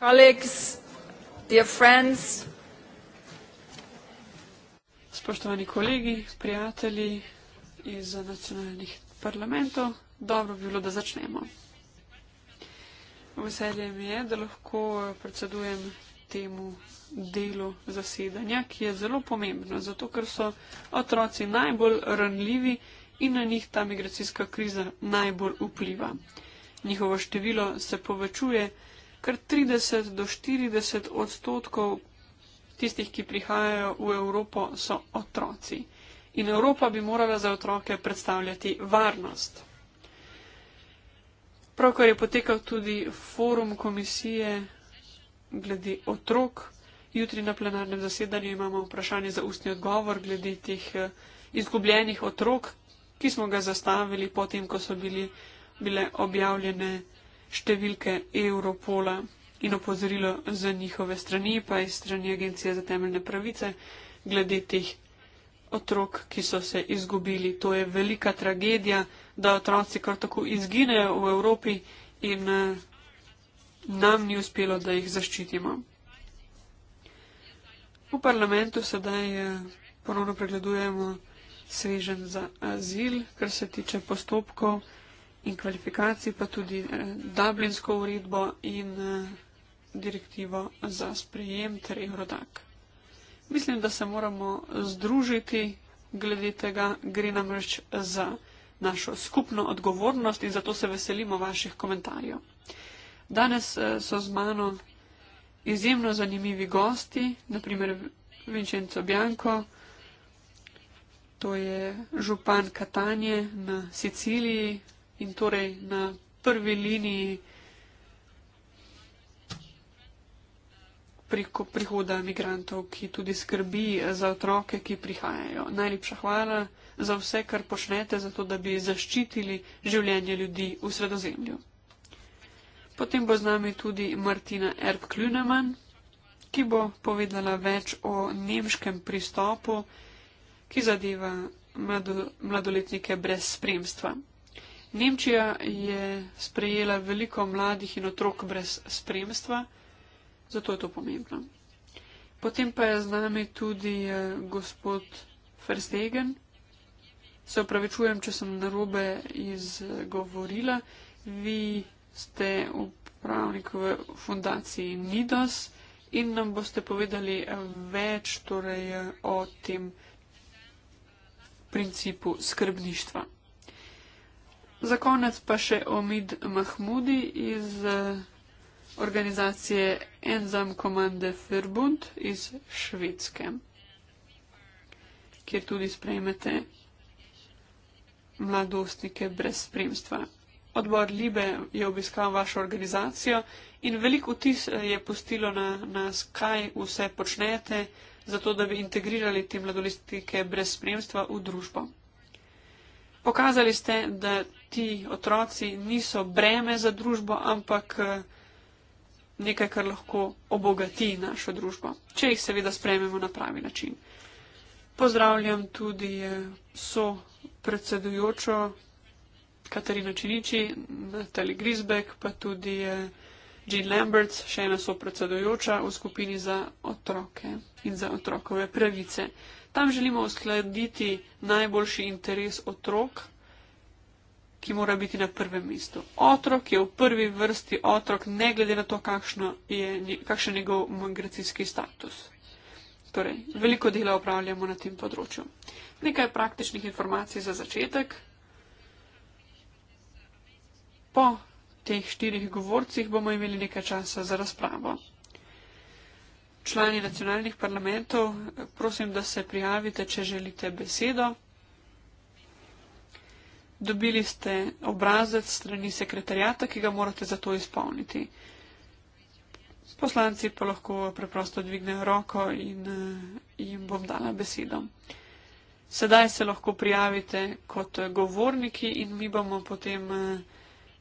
Colleagues, dear friends. Spoštovani kolegi, prijatelji iz nacionalnih parlamentov, dobro bi bilo, da začnemo. Veselje mi je, da lahko predsedujem temu delu zasedanja, ki je zelo pomembno, zato ker so otroci najbolj ranljivi in na njih ta migracijska kriza najbolj vpliva. Njihovo število se povečuje kar 30 do 40 odstotkov tistih, ki prihajajo v Evropo, so otroci. In Evropa bi morala za otroke predstavljati varnost. Pravkar je potekal tudi forum komisije glede otrok. Jutri na plenarnem zasedanju imamo vprašanje za ustni odgovor glede teh eh, izgubljenih otrok, ki smo ga zastavili potem, ko so bili, bile objavljene številke Europola in opozorilo za njihove strani, pa iz strani Agencije za temeljne pravice, glede teh otrok, ki so se izgubili. To je velika tragedija, da otroci kar tako izginejo v Evropi in eh, nam ni uspelo, da jih zaščitimo. V parlamentu sedaj eh, ponovno pregledujemo svežen za azil, kar se tiče postopkov in kvalifikacij, pa tudi eh, Dublinsko uredbo in eh, direktivo za sprejem ter Eurodac. Mislim, da se moramo združiti glede tega, gre namreč za našo skupno odgovornost in zato se veselimo vaših komentarjev. Danes eh, so z mano izjemno zanimivi gosti, naprimer Vincenzo Bianco, to je župan Katanje na Siciliji, in torej na prvi liniji preko prihoda migrantov, ki tudi skrbi za otroke, ki prihajajo. Najlepša hvala za vse, kar počnete, zato da bi zaščitili življenje ljudi v sredozemlju. Potem bo z nami tudi Martina Erb-Klüneman, ki bo povedala več o nemškem pristopu, ki zadeva mladoletnike brez spremstva. Nemčija je sprejela veliko mladih in otrok brez spremstva, zato je to pomembno. Potem pa je z nami tudi eh, gospod Verstegen. Se upravičujem, če sem narobe izgovorila. Vi ste upravnik v fundaciji Nidos in nam boste povedali eh, več torej, eh, o tem principu skrbništva. Za konec pa še Omid Mahmudi iz eh, organizacije Enzam Komande Ferbund iz Švedske, kjer tudi sprejmete mladostnike brez spremstva. Odbor Libe je obiskal vašo organizacijo in velik vtis eh, je pustilo na nas, kaj vse počnete, zato da bi integrirali te mladostnike brez spremstva v družbo. Pokazali ste, da ti otroci niso breme za družbo, ampak eh, nekaj, kar lahko obogati našo družbo, če jih seveda sprejmemo na pravi način. Pozdravljam tudi eh, so predsedujočo Katarino Činiči, Natali Grisbek, pa tudi eh, Jean Lambert, še ena so predsedujoča v skupini za otroke in za otrokove pravice. Tam želimo uskladiti najboljši interes otrok ki mora biti na prvem mestu. Otrok je v prvi vrsti otrok, ne glede na to, je, kakšen je njegov migracijski status. Torej, veliko dela upravljamo na tem področju. Nekaj praktičnih informacij za začetek. Po teh štirih govorcih bomo imeli nekaj časa za razpravo. Člani nacionalnih parlamentov, prosim, da se prijavite, če želite besedo dobili ste obrazec strani sekretarjata, ki ga morate za to izpolniti. Poslanci pa lahko preprosto dvignejo roko in eh, jim bom dala besedo. Sedaj se lahko prijavite kot govorniki in mi bomo potem eh,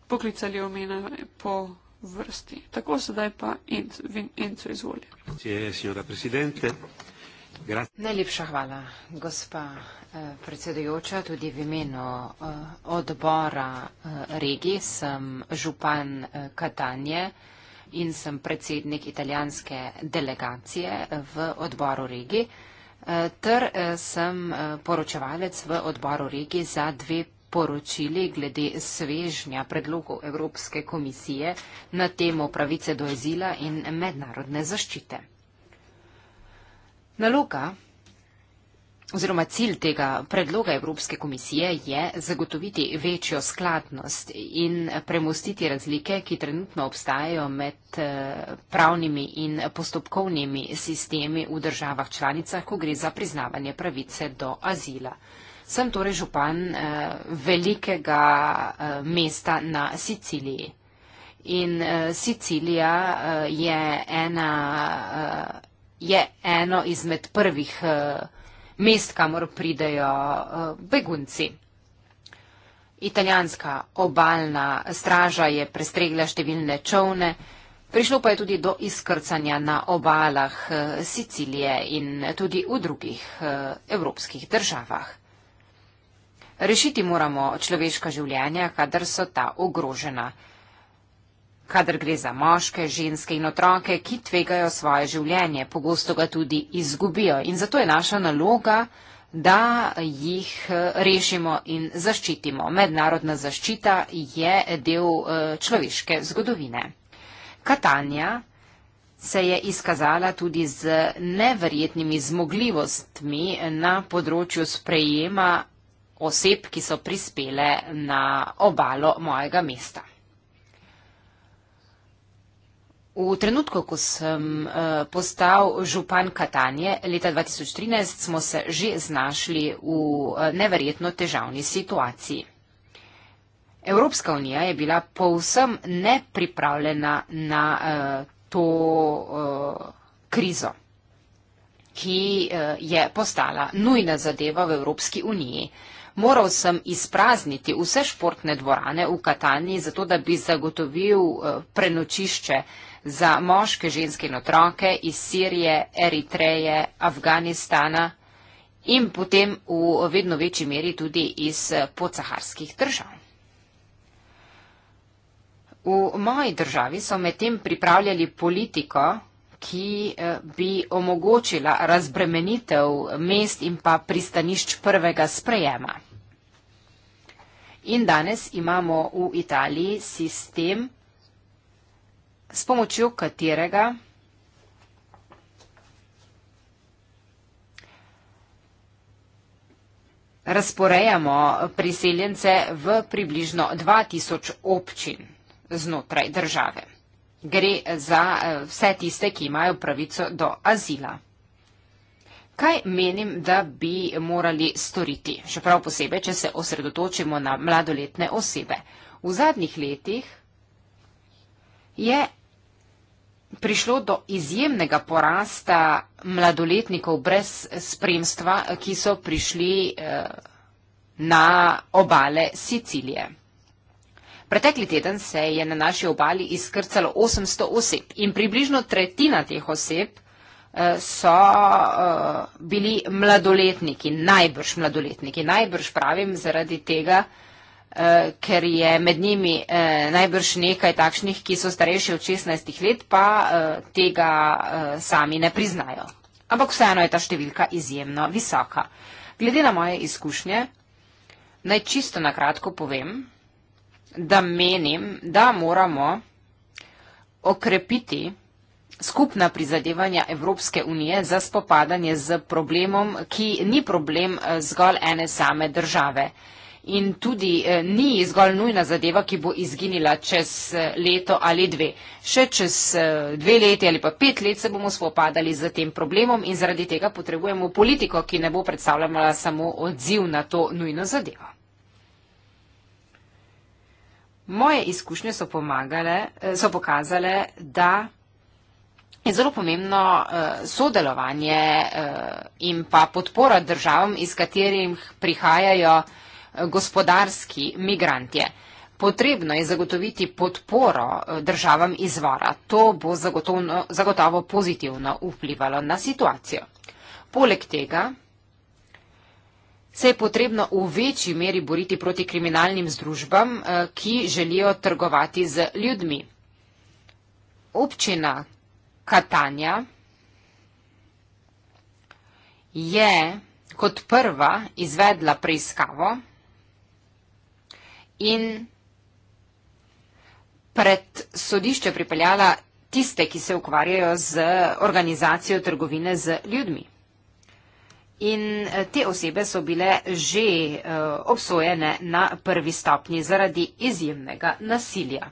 poklicali omena po vrsti. Tako sedaj pa Enco izvolja. Najlepša hvala, gospa eh, predsedujoča. Tudi v imenu eh, odbora eh, regi sem župan Katanje in sem predsednik italijanske delegacije v odboru regi. Ter sem poročevalec v odboru regi za dve poročili glede svežnja predlogov Evropske komisije na temo pravice do azila in mednarodne zaščite. Naloga oziroma cilj tega predloga Evropske komisije je zagotoviti večjo skladnost in premustiti razlike, ki trenutno obstajajo med eh, pravnimi in postopkovnimi sistemi v državah članicah, ko gre za priznavanje pravice do azila. Sem torej župan eh, velikega eh, mesta na Siciliji. In Sicilija je ena je eno izmed prvih eh, mest, kamor pridejo eh, begunci. Italijanska obaljna straža je prestregla številne čovne, prišlo pa je tudi do izkrcanja na obalah eh, Sicilije in tudi v drugih evropskih državah. Rešiti moramo človeška življenja, kadar so ta ogrožena. Kadar gre za moške, ženske in otroke, ki tvegajo svoje življenje, pogosto ga tudi izgubijo. In zato je naša naloga, da jih eh, rešimo in zaščitimo. Mednarodna zaščita je del eh, človeške zgodovine. Katanja se je izkazala tudi z neverjetnimi zmogljivostmi na področju sprejema oseb, ki so prispele na obalo mojega mesta. V trenutku, ko sem uh, postal župan Katanje leta 2013, smo se že znašli v uh, neverjetno težavni situaciji. Evropska unija je bila povsem nepripravljena na uh, to uh, krizo, ki uh, je postala nujna zadeva v Evropski uniji. Moral sem izprazniti vse športne dvorane v Katanji, zato da bi zagotovil uh, prenočišče uh, za moške, ženske in otroke iz Sirije, Eritreje, Afganistana in potem v vedno večji meri tudi iz podsaharskih držav. V moji državi so medtem pripravljali politiko, ki eh, bi omogočila razbremenitev mest in pa pristanišč prvega sprejema. In danes imamo v Italiji sistem, s pomočjo katerega razporejamo priseljence v približno 2000 občin znotraj države. Gre za eh, vse tiste, ki imajo pravico do azila. Kaj menim, da bi morali storiti, še prav posebej, če se osredotočimo na mladoletne osebe? V zadnjih letih je prišlo do izjemnega porasta mladoletnikov brez spremstva, ki so prišli eh, na obale Sicilije. Pretekli teden se je na naši obali izkrcalo 800 oseb in približno tretjina teh oseb eh, so eh, bili mladoletniki, najbrž mladoletniki, najbrž pravim zaradi tega, Eh, ker je med njimi eh, najbrž nekaj takšnih, ki so starejši od 16 let, pa eh, tega sami ne priznajo. Ampak vseeno je ta številka izjemno visoka. Glede na moje izkušnje, naj čisto na kratko povem, da menim, da moramo okrepiti skupna prizadevanja Evropske unije za spopadanje z problemom, ki ni problem zgolj ene same države in tudi eh, ni zgolj nujna zadeva, ki bo izginila čez eh, leto ali dve. Še čez eh, dve leti ali pa pet let se bomo spopadali z tem problemom in zaradi tega potrebujemo politiko, ki ne bo predstavljala samo odziv na to nujno zadevo. Moje izkušnje so, pomagale, so pokazale, da je zelo pomembno sodelovanje in pa podpora državam, iz katerih prihajajo gospodarski migrantje. Potrebno je zagotoviti podporo eh, državam izvora. To bo zagotovo, zagotovo pozitivno vplivalo na situacijo. Poleg tega se je potrebno v večji meri boriti proti kriminalnim združbam, eh, ki želijo trgovati z ljudmi. Občina Katanja je kot prva izvedla preiskavo, in pred sodišče pripeljala tiste, ki se ukvarjajo z organizacijo trgovine z ljudmi. In eh, te osebe so bile že eh, obsojene na prvi stopni zaradi izjemnega nasilja.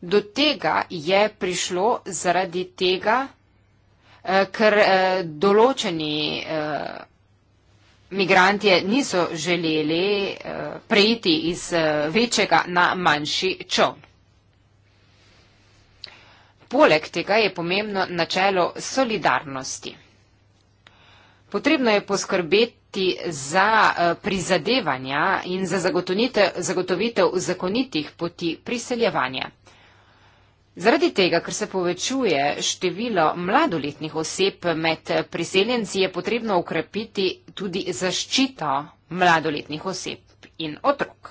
Do tega je prišlo zaradi tega, eh, ker določeni Migranti niso želeli eh, prejiti iz eh, večjega na manjši čon. Poleg tega je pomembno načelo solidarnosti. Potrebno je poskrbeti za eh, prizadevanja in za zagotovitev zakonitih poti priseljevanja. Zaradi tega, ker se povečuje število mladoletnih oseb med priseljenci, je potrebno ukrepiti tudi zaščito mladoletnih oseb in otrok.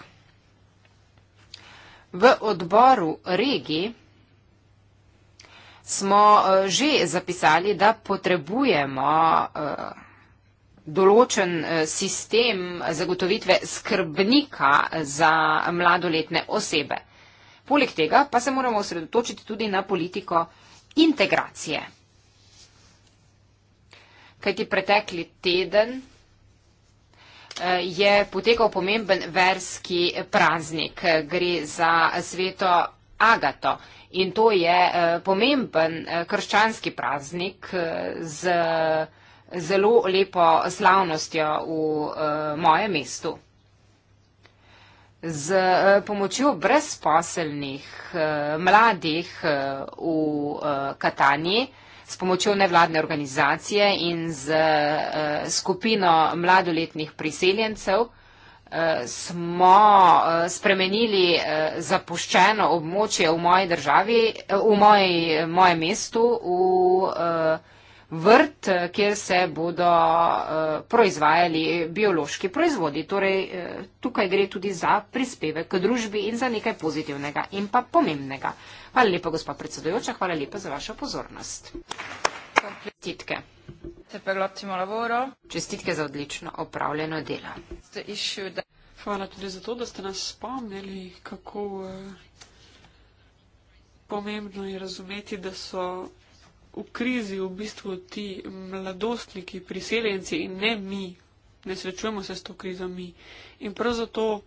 V odboru regi smo eh, že zapisali, da potrebujemo eh, določen eh, sistem zagotovitve skrbnika za mladoletne osebe. Poleg tega pa se moramo osredotočiti tudi na politiko integracije. Kajti pretekli teden eh, je potekal pomemben verski praznik. Gre za sveto Agato. In to je eh, pomemben eh, krščanski praznik z zelo lepo slavnostjo v moje mestu z eh, pomočjo brezposelnih eh, mladih eh, v Katanji, s pomočjo nevladne organizacije in z skupino mladoletnih priseljencev smo spremenili zapuščeno območje v moji državi, v moji, moje mestu, v vrt, kjer se bodo eh, proizvajali biološki proizvodi. Torej, eh, tukaj gre tudi za prispevek k družbi in za nekaj pozitivnega in pa pomembnega. Hvala lepa, gospa predsedujoča, hvala lepa za vašo pozornost. Čestitke. Čestitke za odlično opravljeno delo. Hvala tudi za to, da ste nas spomnili, kako eh, pomembno je razumeti, da so v krizi v bistvu ti mladostniki, priseljenci in ne mi, ne srečujemo se s to krizo mi. In prav zato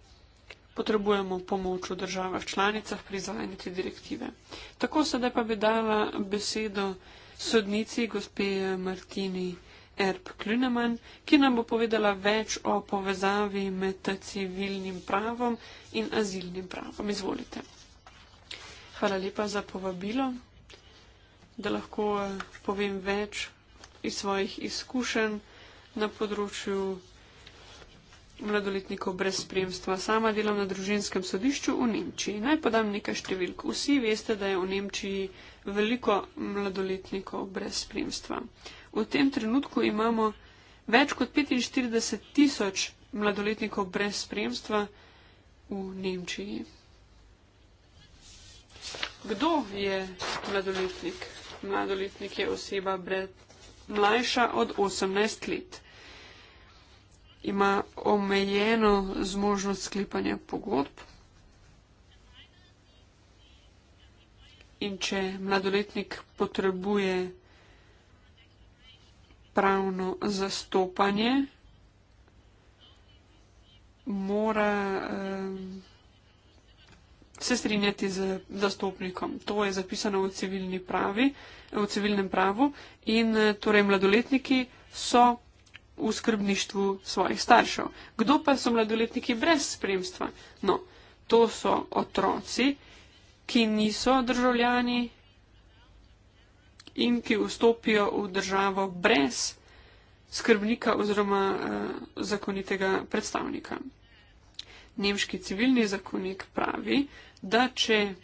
potrebujemo pomoč v državah članicah pri izvajanju te direktive. Tako sedaj pa bi dala besedo sodnici gospe Martini Erb Klüneman, ki nam bo povedala več o povezavi med civilnim pravom in azilnim pravom. Izvolite. Hvala lepa za povabilo da lahko eh, povem več iz svojih izkušenj na področju mladoletnikov brez spremstva. Sama delam na družinskem sodišču v Nemčiji. Naj podam nekaj številk. Vsi veste, da je v Nemčiji veliko mladoletnikov brez spremstva. V tem trenutku imamo več kot 45 tisoč mladoletnikov brez spremstva v Nemčiji. Kdo je mladoletnik? mladoletnik je oseba brez, mlajša od 18 let. Ima omejeno zmožnost sklepanja pogodb. In če mladoletnik potrebuje pravno zastopanje, mora. Um, se strinjati z zastopnikom. To je zapisano v, pravi, v civilnem pravu in eh, torej mladoletniki so v skrbništvu svojih staršev. Kdo pa so mladoletniki brez spremstva? No, to so otroci, ki niso državljani in ki vstopijo v državo brez skrbnika oziroma uh, zakonitega predstavnika. Nemški civilni zakonik pravi, da če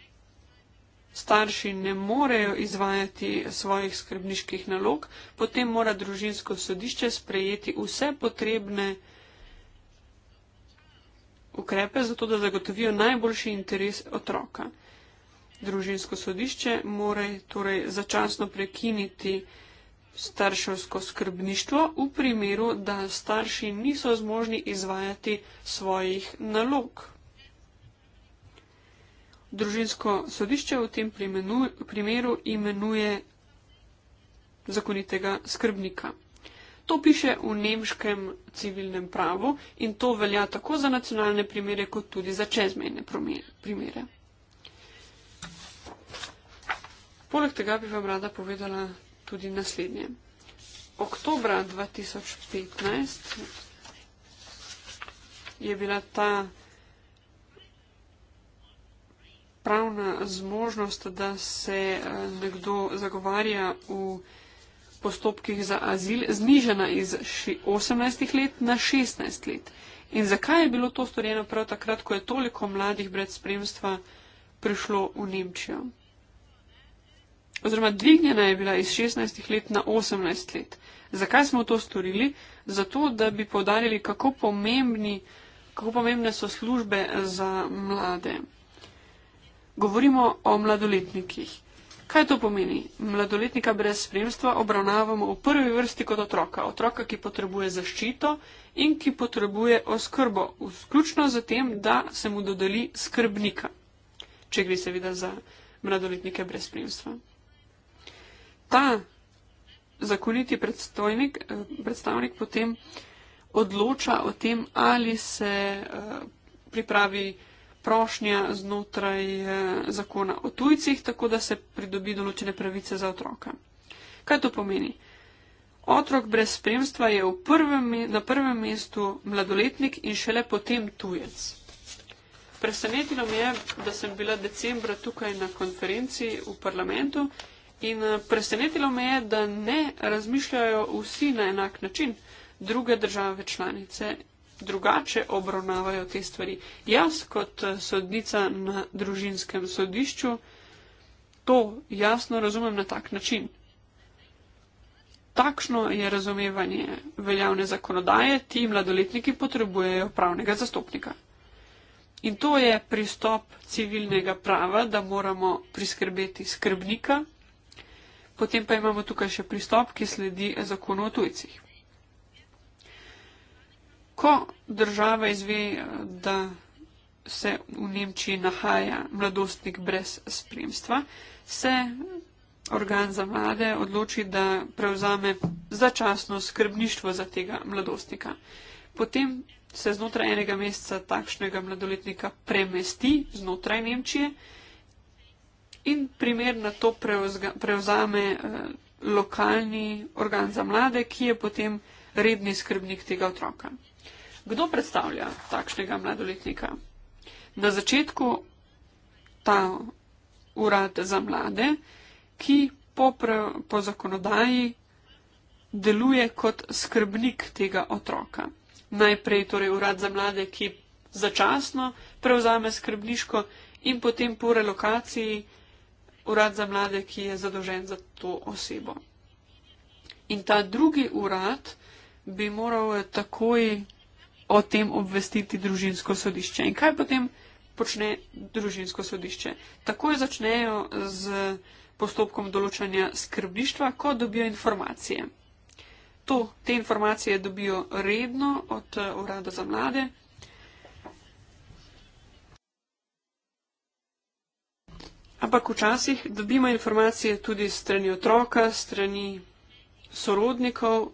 starši ne morejo izvajati svojih skrbniških nalog, potem mora družinsko sodišče sprejeti vse potrebne ukrepe za to, da zagotovijo najboljši interes otroka. Družinsko sodišče mora torej začasno prekiniti starševsko skrbništvo v primeru, da starši niso zmožni izvajati svojih nalog. Družinsko sodišče v tem primenu, primeru imenuje zakonitega skrbnika. To piše v nemškem civilnem pravu in to velja tako za nacionalne primere, kot tudi za čezmejne primere. Poleg tega bi vam rada povedala tudi naslednje. Oktobra 2015 je bila ta pravna zmožnost, da se eh, nekdo zagovarja v postopkih za azil znižena iz 18 let na 16 let. In zakaj je bilo to storjeno prav takrat, ko je toliko mladih brez spremstva prišlo v Nemčijo? Oziroma, dvignjena je bila iz 16 let na 18 let. Zakaj smo to storili? Zato, da bi povdarjali, kako, kako pomembne so službe za mlade. Govorimo o mladoletnikih. Kaj to pomeni? Mladoletnika brez spremstva obravnavamo v prvi vrsti kot otroka. Otroka, ki potrebuje zaščito in ki potrebuje oskrbo, vključno z tem, da se mu dodeli skrbnika, če gre seveda za mladoletnike brez spremstva. Ta zakoniti predstavnik, eh, predstavnik potem odloča o tem, ali se eh, pripravi prošnja znotraj eh, zakona o tujcih, tako da se pridobi določene pravice za otroka. Kaj to pomeni? Otrok brez spremstva je prvem, na prvem mestu mladoletnik in šele potem tujec. Presenetilo me je, da sem bila decembra tukaj na konferenci v parlamentu in eh, presenetilo me je, da ne razmišljajo vsi na enak način druge države članice drugače obravnavajo te stvari. Jaz kot eh, sodnica na družinskem sodišču to jasno razumem na tak način. Takšno je razumevanje veljavne zakonodaje, ti mladoletniki potrebujejo pravnega zastopnika. In to je pristop civilnega prava, da moramo priskrbeti skrbnika, potem pa imamo tukaj še pristop, ki sledi zakonu o tujcih. Ko država izve, da se v Nemčiji nahaja mladostnik brez spremstva, se organ za mlade odloči, da prevzame začasno skrbništvo za tega mladostnika. Potem se znotraj enega meseca takšnega mladoletnika premesti znotraj Nemčije in primerno to prevzga, prevzame eh, lokalni organ za mlade, ki je potem redni skrbnik tega otroka. Kdo predstavlja takšnega mladoletnika? Na začetku ta urad za mlade, ki po, po zakonodaji deluje kot skrbnik tega otroka. Najprej torej urad za mlade, ki začasno prevzame skrbniško in potem po relokaciji urad za mlade, ki je zadolžen za to osebo. In ta drugi urad bi moral takoj o tem obvestiti družinsko sodišče. In kaj potem počne družinsko sodišče? Takoj začnejo z postopkom določanja skrbništva, ko dobijo informacije. To, te informacije dobijo redno od eh, Urada za mlade. Ampak včasih dobimo informacije tudi strani otroka, strani sorodnikov,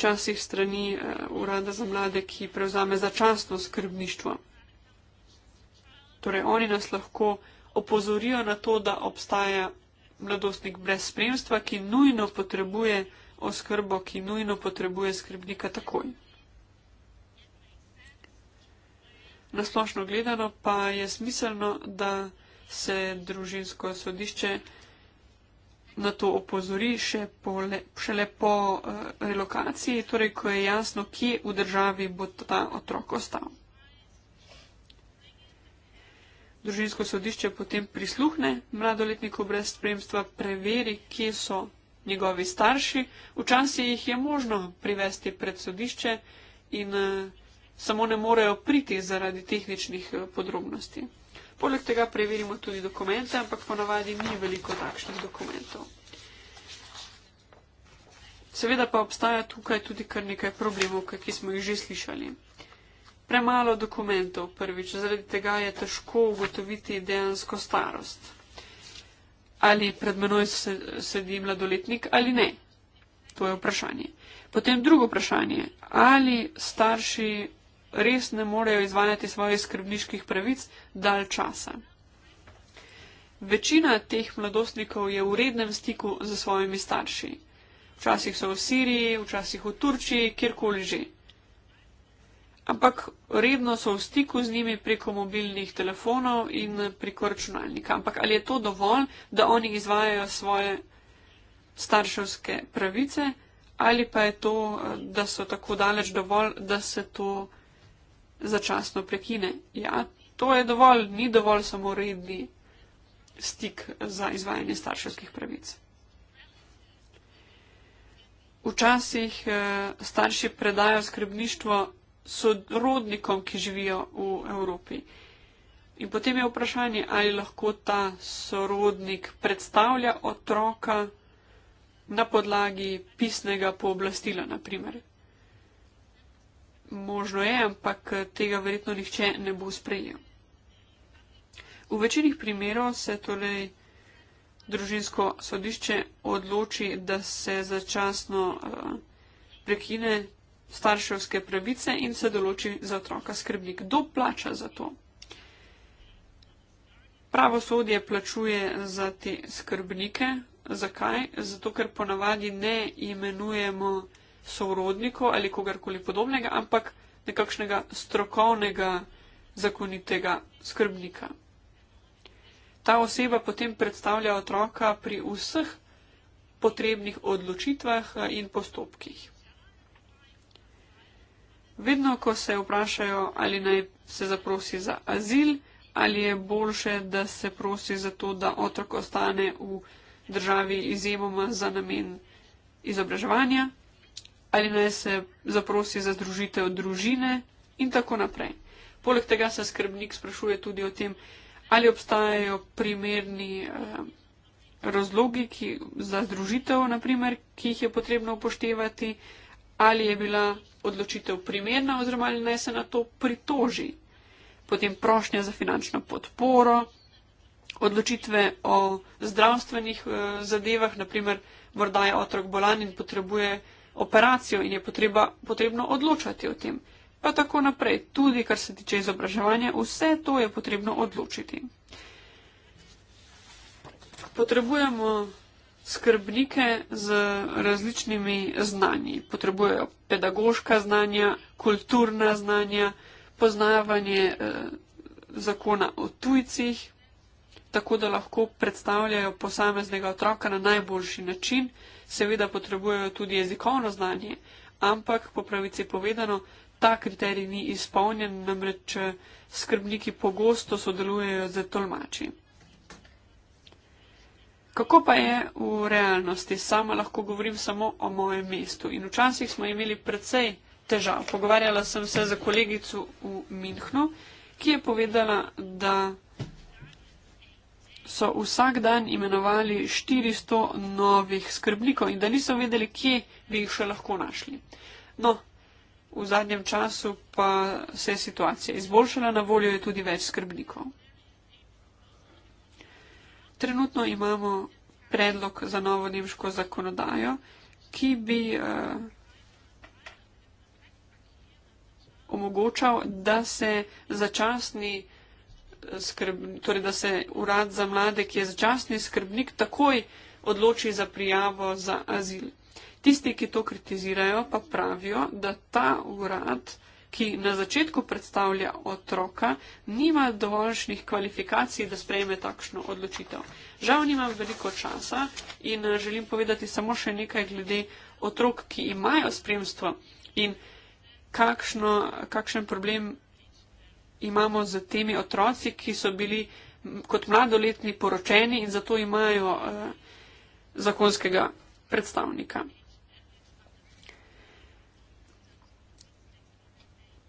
včasih strani uh, urada za mlade, ki prevzame začasno skrbništvo. Torej, oni nas lahko opozorijo na to, da obstaja mladostnik brez spremstva, ki nujno potrebuje oskrbo, ki nujno potrebuje skrbnika takoj. Nasplošno gledano pa je smiselno, da se družinsko sodišče na to opozori še po le, šele po uh, relokaciji, torej ko je jasno, kje v državi bo ta otrok ostal. Družinsko sodišče potem prisluhne mladoletniku brez spremstva, preveri, kje so njegovi starši. Včasih jih je možno privesti pred sodišče in uh, samo ne morejo priti zaradi tehničnih uh, podrobnosti. Poleg tega preverimo tudi dokumente, ampak ponavadi ni veliko takšnih dokumentov. Seveda pa obstaja tukaj tudi kar nekaj problemov, ki smo jih že slišali. Premalo dokumentov prvič, zaradi tega je težko ugotoviti dejansko starost. Ali pred menoj sedi mladoletnik ali ne. To je vprašanje. Potem drugo vprašanje. Ali starši res ne morejo izvajati svojih skrbniških pravic dalj časa. Večina teh mladostnikov je v rednem stiku z svojimi starši. Včasih so v Siriji, včasih v Turčiji, kjerkoli že. Ampak redno so v stiku z njimi preko mobilnih telefonov in preko računalnika. Ampak ali je to dovolj, da oni izvajajo svoje starševske pravice, ali pa je to, da so tako daleč dovolj, da se to začasno prekine. Ja, to je dovolj, ni dovolj samo redni stik za izvajanje starševskih pravic. Včasih eh, starši predajo skrbništvo sorodnikom, ki živijo v Evropi. In potem je vprašanje, ali lahko ta sorodnik predstavlja otroka na podlagi pisnega pooblastila, naprimer možno je, ampak eh, tega verjetno nihče ne bo sprejel. V večini primerov se torej družinsko sodišče odloči, da se začasno eh, prekine starševske pravice in se določi za otroka skrbnik. Kdo plača za to? Pravosodje plačuje za te skrbnike. Zakaj? Zato, ker ponavadi ne imenujemo sorodnikov ali kogarkoli podobnega, ampak nekakšnega strokovnega, zakonitega skrbnika. Ta oseba potem predstavlja otroka pri vseh potrebnih odločitvah eh, in postopkih. Vedno, ko se vprašajo, ali naj se zaprosi za azil, ali je boljše, da se prosi za to, da otrok ostane v državi izjemoma za namen izobraževanja, ali naj se zaprosi za združitev družine in tako naprej. Poleg tega se skrbnik sprašuje tudi o tem, ali obstajajo primerni eh, razlogi ki, za združitev, naprimer, ki jih je potrebno upoštevati, ali je bila odločitev primerna oziroma ali naj se na to pritoži. Potem prošnja za finančno podporo, odločitve o zdravstvenih eh, zadevah, naprimer, morda je otrok bolan in potrebuje operacijo in je potreba, potrebno odločati o tem. Pa tako naprej, tudi kar se tiče izobraževanja, vse to je potrebno odločiti. Potrebujemo skrbnike z različnimi znanji. Potrebujejo pedagoška znanja, kulturna znanja, poznavanje eh, zakona o tujcih, tako da lahko predstavljajo posameznega otroka na najboljši način. Eh, seveda potrebujejo tudi jezikovno znanje, ampak po pravici povedano, ta kriterij ni izpolnjen, namreč eh, skrbniki pogosto sodelujejo z tolmači. Kako pa je v realnosti? Sama lahko govorim samo o mojem mestu in včasih smo imeli precej težav. Pogovarjala sem se za kolegico v Minhnu, ki je povedala, da so vsak dan imenovali 400 novih skrbnikov in da niso vedeli, kje bi jih še lahko našli. No, v zadnjem času pa se je situacija izboljšala, na voljo je tudi več skrbnikov. Trenutno imamo predlog za novo nemško zakonodajo, ki bi eh, omogočal, da se začasni skrb, torej da se urad za mlade, ki je začasni skrbnik, takoj odloči za prijavo za azil. Tisti, ki to kritizirajo, pa pravijo, da ta urad, ki na začetku predstavlja otroka, nima dovoljšnih kvalifikacij, da sprejme takšno odločitev. Žal nimam veliko časa in eh, želim povedati samo še nekaj glede otrok, ki imajo spremstvo in kakšno, kakšen problem imamo z temi otroci, ki so bili kot mladoletni poročeni in zato imajo uh, zakonskega predstavnika.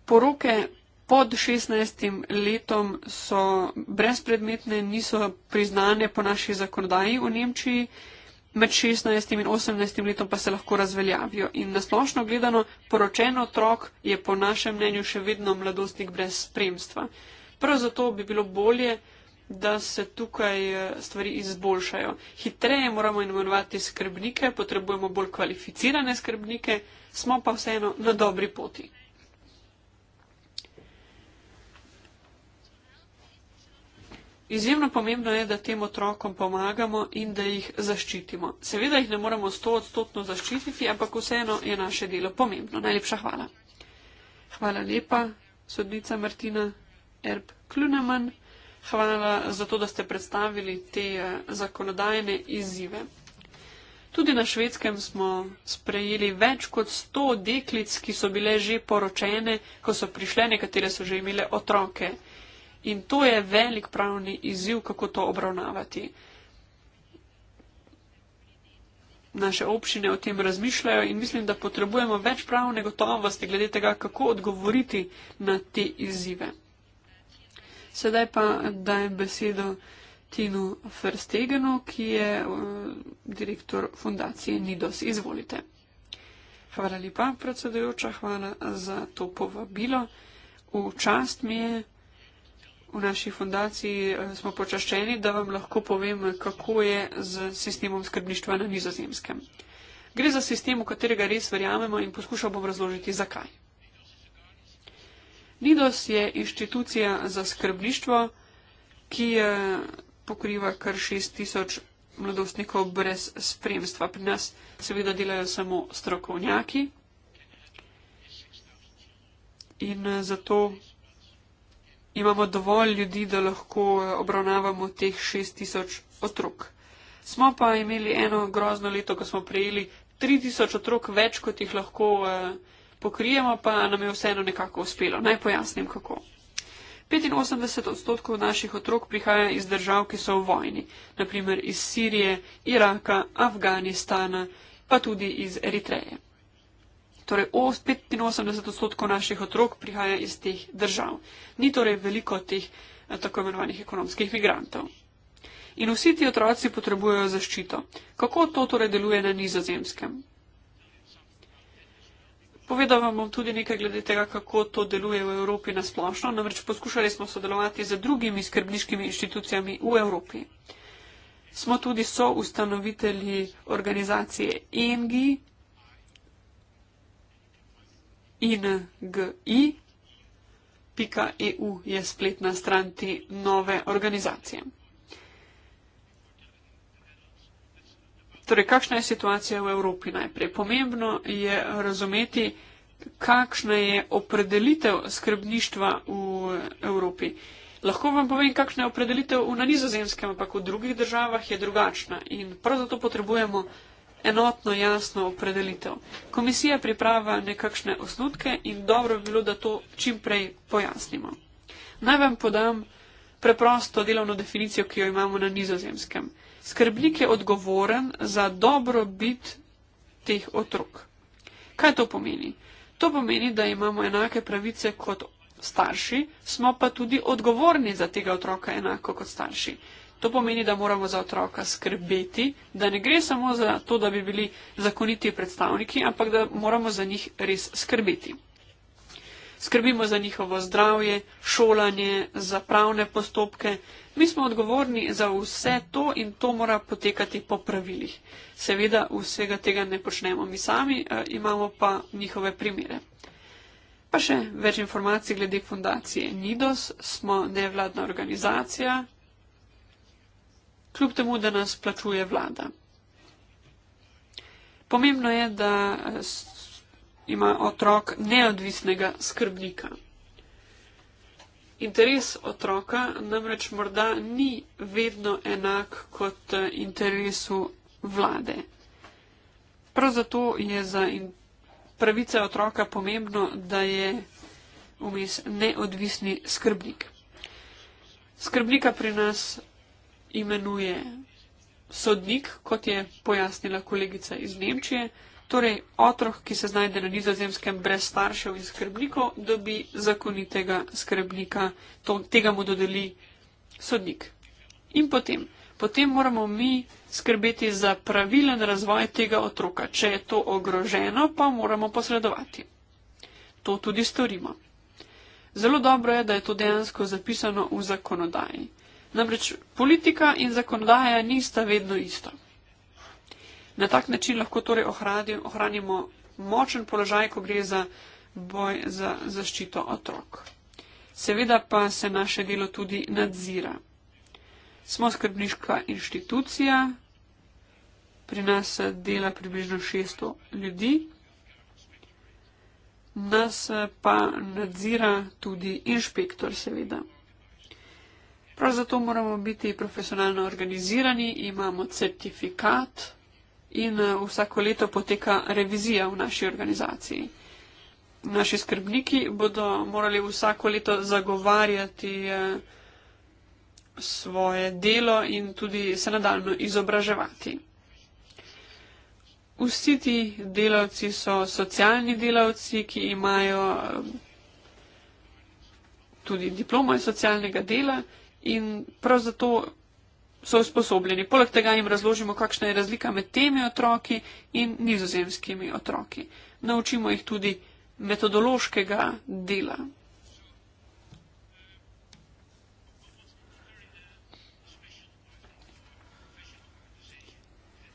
Poroke pod 16 letom so brezpredmetne, niso priznane po naši zakonodaji v Nemčiji. Uh, med 16 in 18 letom pa se lahko razveljavijo. In nasplošno gledano, poročen otrok je po našem mnenju še vedno mladostnik brez spremstva. Prav zato bi bilo bolje, da se tukaj eh, stvari izboljšajo. Hitreje moramo imenovati skrbnike, potrebujemo bolj kvalificirane skrbnike, smo pa vseeno na dobri poti. Izjemno pomembno je, da tem otrokom pomagamo in da jih zaščitimo. Seveda jih ne moramo sto odstotno zaščititi, ampak vseeno je naše delo pomembno. Najlepša hvala. Hvala lepa, sodnica Martina Erb Kluneman. Hvala za to, da ste predstavili te eh, zakonodajne izzive. Tudi na švedskem smo sprejeli več kot 100 deklic, ki so bile že poročene, ko so prišle, nekatere so že imele otroke. In to je velik pravni izziv, kako to obravnavati. Naše občine o tem razmišljajo in mislim, da potrebujemo več pravne gotovosti glede tega, kako odgovoriti na te izzive. Sedaj pa dajem besedo Tinu Frstegenu, ki je eh, direktor fundacije Nidos. Izvolite. Hvala lepa, predsedujoča, hvala za to povabilo. V čast mi je v naši fundaciji eh, smo počaščeni, da vam lahko povem, kako je z sistemom skrbništva na nizozemskem. Gre za sistem, v katerega res verjamemo in poskušal bom razložiti, zakaj. Nidos je inštitucija za skrbništvo, ki eh, pokriva kar 6000 mladostnikov brez spremstva. Pri nas seveda delajo samo strokovnjaki. In eh, zato imamo dovolj ljudi, da lahko obravnavamo teh 6000 otrok. Smo pa imeli eno grozno leto, ko smo prejeli 3000 otrok več, kot jih lahko eh, pokrijemo, pa nam je vseeno nekako uspelo. Naj pojasnim, kako. 85 odstotkov naših otrok prihaja iz držav, ki so v vojni, naprimer iz Sirije, Iraka, Afganistana, pa tudi iz Eritreje. Torej, 85 odstotkov naših otrok prihaja iz teh držav. Ni torej veliko teh eh, tako imenovanih ekonomskih migrantov. In vsi ti otroci potrebujejo zaščito. Kako to torej deluje na nizozemskem? Povedal vam bom tudi nekaj glede tega, kako to deluje v Evropi nasplošno. Namreč poskušali smo sodelovati z drugimi skrbniškimi inštitucijami v Evropi. Smo tudi soustanovitelji organizacije ENGI, ingi, pika eu je spletna stran te nove organizacije. Torej, kakšna je situacija v Evropi najprej? Pomembno je razumeti, kakšna je opredelitev skrbništva v Evropi. Lahko vam povem, kakšna je opredelitev na nizozemskem, ampak v drugih državah je drugačna in prav zato potrebujemo enotno jasno opredelitev. Komisija priprava nekakšne osnutke in dobro bi bilo, da to čim prej pojasnimo. Naj vam podam preprosto delovno definicijo, ki jo imamo na nizozemskem. Skrbnik je odgovoren za dobro bit teh otrok. Kaj to pomeni? To pomeni, da imamo enake pravice kot starši, smo pa tudi odgovorni za tega otroka enako kot starši. To pomeni, da moramo za otroka skrbeti, da ne gre samo za to, da bi bili zakoniti predstavniki, ampak da moramo za njih res skrbeti. Skrbimo za njihovo zdravje, šolanje, za pravne postopke. Mi smo odgovorni za vse to in to mora potekati po pravilih. Seveda vsega tega ne počnemo mi sami, eh, imamo pa njihove primere. Pa še več informacij glede fundacije Nidos. Smo nevladna organizacija, kljub temu, da nas plačuje vlada. Pomembno je, da ima otrok neodvisnega skrbnika. Interes otroka namreč morda ni vedno enak kot interesu vlade. Prav zato je za pravice otroka pomembno, da je vmes neodvisni skrbnik. Skrbnika pri nas imenuje sodnik, kot je pojasnila kolegica iz Nemčije. Torej, otrok, ki se znajde na nizozemskem brez staršev in skrbnikov, dobi zakonitega skrbnika, to, tega mu dodeli sodnik. In potem, potem moramo mi skrbeti za pravilen razvoj tega otroka. Če je to ogroženo, pa moramo posredovati. To tudi storimo. Zelo dobro je, da je to dejansko zapisano v zakonodaji. Namreč politika in zakonodaja nista vedno ista. Na tak način lahko torej ohranimo močen položaj, ko gre za boj za zaščito otrok. Seveda pa se naše delo tudi nadzira. Smo skrbniška inštitucija, pri nas dela približno 600 ljudi, nas pa nadzira tudi inšpektor, seveda. Prav zato moramo biti profesionalno organizirani, imamo certifikat in eh, vsako leto poteka revizija v naši organizaciji. Naši skrbniki bodo morali vsako leto zagovarjati eh, svoje delo in tudi se nadaljno izobraževati. Vsi ti delavci so socialni delavci, ki imajo eh, tudi diplomo iz socialnega dela in prav zato so usposobljeni. Poleg tega jim razložimo, kakšna je razlika med temi otroki in nizozemskimi otroki. Naučimo jih tudi metodološkega dela.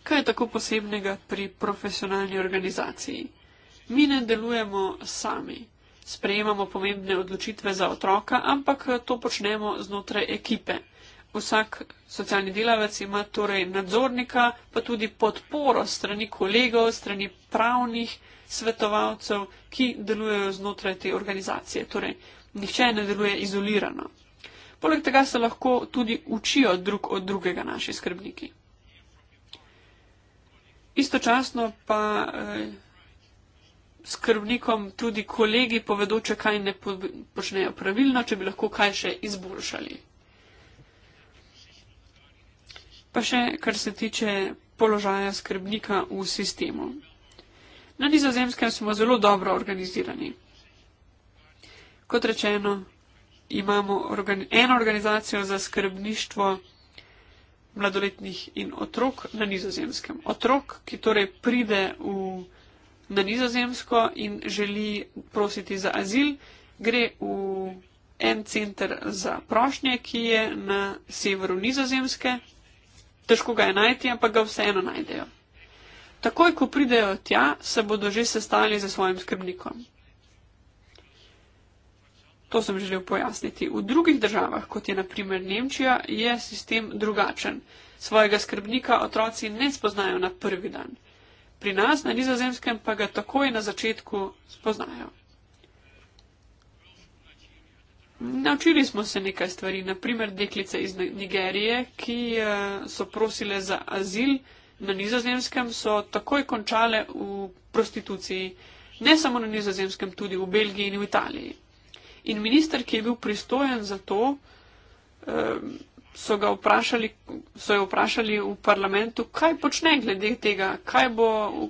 Kaj je tako posebnega pri profesionalni organizaciji? Mi ne delujemo sami sprejemamo pomembne odločitve za otroka, ampak eh, to počnemo znotraj ekipe. Vsak socialni delavec ima torej nadzornika, pa tudi podporo strani kolegov, strani pravnih svetovalcev, ki delujejo znotraj te organizacije. Torej, nihče ne deluje izolirano. Poleg tega se lahko tudi učijo drug od drugega naši skrbniki. Istočasno pa. Eh, skrbnikom tudi kolegi povedo, če kaj ne počnejo pravilno, če bi lahko kaj še izboljšali. Pa še, kar se tiče položaja skrbnika v sistemu. Na nizozemskem smo zelo dobro organizirani. Kot rečeno, imamo organi eno organizacijo za skrbništvo mladoletnih in otrok na nizozemskem. Otrok, ki torej pride v na nizozemsko in želi prositi za azil, gre v en center za prošnje, ki je na severu nizozemske. Težko ga je najti, ampak ga vseeno najdejo. Takoj, ko pridejo tja, se bodo že sestali za svojim skrbnikom. To sem želel pojasniti. V drugih državah, kot je naprimer Nemčija, je sistem drugačen. Svojega skrbnika otroci ne spoznajo na prvi dan pri nas na nizozemskem pa ga takoj na začetku spoznajo. Naučili smo se nekaj stvari, naprimer deklice iz Nigerije, ki eh, so prosile za azil na nizozemskem, so takoj končale v prostituciji, ne samo na nizozemskem, tudi v Belgiji in v Italiji. In minister, ki je bil pristojen za to, eh, so, vprašali, so jo vprašali v parlamentu, kaj počne glede tega, bo,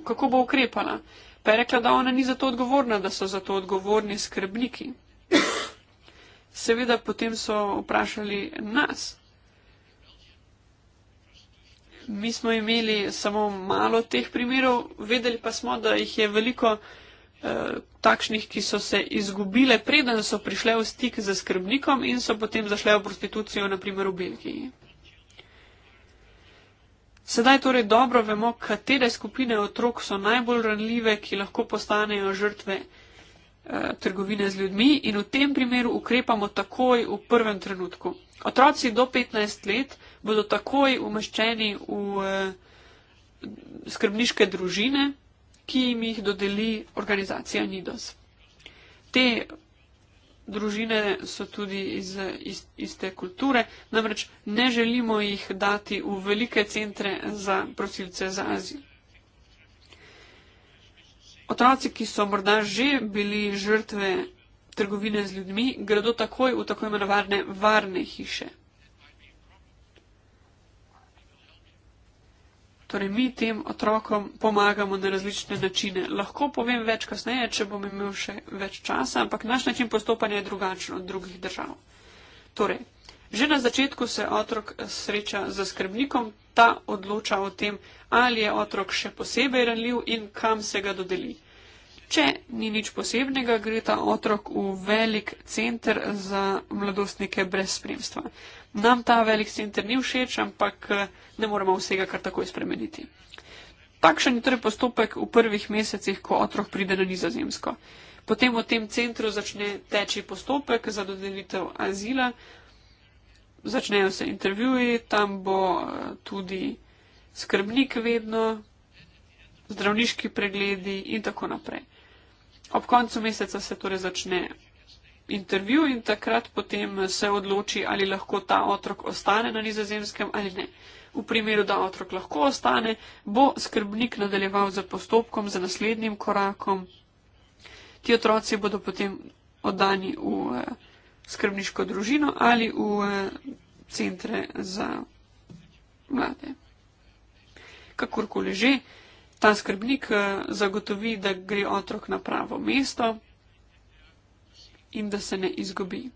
kako bo ukrepala. Pa je rekla, da ona ni za to odgovorna, da so za to odgovorni skrbniki. Seveda potem so vprašali nas. Mi smo imeli samo malo teh primerov, vedeli pa smo, da jih je veliko. Eh, takšnih, ki so se izgubile, preden so prišle v stik z skrbnikom in so potem zašle v prostitucijo, naprimer v Belgiji. Sedaj torej dobro vemo, katere skupine otrok so najbolj ranljive, ki lahko postanejo žrtve eh, trgovine z ljudmi in v tem primeru ukrepamo takoj v prvem trenutku. Otroci do 15 let bodo takoj umeščeni v eh, skrbniške družine ki jim jih dodeli organizacija Nidos. Te družine so tudi iz iste kulture, namreč ne želimo jih dati v velike centre za prosilce za azil. Otroci, ki so morda že bili žrtve trgovine z ljudmi, gredo takoj v tako imenovane varne hiše. Torej, mi tem otrokom pomagamo na različne načine. Lahko povem več kasneje, če bom imel še več časa, ampak naš način postopanja je drugačen od drugih držav. Torej, že na začetku se otrok sreča z skrbnikom, ta odloča o tem, ali je otrok še posebej ranljiv in kam se ga dodeli. Če ni nič posebnega, gre ta otrok v velik center za mladostnike brez spremstva nam ta velik center ni všeč, ampak eh, ne moremo vsega kar takoj spremeniti. Takšen je torej postopek v prvih mesecih, ko otrok pride na nizozemsko. Potem v tem centru začne teči postopek za dodelitev azila, začnejo se intervjuji, tam bo eh, tudi skrbnik vedno, zdravniški pregledi in tako naprej. Ob koncu meseca se torej začne intervju in takrat potem se odloči, ali lahko ta otrok ostane na nizozemskem ali ne. V primeru, da otrok lahko ostane, bo skrbnik nadaljeval za postopkom, za naslednjim korakom. Ti otroci bodo potem oddani v eh, skrbniško družino ali v eh, centre za mlade. Kakorkoli že, ta skrbnik eh, zagotovi, da gre otrok na pravo mesto in da se ne izgubi.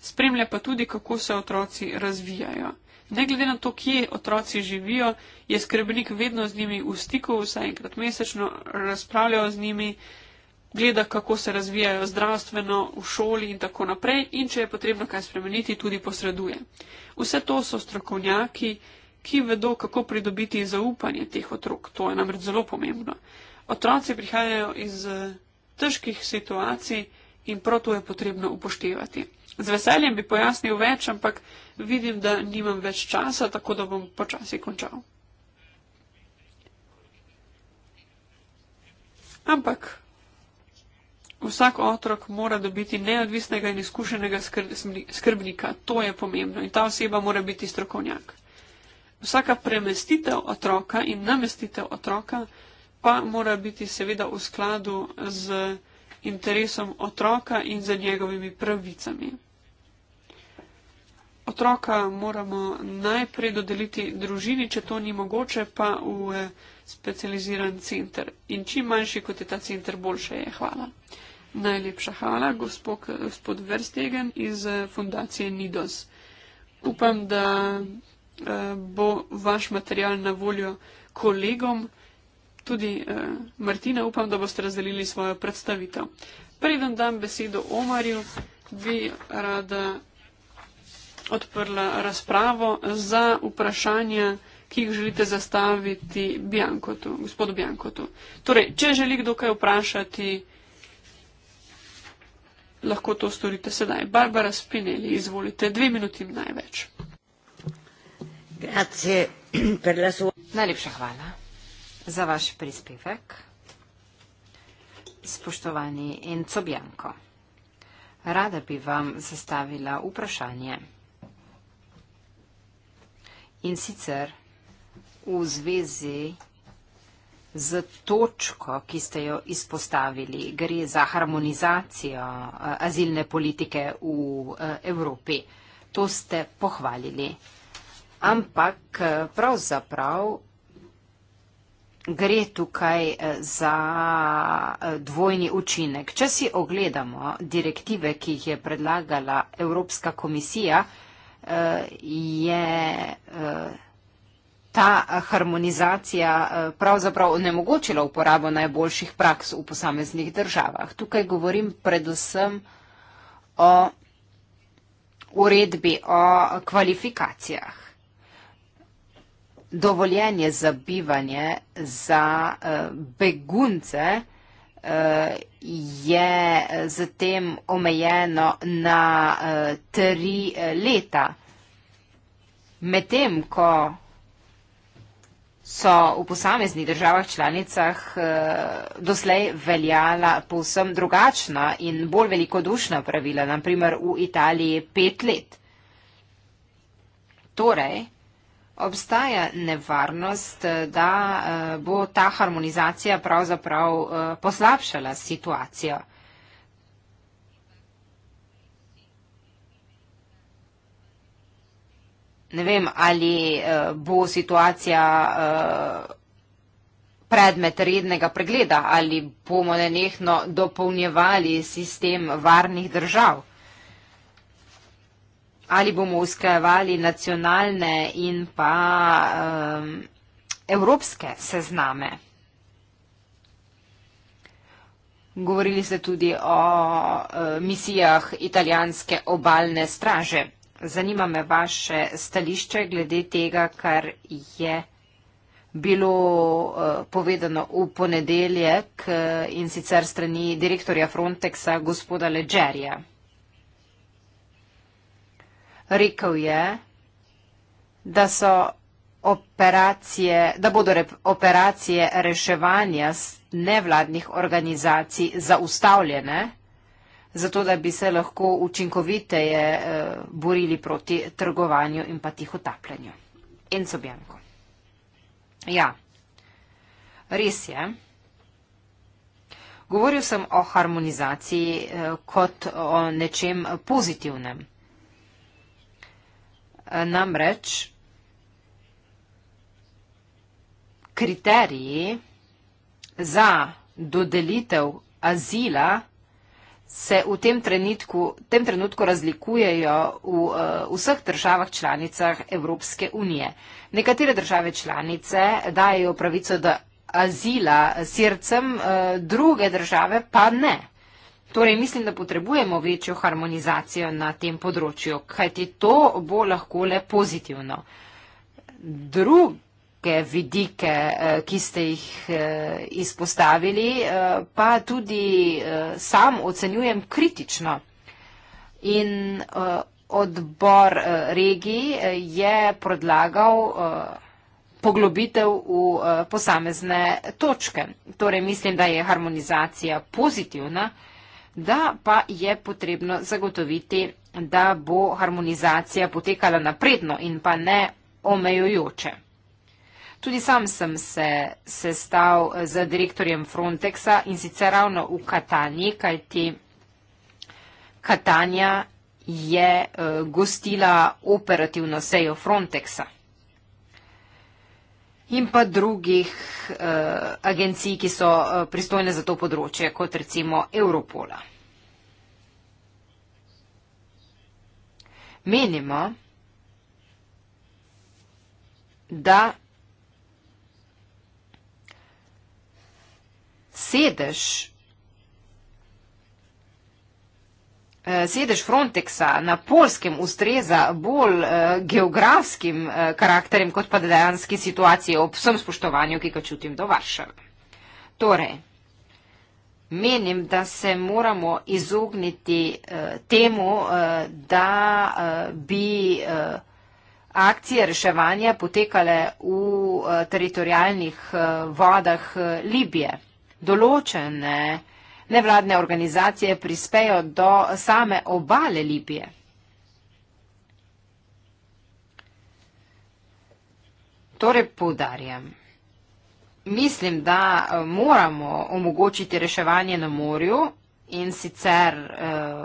Spremlja pa tudi, kako se otroci razvijajo. Ne glede na to, kje otroci živijo, je skrbnik vedno z njimi v stiku, vsaj enkrat mesečno razpravljajo z njimi, gleda, kako se razvijajo zdravstveno, v šoli in tako naprej in če je potrebno kaj spremeniti, tudi posreduje. Vse to so strokovnjaki, ki vedo, kako pridobiti zaupanje teh otrok. To je namreč zelo pomembno. Otroci prihajajo iz eh, težkih situacij, in prav to je potrebno upoštevati. Z veseljem bi pojasnil več, ampak vidim, da nimam več časa, tako da bom počasi končal. Ampak vsak otrok mora dobiti neodvisnega in izkušenega skrbnika. To je pomembno in ta oseba mora biti strokovnjak. Vsaka premestitev otroka in namestitev otroka pa mora biti seveda v skladu z interesom otroka in za njegovimi pravicami. Otroka moramo najprej dodeliti družini, če to ni mogoče, pa v eh, specializiran center. In čim manjši, kot je ta center, boljše je. Hvala. Najlepša hvala, gospod, gospod Verstegen iz eh, fundacije Nidos. Upam, da eh, bo vaš material na voljo kolegom tudi eh, Martina, upam, da boste razdelili svojo predstavitev. Preden dam besedo Omarju, bi rada odprla razpravo za vprašanja, ki jih želite zastaviti Bjankotu, gospodu Bjankotu. Torej, če želi kdo kaj vprašati, lahko to storite sedaj. Barbara Spinelli, izvolite, dve minuti največ. Grazie per la sua. Najlepša hvala za vaš prispevek. Spoštovani Enco Bjanko, rada bi vam zastavila vprašanje. In sicer v zvezi z točko, ki ste jo izpostavili, gre za harmonizacijo eh, azilne politike v eh, Evropi. To ste pohvalili. Ampak eh, pravzaprav gre tukaj eh, za eh, dvojni učinek. Če si ogledamo direktive, ki jih je predlagala Evropska komisija, eh, je ta harmonizacija pravzaprav onemogočila uporabo najboljših praks v posameznih državah. Tukaj govorim predvsem o uredbi o kvalifikacijah dovoljenje za bivanje za eh, begunce eh, je zatem omejeno na eh, tri leta. Medtem, ko so v posameznih državah članicah doslej veljala povsem drugačna in bolj velikodušna pravila, naprimer v Italiji pet let. Torej, Obstaja nevarnost, eh, da eh, bo ta harmonizacija pravzaprav eh, poslabšala situacijo. Ne vem, ali bo situacija predmet rednega pregleda, ali bomo nenehno dopolnjevali sistem varnih držav ali bomo usklajevali nacionalne in pa um, evropske sezname. Govorili ste tudi o uh, misijah italijanske obalne straže. Zanima me vaše stališče glede tega, kar je bilo uh, povedano v ponedeljek uh, in sicer strani direktorja Frontexa gospoda Leggerija. Rekel je, da so operacije, da bodo rep, operacije reševanja nevladnih organizacij zaustavljene, zato da bi se lahko učinkoviteje eh, borili proti trgovanju in pa tih utapljanju. Enco Bjanko. Ja, res je. Govoril sem o harmonizaciji eh, kot o nečem pozitivnem. Eh, namreč kriteriji za dodelitev azila se v tem trenutku, tem trenutku razlikujejo v, v eh, vseh državah članicah Evropske unije. Nekatere države članice dajo pravico do azila srcem, eh, druge države pa ne. Torej, mislim, da potrebujemo večjo harmonizacijo na tem področju, kajti to bo lahko le pozitivno. Druge vidike, eh, ki ste jih eh, izpostavili, eh, pa tudi sam ocenjujem kritično. In odbor regiji je predlagal poglobitev v posamezne točke. Torej, mislim, da je harmonizacija pozitivna da pa je potrebno zagotoviti, da bo harmonizacija potekala napredno in pa ne omejujoče. Tudi sam sem se sestal z direktorjem Frontexa in sicer ravno v Katanji, kajti Katanja je eh, gostila operativno sejo Frontexa in pa drugih uh, agencij, ki so uh, pristojne za to področje, kot recimo Europola. Menimo, da sedež Eh, sedež Frontexa na polskem ustreza bolj uh, geografskim uh, karakterjem kot pa dejanski situaciji ob vsem spoštovanju, ki ga čutim do Varšave. Torej, menim, da se moramo izogniti uh, temu, uh, da uh, bi uh, akcije reševanja potekale v uh, teritorijalnih uh, vodah uh, Libije. Določene uh, nevladne organizacije prispejo do same obale Libije. Torej podarjam. Mislim, da eh, moramo omogočiti reševanje na morju in sicer eh,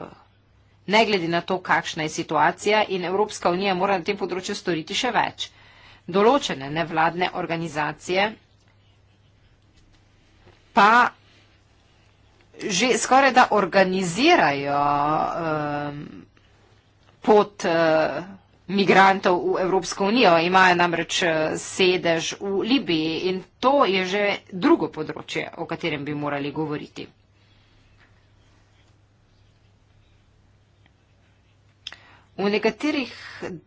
ne glede na to, kakšna je situacija in Evropska unija mora na tem področju storiti še več. Določene nevladne organizacije pa že skoraj da organizirajo uh, pot uh, migrantov v Evropsko unijo. Imajo namreč eh, sedež v Libiji in to je že drugo področje, o katerem bi morali govoriti. V nekaterih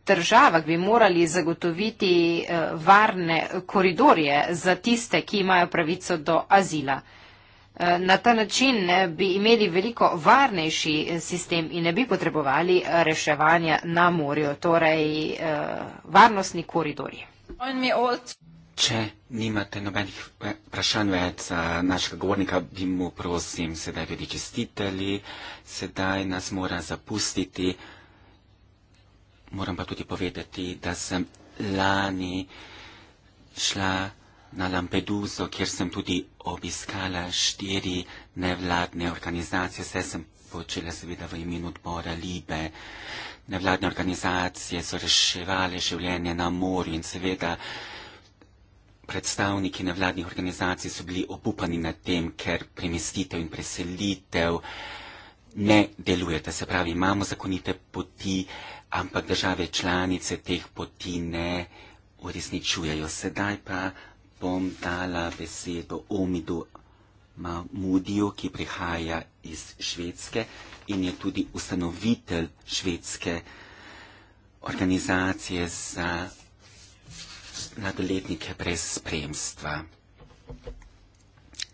državah bi morali zagotoviti eh, varne koridorje za tiste, ki imajo pravico do azila. Na ta način eh, bi imeli veliko varnejši eh, sistem in ne bi potrebovali eh, reševanja na morju, torej varnostni koridori. Če nimate nobenih vprašanj več za našega govornika, bi mu prosim sedaj tudi čestiteli, sedaj nas mora zapustiti. Moram pa tudi povedati, da sem lani šla Na Lampeduso, kjer sem tudi obiskala štiri nevladne organizacije, vse sem počela seveda v imenu odbora Libe. Nevladne organizacije so reševali življenje na morju in seveda predstavniki nevladnih organizacij so bili opupani nad tem, ker premestitev in preselitev ne delujete. Se pravi, imamo zakonite poti, ampak države članice teh poti ne uresničujejo. Sedaj pa bom dala besedo Omidu Mahmudiju, ki prihaja iz Švedske in je tudi ustanovitelj Švedske organizacije za mladoletnike brez spremstva.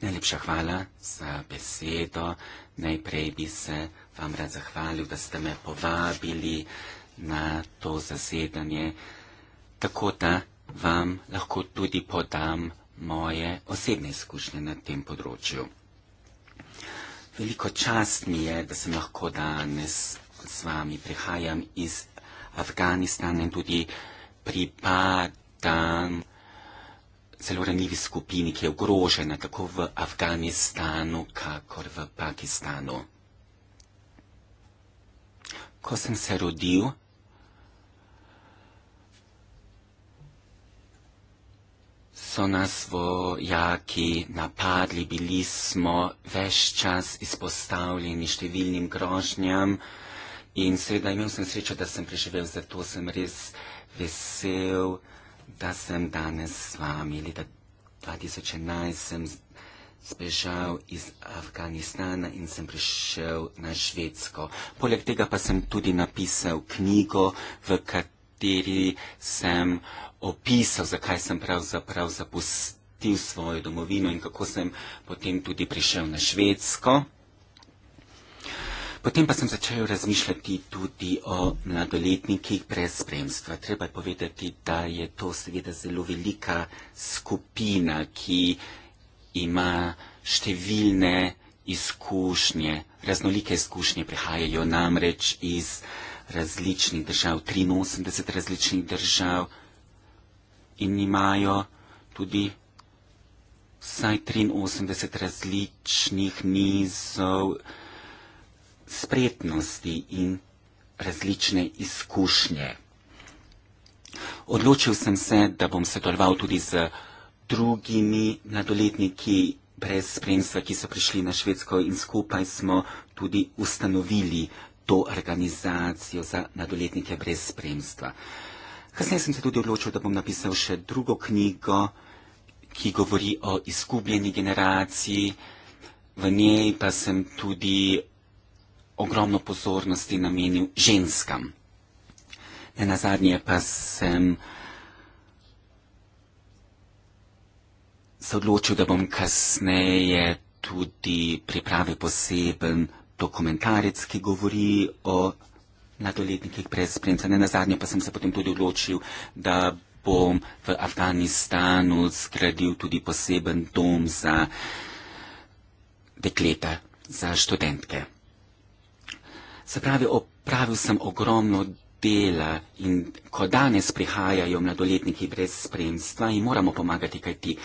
Najlepša hvala za besedo. Najprej bi se vam rad zahvalil, da ste me povabili na to zasedanje. Tako da vam lahko tudi podam moje osebne izkušnje na tem področju. Veliko čast mi je, da sem lahko danes z vami. Prihajam iz Afganistana in tudi pripadam zelo ranljivi skupini, ki je ogrožena tako v Afganistanu, kakor v Pakistanu. Ko sem se rodil, so nas vojaki napadli, bili smo več čas izpostavljeni številnim grožnjam in seveda imel sem srečo, da sem preživel, zato sem res vesel, da sem danes z vami. Leta 2011 sem zbežal iz Afganistana in sem prišel na Švedsko. Poleg tega pa sem tudi napisal knjigo, v kateri sem opisal, zakaj sem pravzaprav zapustil svojo domovino in kako sem potem tudi prišel na Švedsko. Potem pa sem začel razmišljati tudi o mladoletnikih brez spremstva. Treba je povedati, da je to seveda zelo velika skupina, ki ima številne izkušnje, raznolike izkušnje prihajajo namreč iz različnih držav, 83 različnih držav, in imajo tudi vsaj 83 različnih nizov spretnosti in različne izkušnje. Odločil sem se, da bom sodeloval tudi z drugimi mladoletniki brez spremstva, ki so prišli na Švedsko in skupaj smo tudi ustanovili to organizacijo za mladoletnike brez spremstva. Kasneje sem se tudi odločil, da bom napisal še drugo knjigo, ki govori o izgubljeni generaciji. V njej pa sem tudi ogromno pozornosti namenil ženskam. Ne na zadnje pa sem se odločil, da bom kasneje tudi pripravil poseben dokumentarec, ki govori o mladoletnikih brez spremca. Ne nazadnje pa sem se potem tudi odločil, da bom v Afganistanu zgradil tudi poseben dom za dekleta, za študentke. Se pravi, opravil sem ogromno dela in ko danes prihajajo mladoletniki brez spremstva in moramo pomagati, kaj ti.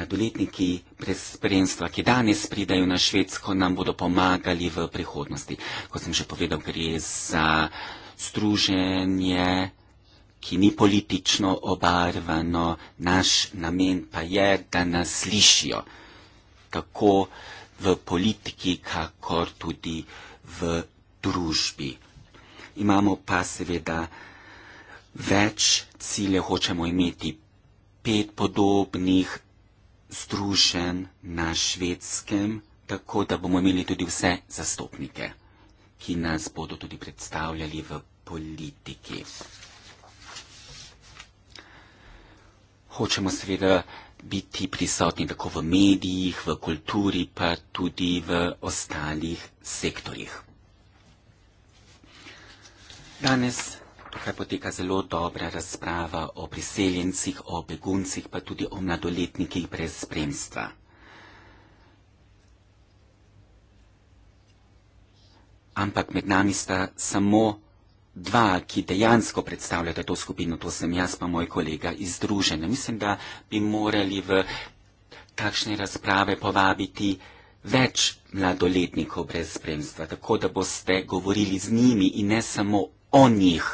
Mladoletniki brez spremstva, ki danes pridajo na Švedsko, nam bodo pomagali v prihodnosti. Kot sem že povedal, gre za združenje, ki ni politično obarvano. Naš namen pa je, da nas slišijo, kako v politiki, kakor tudi v družbi. Imamo pa seveda več cilje, hočemo imeti pet podobnih združen na švedskem, tako da bomo imeli tudi vse zastopnike, ki nas bodo tudi predstavljali v politiki. Hočemo seveda biti prisotni tako v medijih, v kulturi, pa tudi v ostalih sektorjih. Danes Tukaj poteka zelo dobra razprava o priseljencih, o beguncih, pa tudi o mladoletnikih brez spremstva. Ampak med nami sta samo dva, ki dejansko predstavljata to skupino, to sem jaz pa moj kolega iz družene. Mislim, da bi morali v takšne razprave povabiti več mladoletnikov brez spremstva, tako da boste govorili z njimi in ne samo o njih.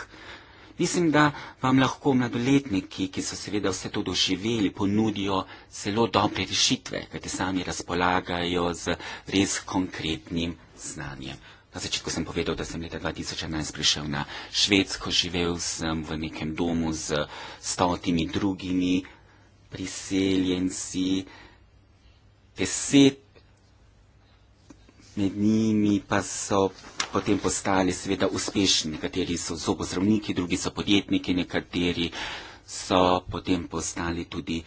Mislim, da vam lahko mladoletniki, ki so seveda vse to doživeli, ponudijo zelo dobre rešitve, kajte sami razpolagajo z res konkretnim znanjem. Na začetku sem povedal, da sem leta 2011 prišel na Švedsko, živel sem v nekem domu z stotimi drugimi priseljenci, deset med njimi pa so potem postali seveda uspešni. Nekateri so zobozdravniki, drugi so podjetniki, nekateri so potem postali tudi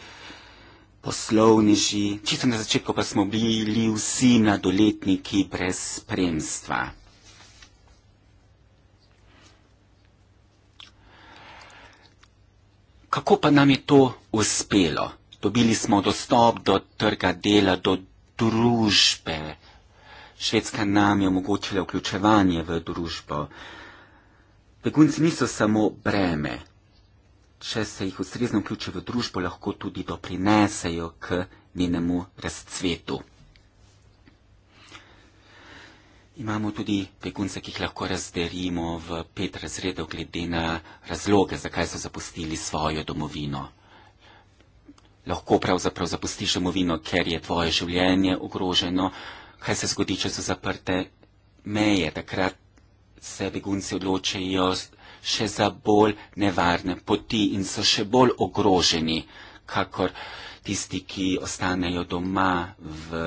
poslovneži. Čisto na začetku pa smo bili vsi nadoletniki brez spremstva. Kako pa nam je to uspelo? Dobili smo dostop do trga dela, do družbe. Švedska nam je omogočila vključevanje v družbo. Begunci niso samo breme. Če se jih ustrezno vključi v družbo, lahko tudi doprinesejo k njenemu razcvetu. Imamo tudi begunce, ki jih lahko razderimo v pet razredov glede na razloge, zakaj so zapustili svojo domovino. Lahko pravzaprav zapustiš domovino, ker je tvoje življenje ogroženo, kaj se zgodi, če so zaprte meje. Takrat se begunci odločajo še za bolj nevarne poti in so še bolj ogroženi, kakor tisti, ki ostanejo doma v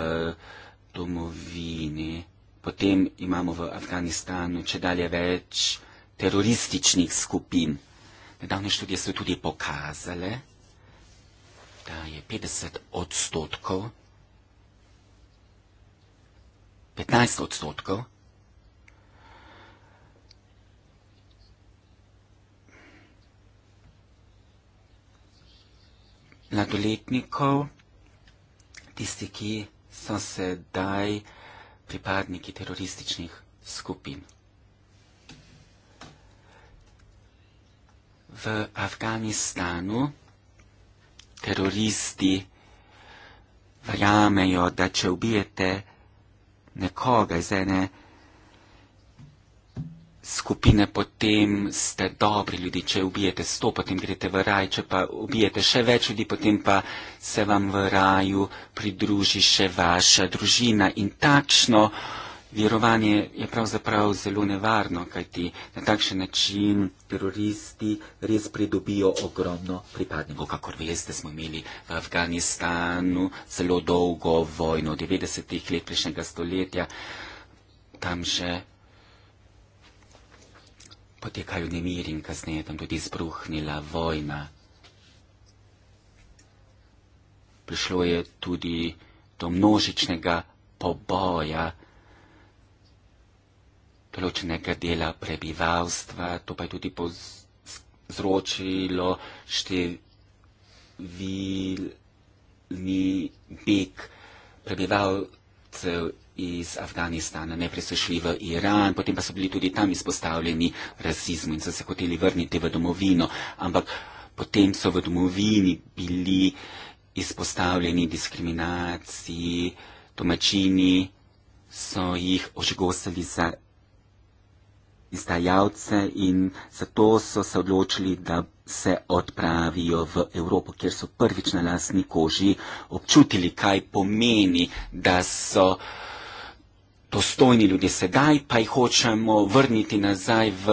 domovini. Potem imamo v Afganistanu če dalje več terorističnih skupin. Nedavne študije so tudi pokazale, da je 50 odstotkov 15 odstotkov. Mladoletnikov, tisti, ki so sedaj pripadniki terorističnih skupin. V Afganistanu teroristi verjamejo, da če ubijete nekoga iz ene skupine, potem ste dobri ljudi. Če ubijete sto, potem grete v raj, če pa ubijete še več ljudi, potem pa se vam v raju pridruži še vaša družina. In takšno uh, Virovanje je pravzaprav zelo nevarno, kajti na takšen način teroristi res pridobijo ogromno pripadnikov. Kakor veste, smo imeli v Afganistanu zelo dolgo vojno, 90-ih let prejšnjega stoletja, tam že potekajo nemir in kasneje tam tudi izbruhnila vojna. Prišlo je tudi do množičnega poboja, določenega dela prebivalstva, to pa je tudi povzročilo številni beg prebivalcev iz Afganistana, nepresušljiv v Iran, potem pa so bili tudi tam izpostavljeni rasizmu in so se hoteli vrniti v domovino, ampak potem so v domovini bili izpostavljeni diskriminaciji, domačini so jih ožigosali za izdajalce in zato so se odločili, da se odpravijo v Evropo, kjer so prvič na lastni koži občutili, kaj pomeni, da so dostojni ljudje sedaj, pa jih hočemo vrniti nazaj v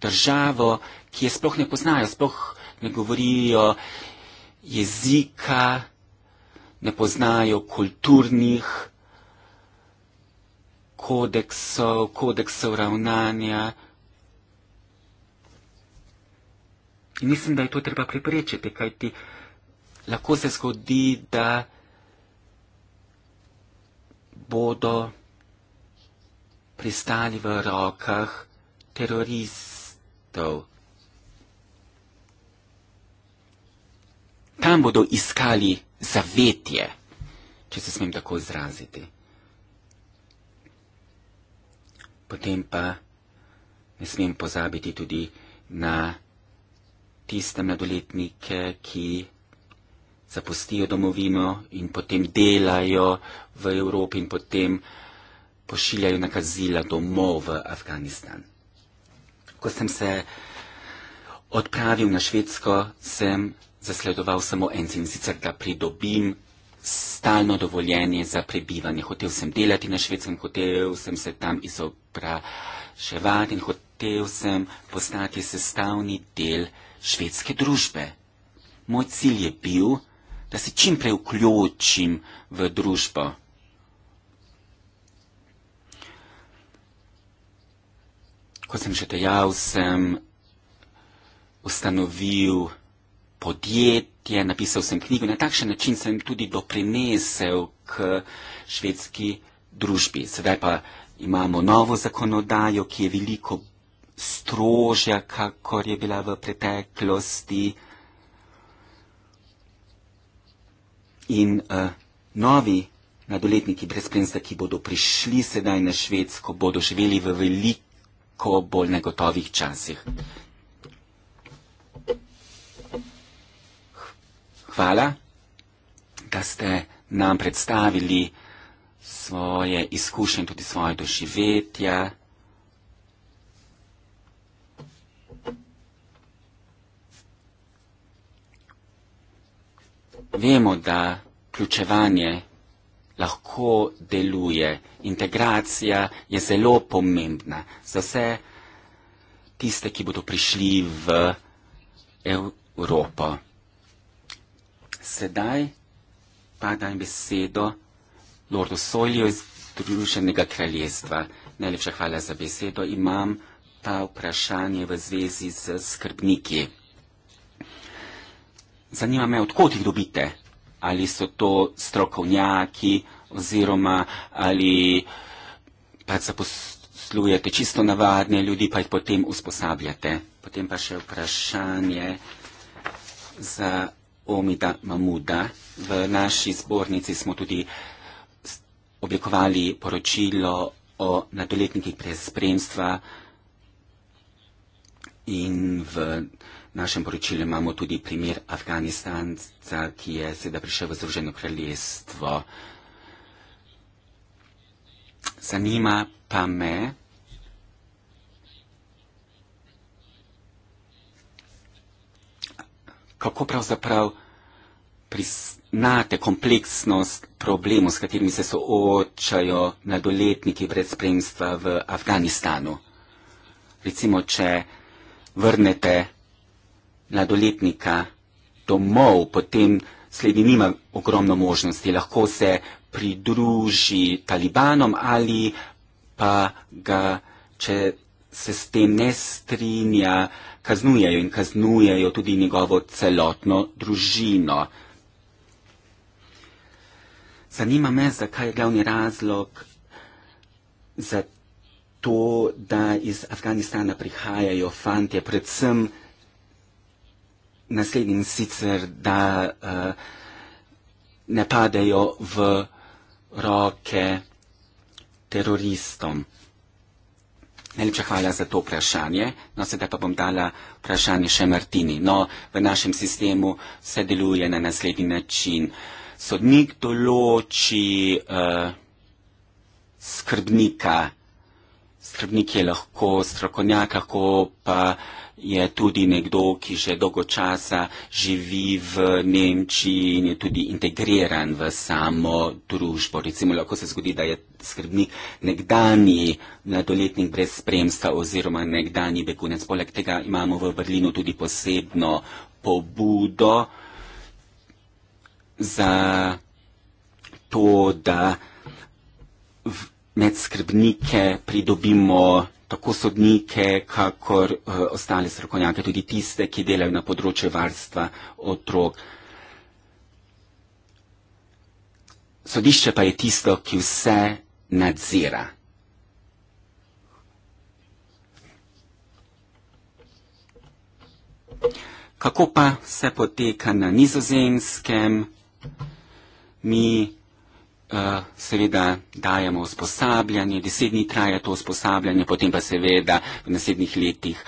državo, ki je sploh ne poznajo, sploh ne govorijo jezika, ne poznajo kulturnih kodeksov, kodeksov ravnanja. In mislim, da je to treba preprečiti, kajti lahko se zgodi, da bodo pristali v rokah teroristov. Tam bodo iskali zavetje, če se smem tako izraziti. potem pa ne smem pozabiti tudi na tiste mladoletnike, ki zapustijo domovino in potem delajo v Evropi in potem pošiljajo nakazila domov v Afganistan. Ko sem se odpravil na Švedsko, sem zasledoval samo en cilj, sicer da pridobim stalno dovoljenje za prebivanje. Hotev sem delati na švedskem, hotel sem se tam izobraževati in hotel sem postati sestavni del švedske družbe. Moj cilj je bil, da se čim prej vključim v družbo. Kot sem že dejal, sem ustanovil podjetje, napisal sem knjigo, na takšen način sem tudi doprinesel k švedski družbi. Sedaj pa imamo novo zakonodajo, ki je veliko strožja, kakor je bila v preteklosti. In uh, novi nadoletniki brezpremstva, ki bodo prišli sedaj na Švedsko, bodo živeli v veliko bolj negotovih časih. hvala, da ste nam predstavili svoje izkušnje in tudi svoje doživetja. Vemo, da vključevanje lahko deluje. Integracija je zelo pomembna za vse tiste, ki bodo prišli v Evropo sedaj pa dam besedo Lordu Solju iz Združenega kraljestva. Najlepša hvala za besedo. Imam pa vprašanje v zvezi z skrbniki. Zanima me, odkot jih dobite? Ali so to strokovnjaki oziroma ali pa zaposlujete čisto navadne ljudi, pa jih potem usposabljate? Potem pa še vprašanje za Omida Mamuda. V naši zbornici smo tudi oblikovali poročilo o nadoletnikih brez spremstva in v našem poročilu imamo tudi primer Afganistanca, ki je seveda prišel v Združeno kraljestvo. Zanima pa me, kako pravzaprav priznate kompleksnost problemov, s katerimi se soočajo mladoletniki brez spremstva v Afganistanu. Recimo, če vrnete mladoletnika domov, potem slednji nima ogromno možnosti, lahko se pridruži talibanom ali pa ga, če se s tem ne strinja, kaznujejo in kaznujejo tudi njegovo celotno družino. Zanima me, zakaj je glavni razlog za to, da iz Afganistana prihajajo fantje, predvsem naslednjim sicer, da uh, ne padajo v roke teroristom. Najlepša hvala za to vprašanje. No, sedaj pa bom dala vprašanje še Martini. No, v našem sistemu se deluje na naslednji način. Sodnik določi uh, skrbnika skrbnik je lahko strokovnjak, kako pa je tudi nekdo, ki že dolgo časa živi v Nemčiji in je tudi integriran v samo družbo. Recimo lahko se zgodi, da je skrbnik nekdani mladoletnik brez spremstva oziroma nekdani begunec. Poleg tega imamo v Berlinu tudi posebno pobudo za to, da v medskrbnike, pridobimo tako sodnike, kakor e, ostale strokovnjake, tudi tiste, ki delajo na področju varstva otrok. Sodišče pa je tisto, ki vse nadzira. Kako pa se poteka na nizozemskem? Mi Eh, seveda dajemo usposabljanje, deset dni traja to usposabljanje, potem pa seveda v naslednjih letih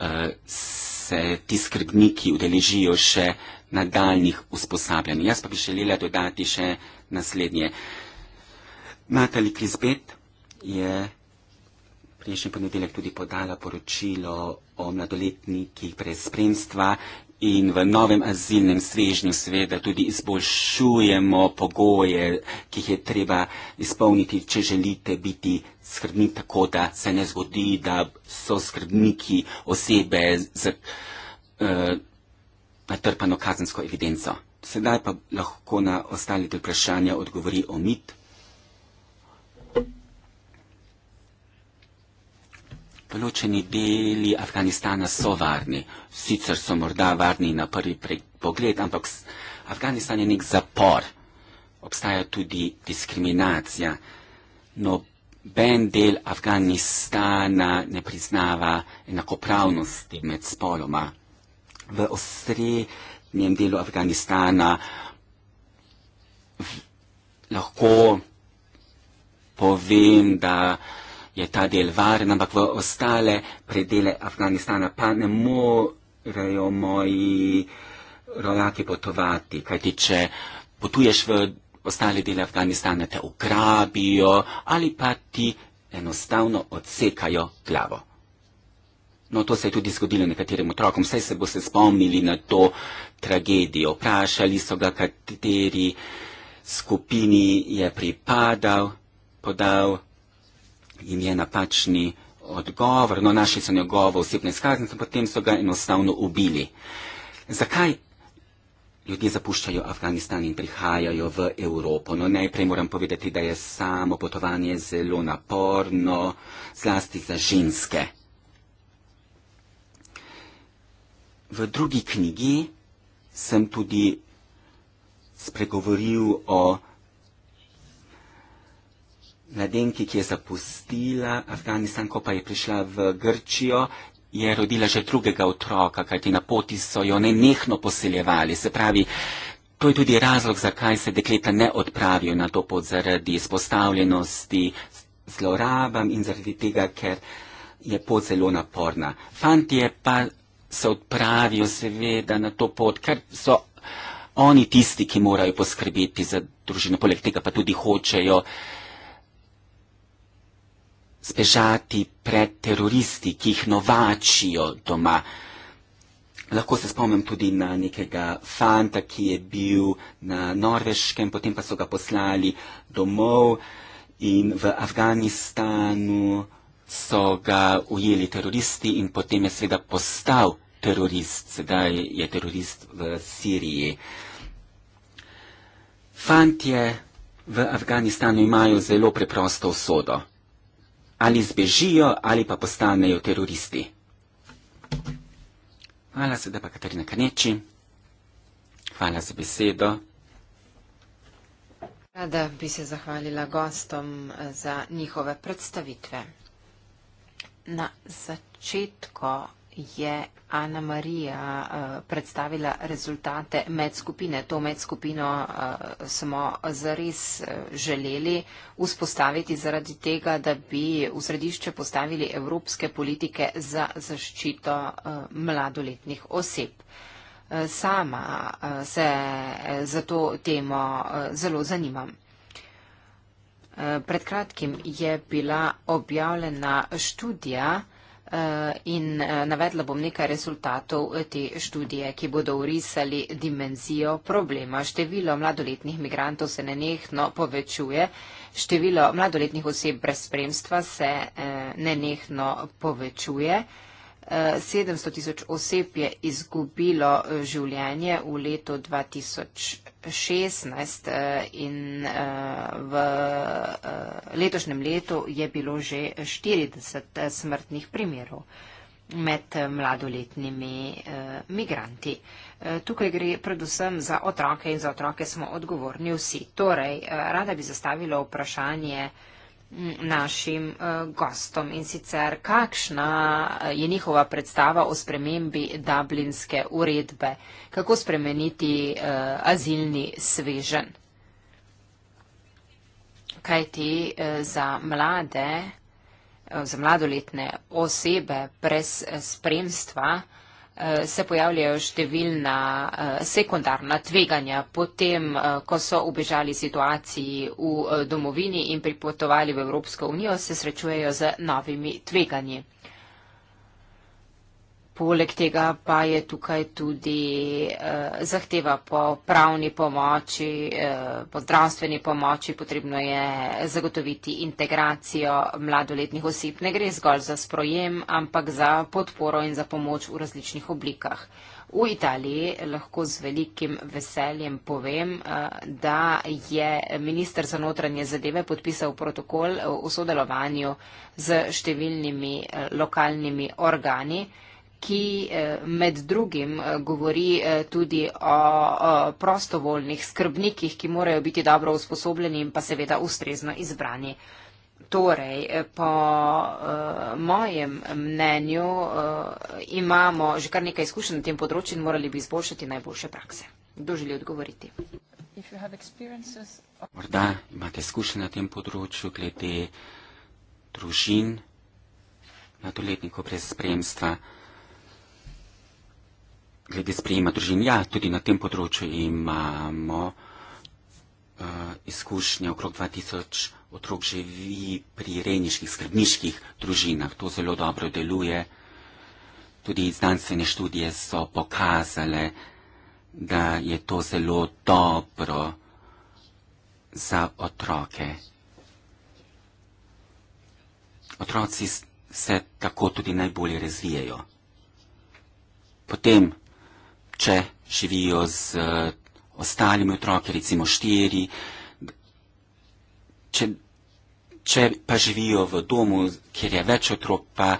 eh, se ti skrbniki udeležijo še nadaljnih usposabljanj. Jaz pa bi želela dodati še naslednje. Natali Krizbet je prejšnji ponedeljek tudi podala poročilo o mladoletnikih brez spremstva in v novem azilnem svežnju seveda tudi izboljšujemo pogoje, ki jih je treba izpolniti, če želite biti skrbnik, tako da se ne zgodi, da so skrbniki osebe z uh, natrpano kazensko evidenco. Sedaj pa lahko na ostale vprašanja odgovori omit. ločeni deli Afganistana so varni. Sicer so morda varni na prvi pogled, ampak Afganistan je nek zapor. Obstaja tudi diskriminacija. Noben del Afganistana ne priznava enakopravnosti med spoloma. V osrednjem delu Afganistana lahko povem, da je ta del varen, ampak v ostale predele Afganistana pa ne morejo moji rojaki potovati. Kajti, če potuješ v ostale dele Afganistana, te ugrabijo ali pa ti enostavno odsekajo glavo. No, to se je tudi zgodilo nekaterim otrokom, saj se boste spomnili na to tragedijo. Vprašali so ga, kateri skupini je pripadal, podal jim je napačni odgovor, no našli so njegovo osebno izkaznico, potem so ga enostavno ubili. Zakaj ljudje zapuščajo Afganistan in prihajajo v Evropo? No, najprej moram povedati, da je samo potovanje zelo naporno, zlasti za ženske. V drugi knjigi sem tudi spregovoril o mladenki, ki je zapustila Afganistan, ko pa je prišla v Grčijo, je rodila že drugega otroka, kajti na poti so jo nenehno poseljevali. Se pravi, to je tudi razlog, zakaj se dekleta ne odpravijo na to pot zaradi izpostavljenosti zlorabam in zaradi tega, ker je pot zelo naporna. Fanti je pa se odpravijo seveda na to pot, ker so oni tisti, ki morajo poskrbeti za družino, poleg tega pa tudi hočejo zbežati pred teroristi, ki jih novačijo doma. Lahko se spomnim tudi na nekega fanta, ki je bil na Norveškem, potem pa so ga poslali domov in v Afganistanu so ga ujeli teroristi in potem je seveda postal terorist, sedaj je terorist v Siriji. Fantje v Afganistanu imajo zelo preprosto usodo ali zbežijo ali pa postanejo teroristi. Hvala seveda pa Katarina Kaneči. Hvala za besedo. Rada bi se zahvalila gostom eh, za njihove predstavitve. Na začetku je Ana Marija eh, predstavila rezultate medskupine. To medskupino eh, smo zares eh, želeli vzpostaviti zaradi tega, da bi v središče postavili evropske politike za zaščito mladoletnih oseb. Sama se za to temo zelo zanimam. Pred kratkim je bila objavljena študija, Eh, in eh, navedla bom nekaj rezultatov eh, te študije, ki bodo urisali dimenzijo problema. Število mladoletnih migrantov se nenehno povečuje, število mladoletnih oseb brez spremstva se nenehno povečuje. 700 tisoč oseb je izgubilo eh, življenje v letu 2016 eh, in eh, v letošnjem letu je bilo že 40 smrtnih primerov med mladoletnimi migranti. Tukaj gre predvsem za otroke in za otroke smo odgovorni vsi. Torej, rada bi zastavila vprašanje, našim uh, gostom in sicer kakšna eh, je njihova predstava o spremembi dublinske uredbe, kako spremeniti uh, azilni svežen. Kaj ti uh, za mlade, uh, za mladoletne osebe brez spremstva, uh, Eh, se pojavljajo številna eh, sekundarna tveganja, potem eh, ko so ubežali situaciji v domovini in pripotovali v Evropsko unijo, se srečujejo z novimi tveganji. Poleg tega pa je tukaj tudi eh, zahteva po pravni pomoči, eh, po zdravstveni pomoči, potrebno je zagotoviti integracijo mladoletnih oseb. Ne gre zgolj za sprojem, ampak za podporo in za pomoč v različnih oblikah. V Italiji lahko z velikim veseljem povem, eh, da je minister za notranje zadeve podpisal protokol v sodelovanju z številnimi eh, lokalnimi organi ki eh, med drugim eh, govori eh, tudi o prostovoljnih skrbnikih, ki morajo biti dobro usposobljeni in pa seveda ustrezno izbrani. Torej, po uh, mojem mnenju uh, imamo že kar nekaj izkušenj na tem področju in morali bi izboljšati najboljše prakse. Kdo želi odgovoriti? Morda imate izkušenj na tem področju glede družin, mladoletnikov brez spremstva. Uh, glede sprejema družin. Ja, tudi na tem področju imamo uh, izkušnje. Okrog 2000 otrok živi pri rejniških skrbniških družinah. To zelo dobro deluje. Tudi znanstvene študije so pokazale, da je to zelo dobro za otroke. Otroci se tako tudi najbolje razvijajo. Potem če živijo z uh, ostalimi otroki, recimo štiri, če, če pa živijo v domu, kjer je več otrok, pa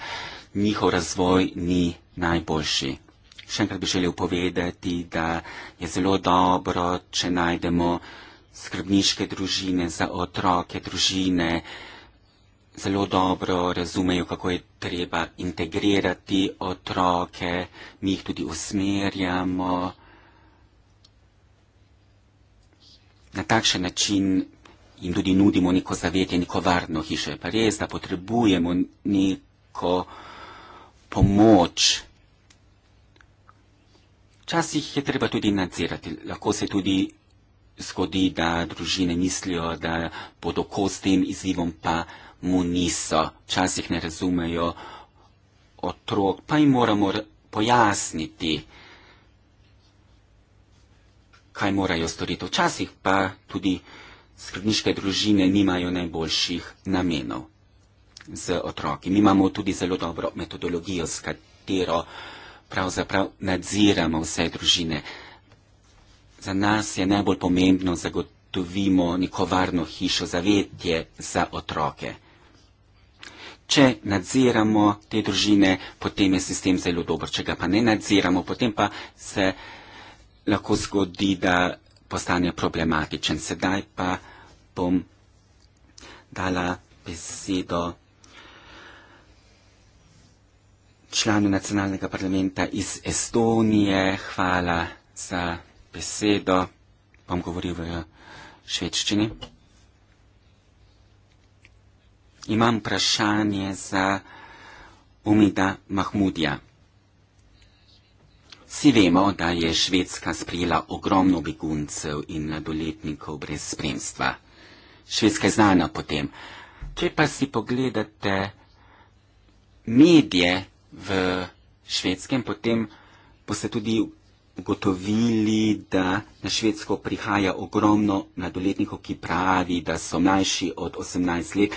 njihov razvoj ni najboljši. Še enkrat bi želel povedati, da je zelo dobro, če najdemo skrbniške družine za otroke, družine, uh, zelo dobro razumejo, kako je treba integrirati otroke, mi jih tudi usmerjamo. Na takšen način jim tudi nudimo neko zavetje, neko varno hišo. Je pa res, da potrebujemo neko pomoč. Včasih je treba tudi nadzirati. Lahko se tudi zgodi, da družine mislijo, da bodo kos tem izzivom pa mu niso, včasih ne razumejo otrok, pa jim moramo pojasniti, kaj morajo storiti. Včasih pa tudi skrbniške družine nimajo najboljših namenov z otroki. Mi imamo tudi zelo dobro metodologijo, s katero pravzaprav nadziramo vse družine. Za nas je najbolj pomembno zagotovimo neko varno hišo, zavetje za otroke. Če nadziramo te družine, potem je sistem zelo dober. Če ga pa ne nadziramo, potem pa se lahko zgodi, da postane problematičen. Sedaj pa bom dala besedo članu nacionalnega parlamenta iz Estonije. Hvala za besedo. Bom govoril v švedščini. Imam vprašanje za Umida Mahmudija. Vsi vemo, da je Švedska sprijela ogromno beguncev in mladoletnikov brez spremstva. Švedska je znana potem. Če pa si pogledate medije v Švedskem, potem boste tudi ugotovili, da na Švedsko prihaja ogromno mladoletnikov, ki pravi, da so mlajši od 18 let.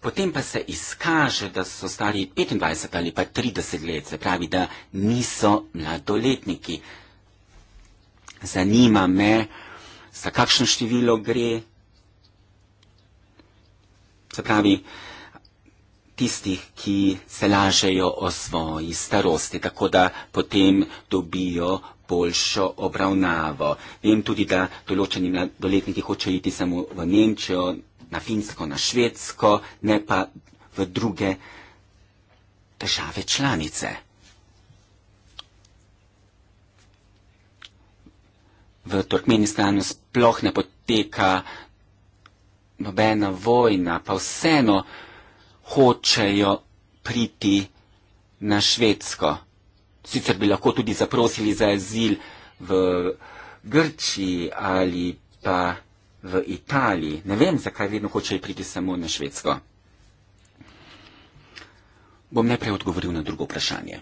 Potem pa se izkaže, da so stari 25 ali pa 30 let, se pravi, da niso mladoletniki. Zanima me, za kakšno število gre. Se pravi, tistih, ki se lažejo o svoji starosti, tako da potem dobijo boljšo obravnavo. Vem tudi, da določeni mladoletniki hočejo iti samo v Nemčijo, na Finsko, na Švedsko, ne pa v druge države članice. V Turkmenistanu sploh ne poteka nobena vojna, pa vseeno hočejo priti na Švedsko. Sicer bi lahko tudi zaprosili za azil v Grčiji ali pa v Italiji. Ne vem, zakaj vedno hoče priti samo na Švedsko. Bom najprej odgovoril na drugo vprašanje.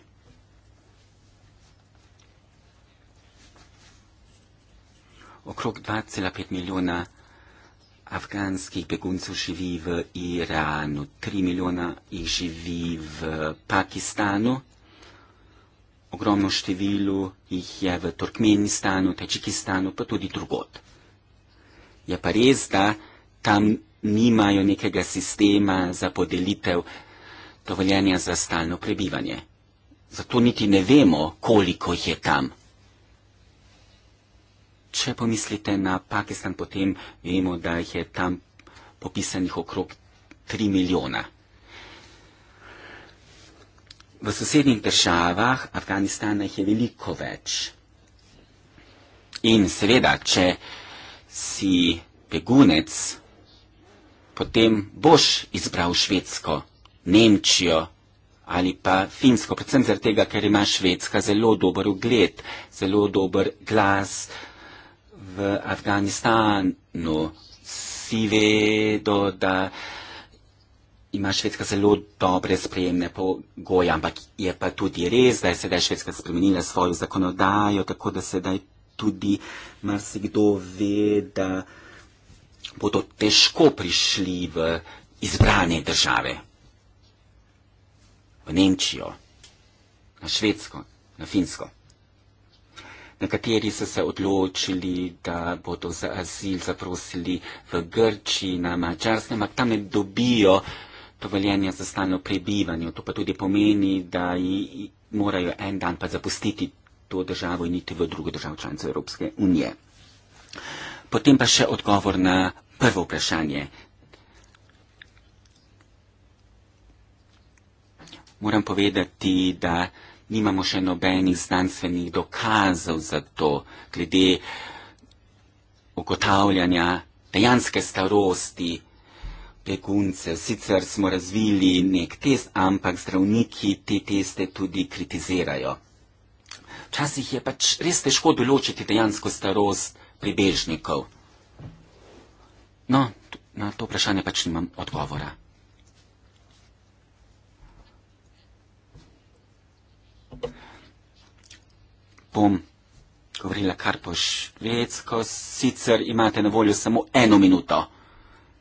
Okrog 2,5 milijona afganskih beguncev živi v Iranu, 3 milijona jih živi v Pakistanu, ogromno število jih je v Turkmenistanu, Tačikistanu, pa tudi drugot je pa res, da tam nimajo nekega sistema za podelitev dovoljenja za stalno prebivanje. Zato niti ne vemo, koliko jih je tam. Če pomislite na Pakistan, potem vemo, da jih je tam popisanih okrog 3 milijona. V sosednjih državah Afganistana jih je veliko več. In seveda, če si begunec, potem boš izbral Švedsko, Nemčijo ali pa Finsko, predvsem zato, ker ima Švedska zelo dober ugled, zelo dober glas v Afganistanu. Vsi vedo, da ima Švedska zelo dobre sprejemne pogoje, ampak je pa tudi res, da je sedaj Švedska spremenila svojo zakonodajo, tako da sedaj tudi marsikdo ve, da bodo težko prišli v izbrane države, v Nemčijo, na Švedsko, na Finsko. Nekateri so se odločili, da bodo za azil zaprosili v Grčiji, na Mačarskem, ampak tam ne dobijo dovoljenja za stalno prebivanje. To pa tudi pomeni, da morajo en dan pa zapustiti to državo in niti v drugo državo članico Evropske unije. Potem pa še odgovor na prvo vprašanje. Moram povedati, da nimamo še nobenih znanstvenih dokazov za to, glede ugotavljanja dejanske starosti begunce. Sicer smo razvili nek test, ampak zdravniki te teste tudi kritizirajo včasih je pač res težko določiti dejansko starost pribežnikov. No, na to vprašanje pač nimam odgovora. Bom govorila kar po švedsko, sicer imate na voljo samo eno minuto,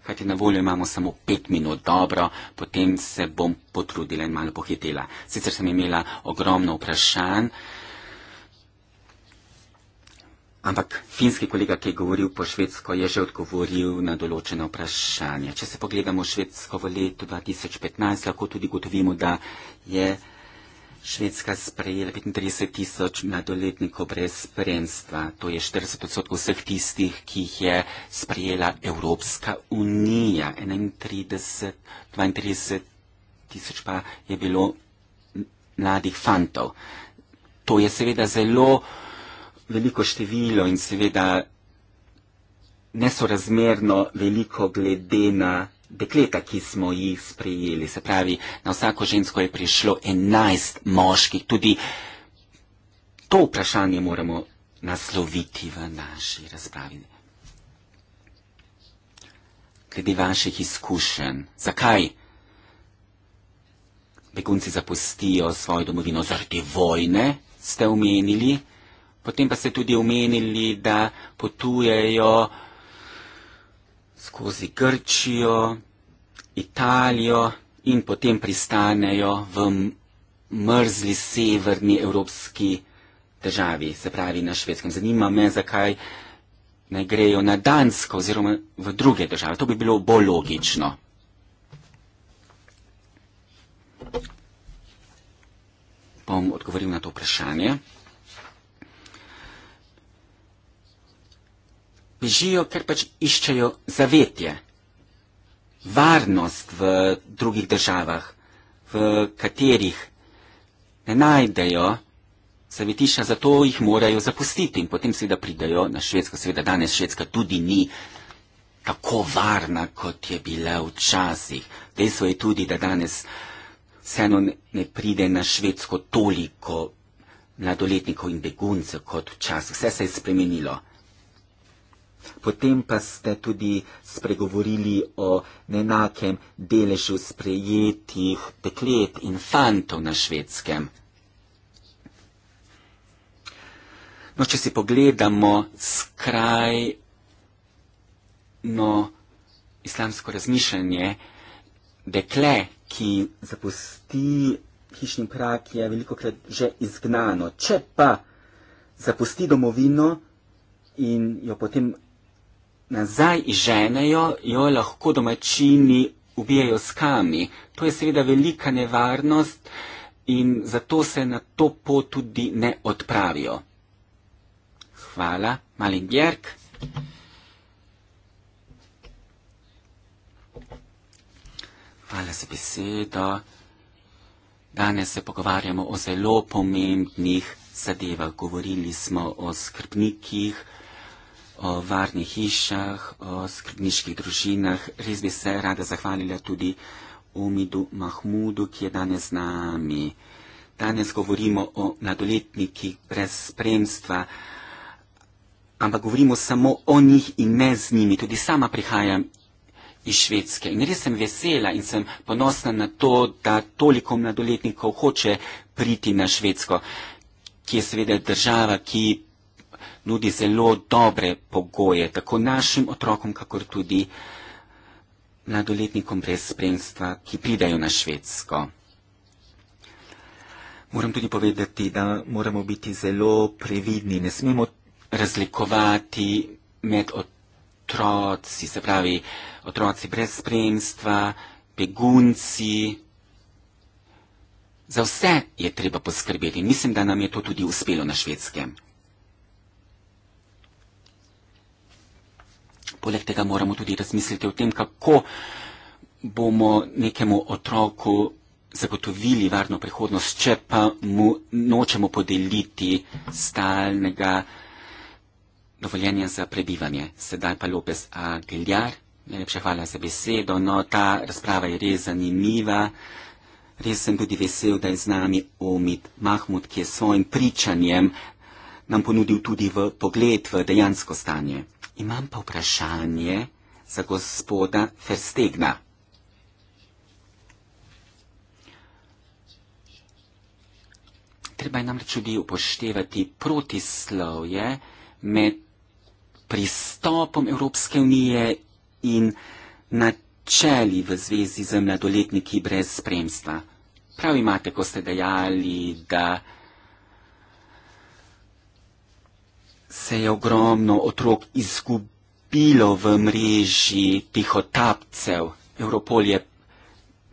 kajti na voljo imamo samo pet minut, dobro, potem se bom potrudila in malo pohitela. Sicer sem imela ogromno vprašanj. Ampak finski kolega, ki je govoril po švedsko, je že odgovoril na določene vprašanja. Če se pogledamo švedsko v letu 2015, lahko tudi gotovimo, da je švedska sprejela 35 tisoč mladoletnikov brez spremstva. To je 40 odstotkov vseh tistih, ki jih je sprejela Evropska unija. 31, 32 tisoč pa je bilo mladih fantov. To je seveda zelo veliko število in seveda nesorazmerno veliko glede na dekleta, ki smo jih sprejeli. Se pravi, na vsako žensko je prišlo 11 moških. Tudi to vprašanje moramo nasloviti v naši razpravi. Glede vaših izkušenj, zakaj begunci zapustijo svojo domovino zaradi vojne, ste omenili. Potem pa ste tudi omenili, da potujejo skozi Grčijo, Italijo in potem pristanejo v mrzli severni evropski državi, se pravi na švedskem. Zanima me, zakaj naj grejo na Dansko oziroma v druge države. To bi bilo bolj logično. Bom odgovoril na to vprašanje. živijo, ker pač iščejo zavetje, varnost v drugih državah, v katerih ne najdejo zavetišča, zato jih morajo zapustiti in potem seveda pridajo na Švedsko. Seveda danes Švedska tudi ni tako varna, kot je bila včasih. Dejstvo je tudi, da danes vseeno ne pride na Švedsko toliko mladoletnikov in beguncev kot včasih. Vse se je spremenilo. Potem pa ste tudi spregovorili o nenakem deležu sprejetih deklet in fantov na švedskem. No, če si pogledamo skrajno islamsko razmišljanje, dekle, ki zapusti hišni prak, je veliko krat že izgnano. Če pa zapusti domovino in jo potem nazaj ženejo, jo lahko domačini ubijajo s kami. To je seveda velika nevarnost in zato se na to pot tudi ne odpravijo. Hvala, Malin Bjerg. Hvala za besedo. Danes se pogovarjamo o zelo pomembnih zadevah. Govorili smo o skrbnikih, o varnih hišah, o skrbniških družinah. Res bi se rada zahvalila tudi Umidu Mahmudu, ki je danes z nami. Danes govorimo o mladoletnikih brez spremstva, ampak govorimo samo o njih in ne z njimi. Tudi sama prihajam iz Švedske in res sem vesela in sem ponosna na to, da toliko mladoletnikov hoče priti na Švedsko, ki je seveda država, ki nudi zelo dobre pogoje, tako našim otrokom, kakor tudi mladoletnikom brez spremstva, ki pridajo na Švedsko. Moram tudi povedati, da moramo biti zelo previdni, ne smemo razlikovati med otroci, se pravi otroci brez spremstva, begunci. Za vse je treba poskrbeti in mislim, da nam je to tudi uspelo na švedskem. Poleg tega moramo tudi razmisliti o tem, kako bomo nekemu otroku zagotovili varno prihodnost, če pa mu nočemo podeliti stalnega dovoljenja za prebivanje. Sedaj pa Lopez Aguiljar, najlepša hvala za besedo. No, ta razprava je res zanimiva. Res sem tudi vesel, da je z nami Omid Mahmud, ki je svojim pričanjem nam ponudil tudi v pogled v dejansko stanje. Imam pa vprašanje za gospoda Festegna. Treba je namreč tudi upoštevati protislovje med pristopom Evropske unije in načeli v zvezi z mladoletniki brez spremstva. Prav imate, ko ste dejali, da. se je ogromno otrok izgubilo v mreži tihotapcev. Evropol je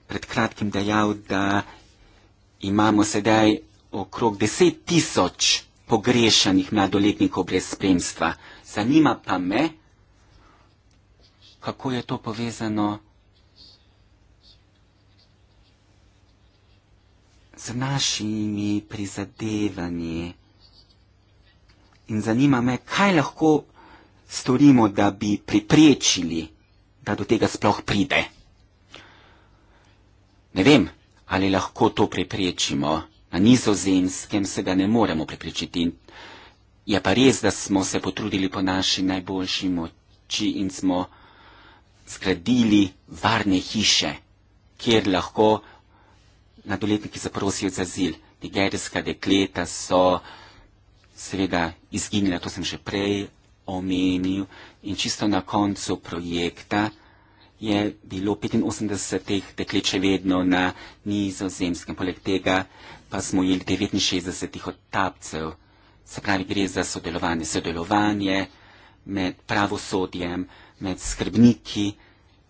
pred kratkim dejal, da imamo sedaj okrog deset tisoč pogrešanih mladoletnikov brez spremstva. Zanima pa me, kako je to povezano z našimi prizadevanji. In zanima me, kaj lahko storimo, da bi priprečili, da do tega sploh pride. Ne vem, ali lahko to priprečimo. Na nizozemskem se ga ne moremo priprečiti. Je pa res, da smo se potrudili po naši najboljši moči in smo zgradili varne hiše, kjer lahko nadoletniki zaprosijo za zil. Nigerijska dekleta so seveda izginila, to sem že prej omenil, in čisto na koncu projekta je bilo 85 teh deklet še vedno na nizozemskem, poleg tega pa smo imeli 69 otapcev, se pravi gre za sodelovanje, sodelovanje med pravosodjem, med skrbniki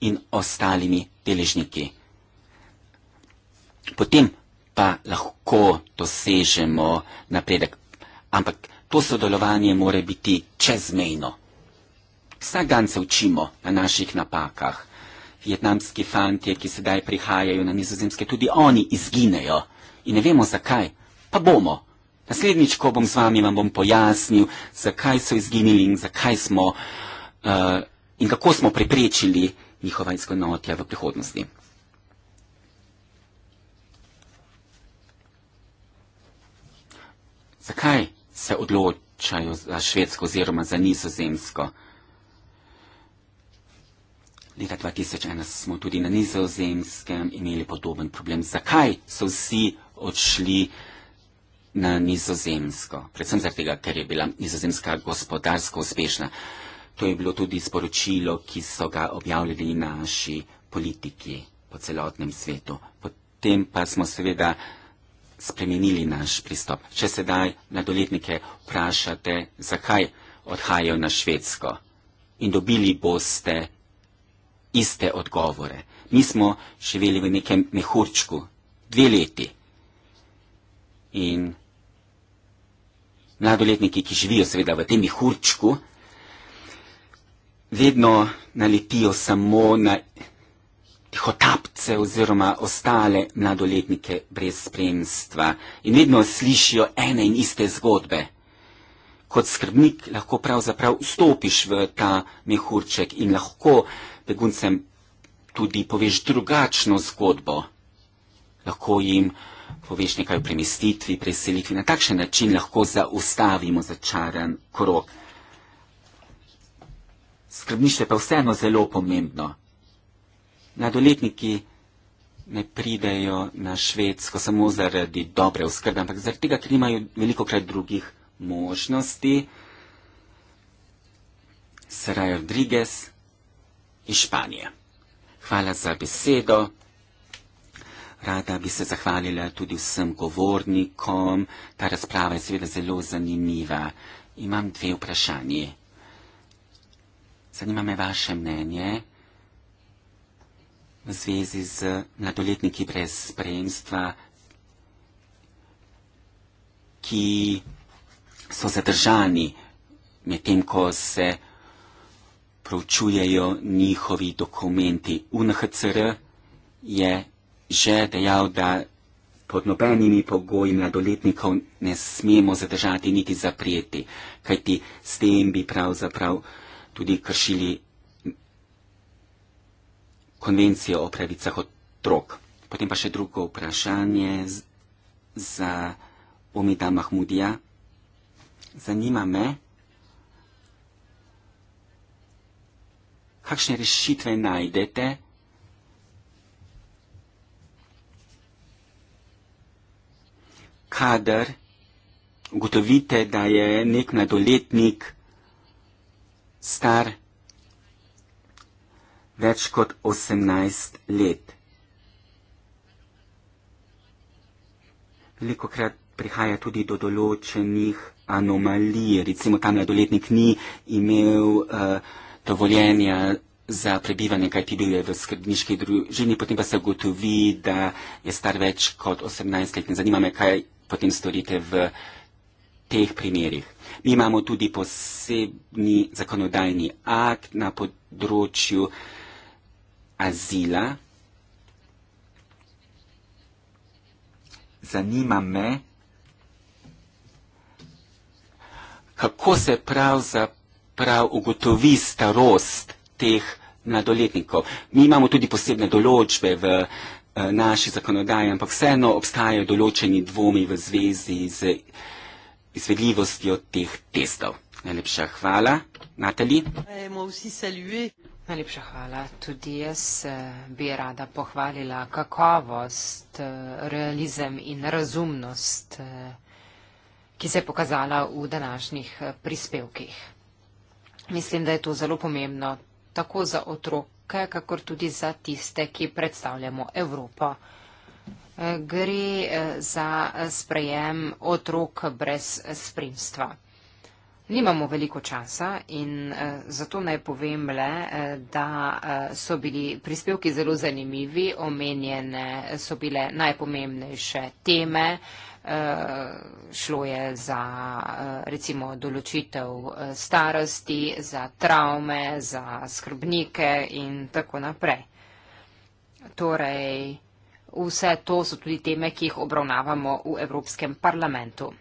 in ostalimi deležniki. Potem pa lahko dosežemo napredek ampak to sodelovanje more biti čezmejno. Vsak dan se učimo na naših napakah. Vietnamski fantje, ki sedaj prihajajo na nizozemske, tudi oni izginejo. In ne vemo zakaj, pa bomo. Naslednjič, ko bom z vami, vam bom pojasnil, zakaj so izginili in zakaj smo uh, in kako smo preprečili njihova izgonotja v prihodnosti. Zakaj se odločajo za Švedsko oziroma za Nizozemsko. Leta 2001 smo tudi na Nizozemskem imeli podoben problem. Zakaj so vsi odšli na Nizozemsko? Predvsem zato, ker je bila Nizozemska gospodarsko uspešna. To je bilo tudi sporočilo, ki so ga objavljali naši politiki po celotnem svetu. Potem pa smo seveda spremenili naš pristop. Če sedaj nadoletnike vprašate, zakaj odhajajo na Švedsko in dobili boste iste odgovore. Mi smo živeli v nekem mehurčku dve leti in mladoletniki, ki živijo seveda v tem mehurčku, vedno naletijo samo na tihotapce oziroma ostale mladoletnike brez spremstva in vedno slišijo ene in iste zgodbe. Kot skrbnik lahko pravzaprav vstopiš v ta mehurček in lahko beguncem tudi poveš drugačno zgodbo. Lahko jim poveš nekaj o premestitvi, preselitvi. Na takšen način lahko zaustavimo začaran krok. Skrbništvo je pa vseeno zelo pomembno. Mladoletniki ne pridejo na Švedsko samo zaradi dobre oskrbe, ampak zaradi tega, ker imajo veliko krat drugih možnosti. Saraj Rodriguez iz Španije. Hvala za besedo. Rada bi se zahvalila tudi vsem govornikom. Ta razprava je seveda zelo zanimiva. Imam dve vprašanje. Zanima me vaše mnenje v zvezi z mladoletniki brez spremstva, ki so zadržani med tem, ko se proučujejo njihovi dokumenti. UNHCR je že dejal, da pod nobenimi pogoji mladoletnikov ne smemo zadržati niti zaprijeti, kajti s tem bi pravzaprav tudi kršili konvencijo o pravicah otrok. Potem pa še drugo vprašanje za Omida Mahmudija. Zanima me, kakšne rešitve najdete kadar ugotovite, da je nek mladoletnik star več kot 18 let. Veliko krat prihaja tudi do določenih anomalij. Recimo, ta mladoletnik ni imel uh, dovoljenja za prebivanje, kaj ti bil je v skrbniški družini, potem pa se ugotovi, da je star več kot 18 let. Ne zanima me, kaj potem storite v teh primerih. Mi imamo tudi posebni zakonodajni akt na področju uh, azila. Zanima me, kako se pravzaprav ugotovi starost teh mladoletnikov. Mi imamo tudi posebne določbe v eh, naši zakonodaji, ampak vseeno obstajajo določeni dvomi v zvezi z izvedljivostjo teh testov. Najlepša hvala, Natali. Eh, Najlepša hvala. Tudi jaz eh, bi rada pohvalila kakovost, eh, realizem in razumnost, eh, ki se je pokazala v današnjih prispevkih. Mislim, da je to zelo pomembno tako za otroke, kakor tudi za tiste, ki predstavljamo Evropo. Gre za sprejem otrok brez spremstva. Nimamo veliko časa in uh, zato naj povem le, uh, da uh, so bili prispevki zelo zanimivi, omenjene so bile najpomembnejše teme. Uh, šlo je za uh, recimo določitev uh, starosti, za travme, za skrbnike in tako naprej. Torej, vse to so tudi teme, ki jih obravnavamo v Evropskem parlamentu.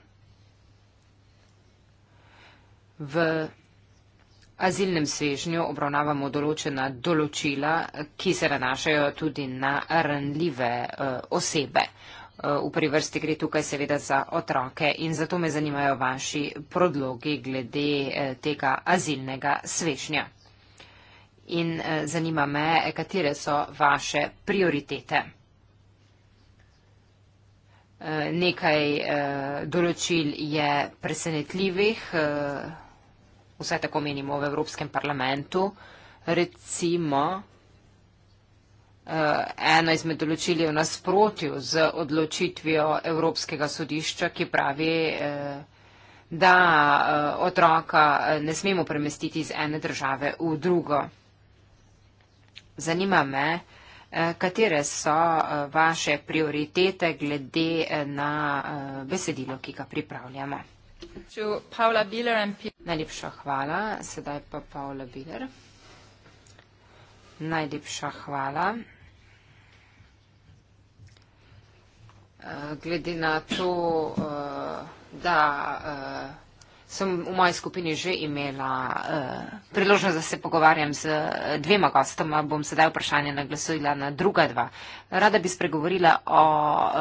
V azilnem svežnju obravnavamo določena določila, ki se nanašajo tudi na ranljive eh, osebe. Eh, v privrsti gre tukaj seveda za otroke in zato me zanimajo vaši prodlogi glede eh, tega azilnega svežnja. In zanima me, katere so vaše prioritete. Nekaj določil je presenetljivih, vse tako menimo v Evropskem parlamentu. Recimo, eh, ena izmed določil je v nasprotju z odločitvijo Evropskega sodišča, ki pravi, eh, da eh, otroka ne smemo premestiti iz ene države v drugo. Zanima me, katere so vaše prioritete glede na besedilo, ki ga pripravljamo. Najlepša hvala. Sedaj pa Paula Biller. Najlepša hvala. Eh, glede na to, eh, da eh, sem v moji skupini že imela uh, priložnost, da se pogovarjam z eh, dvema gostoma. Bom sedaj vprašanje naglasila na druga dva. Rada bi spregovorila o uh,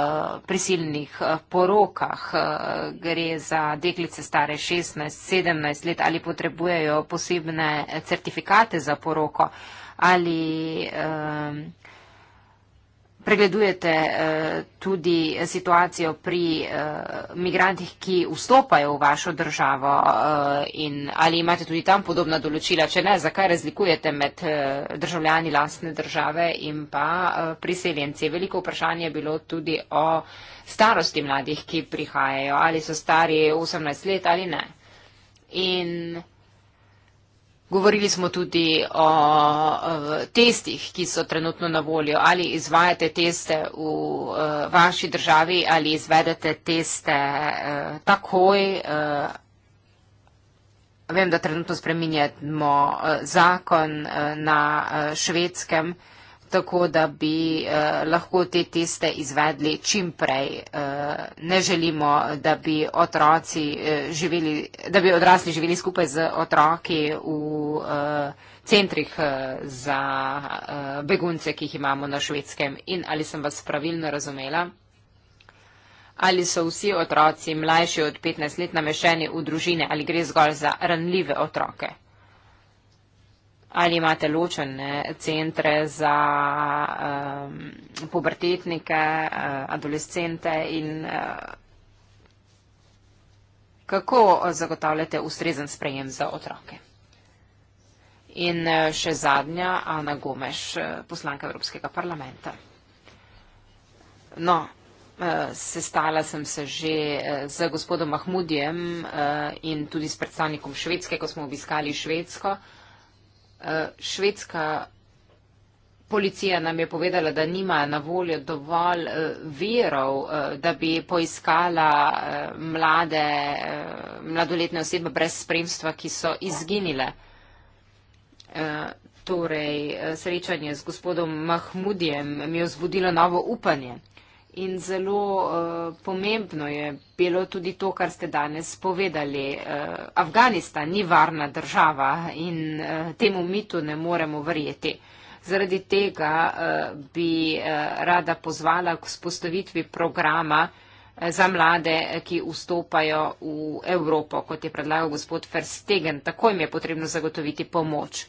prisilnih uh, porokah. Uh, gre za deklice stare 16-17 let ali potrebujejo posebne certifikate za poroko ali. Uh, Pregledujete eh, tudi situacijo pri eh, migrantih, ki vstopajo v vašo državo eh, in ali imate tudi tam podobna določila, če ne, zakaj razlikujete med državljani lastne države in pa priseljenci. Veliko vprašanje je bilo tudi o starosti mladih, ki prihajajo, ali so stari 18 let ali ne. In Govorili smo tudi o, o eh, testih, ki so trenutno na voljo. Ali izvajate teste v o, eh, vaši državi ali izvedete teste o, eh, takoj. O, vem, da trenutno spreminjamo zakon o, na o, švedskem tako da bi eh, lahko te teste izvedli čim prej. Eh, ne želimo, da bi, otroci, eh, živeli, da bi odrasli živeli skupaj z otroki v eh, centrih eh, za eh, begunce, ki jih imamo na švedskem. In ali sem vas pravilno razumela? Ali so vsi otroci mlajši od 15 let namešeni v družine ali gre zgolj za ranljive otroke? Ali imate ločene centre za um, pubertetnike, uh, adolescente in uh, kako zagotavljate ustrezen sprejem za otroke? In uh, še zadnja, Ana Gomeš, uh, poslanka Evropskega parlamenta. No, uh, sestala sem se že uh, z gospodom Mahmudijem uh, in tudi s predstavnikom Švedske, ko smo obiskali Švedsko. Eh, švedska policija nam je povedala, da nima na voljo dovolj eh, verov, eh, da bi poiskala mlade, mladoletne osebe brez spremstva, ki so izginile. Torej, srečanje z gospodom Mahmudijem mi je vzbudilo novo upanje. In zelo uh, pomembno je bilo tudi to, kar ste danes povedali. Uh, Afganistan ni varna država in uh, temu mitu ne moremo verjeti. Zaradi tega uh, bi uh, rada pozvala k spostavitvi programa uh, za mlade, ki vstopajo v Evropo, kot je predlagal gospod Verstegen. Takoj mi je potrebno zagotoviti pomoč.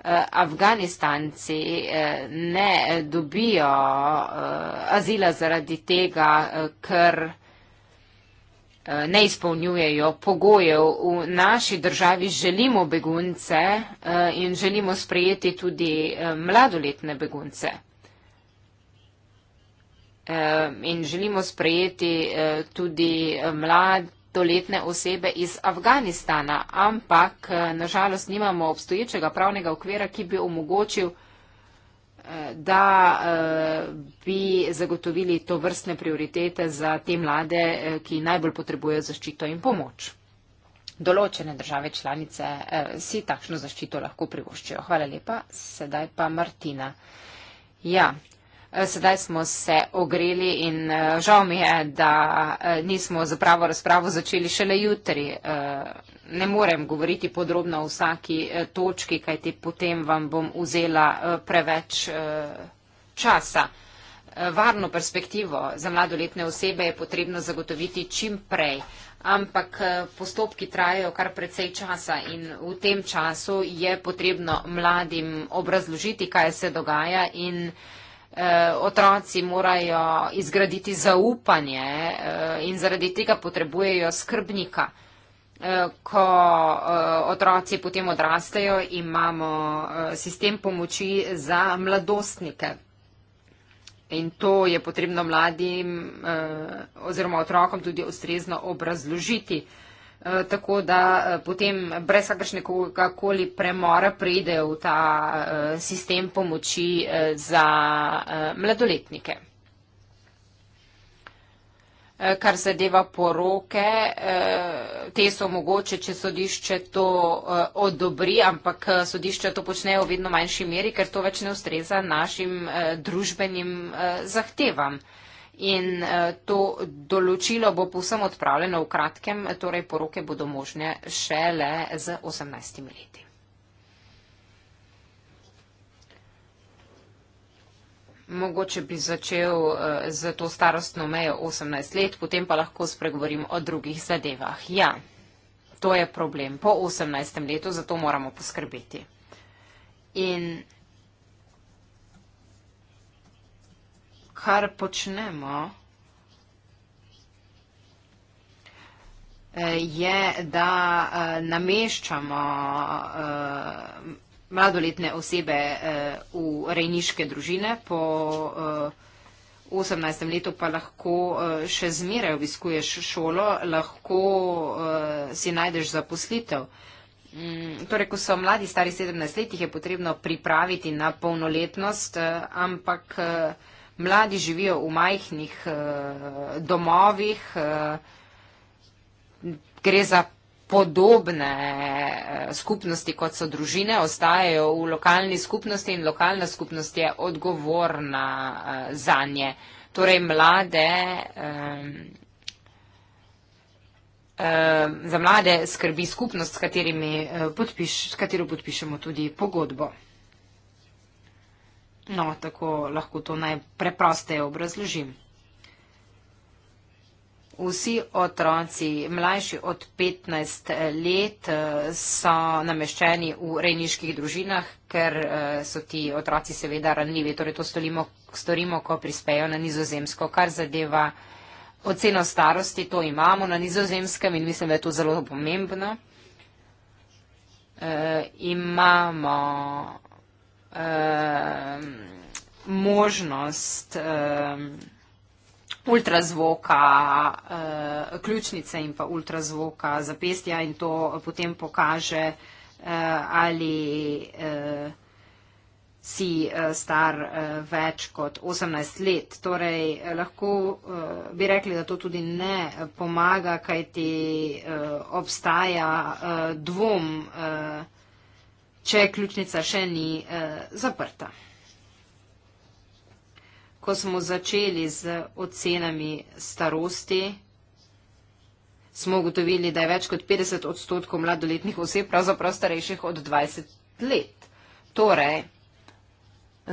Eh, Afganistanci eh, ne dobijo eh, azila zaradi tega, ker ne izpolnjujejo pogojev. V naši državi želimo begunce in želimo sprejeti tudi mladoletne begunce. In želimo sprejeti tudi mlade mladoletne osebe iz Afganistana, ampak eh, nažalost nimamo obstoječega pravnega okvira, ki bi omogočil, eh, da eh, bi zagotovili to vrstne prioritete za te mlade, ki najbolj potrebujejo zaščito in pomoč. Določene države članice eh, si takšno zaščito lahko privoščijo. Hvala lepa. Sedaj pa Martina. Ja, Eh, sedaj smo se ogreli in eh, žal mi je, da eh, nismo za pravo razpravo začeli šele jutri. Ne morem govoriti podrobno o vsaki točki, kajti potem vam bom vzela preveč časa. Varno perspektivo za mladoletne osebe je potrebno zagotoviti čim prej, ampak postopki trajajo kar precej časa in v tem času je potrebno mladim obrazložiti, kaj se dogaja in uh, Eh, otroci morajo izgraditi zaupanje eh, in zaradi tega potrebujejo skrbnika. Eh, ko otroci potem odrastejo, imamo sistem pomoči za mladostnike. In to je potrebno mladim oziroma otrokom tudi ustrezno obrazložiti. Eh, tako da eh, potem brez kakršnega koli premora pride v ta eh, sistem pomoči za mladoletnike. Kar zadeva poroke, te so mogoče, če sodišče to odobri, ampak sodišče to počnejo v vedno manjši meri, ker to več ne ustreza našim družbenim zahtevam. In eh, to določilo bo povsem odpravljeno v kratkem, torej poroke bodo možne šele z 18 leti. Mogoče bi začel z eh, to starostno mejo 18 let, potem pa lahko spregovorim o drugih zadevah. Ja, to je problem po 18. letu, zato moramo poskrbeti. In kar počnemo, eh, je, da eh, nameščamo eh, mladoletne osebe v rejniške družine, po 18. letu pa lahko še zmeraj obiskuješ šolo, lahko si najdeš zaposlitev. Mm, torej, ko so mladi stari 17 let, jih je potrebno pripraviti na polnoletnost, ampak mladi živijo v majhnih uh, domovih, uh, gre za podobne eh, skupnosti, kot so družine, ostajajo v lokalni skupnosti in lokalna skupnost je odgovorna za nje. Torej, mlade, za mlade skrbi skupnost, s, podpiš, s katero podpišemo tudi pogodbo. No, tako lahko to najpreprosteje obrazložim. Vsi otroci mlajši od 15 let so nameščeni v rejniških družinah, ker so ti otroci seveda ranljivi. Torej to storimo, storimo ko prispejo na nizozemsko, kar zadeva oceno starosti. To imamo na nizozemskem in mislim, da je to zelo pomembno. E, imamo uh, možnost uh, ultrazvoka, uh, ključnice in pa ultrazvoka zapestja in to potem pokaže, uh, ali uh, si uh, star uh, več kot 18 let. Torej, lahko uh, bi rekli, da to tudi ne pomaga, kaj ti uh, obstaja uh, dvom. Uh, če ključnica še ni eh, zaprta. Ko smo začeli z ocenami starosti, smo ugotovili, da je več kot 50 odstotkov mladoletnih oseb pravzaprav starejših od 20 let. Torej,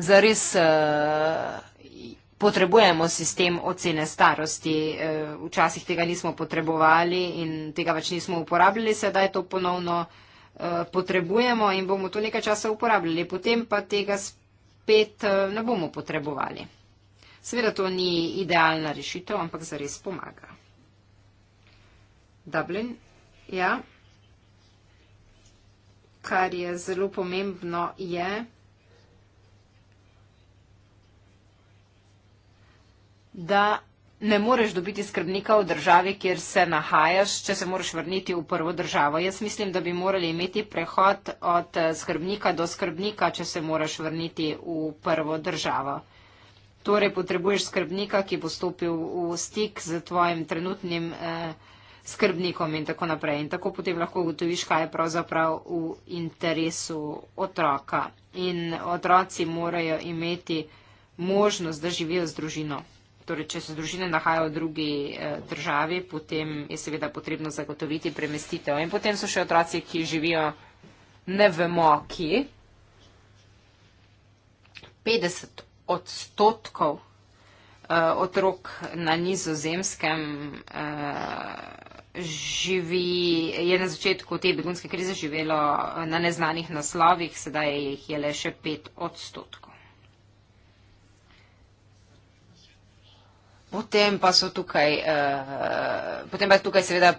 zares eh, potrebujemo sistem ocene starosti. Eh, včasih tega nismo potrebovali in tega več nismo uporabljali, sedaj je to ponovno. Eh, Eh, potrebujemo in bomo to nekaj časa uporabljali, potem pa tega spet eh, ne bomo potrebovali. Seveda to ni idealna rešitev, ampak zares pomaga. Dublin, ja. Kar je zelo pomembno, je, da ne moreš dobiti skrbnika v državi, kjer se nahajaš, če se moraš vrniti v prvo državo. Jaz mislim, da bi morali imeti prehod od eh, skrbnika do skrbnika, če se moraš vrniti v prvo državo. Torej, potrebuješ skrbnika, ki bo stopil v stik z tvojim trenutnim eh, skrbnikom in tako naprej. In tako potem lahko ugotoviš, kaj je pravzaprav v interesu otroka. In otroci morajo imeti možnost, da živijo z družino. Torej, če se družine nahajajo v drugi eh, državi, potem je seveda potrebno zagotoviti premestitev. In potem so še otroci, ki živijo ne vemo, ki. 50 odstotkov eh, otrok na nizozemskem eh, živi, je na začetku te begunske krize živelo eh, na neznanih naslovih, sedaj jih je le še 5 odstotkov. potem pa so tukaj, uh, potem pa je tukaj seveda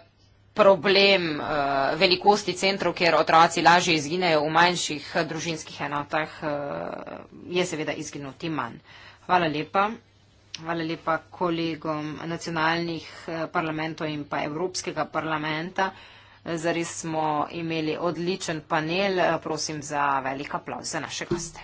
problem uh, velikosti centrov, kjer otroci lažje izginejo v manjših eh, družinskih enotah, uh, je seveda izginuti manj. Hvala lepa. Hvala lepa kolegom nacionalnih parlamentov in pa Evropskega parlamenta. Zares smo imeli odličen panel. Prosim za velik aplav za naše goste.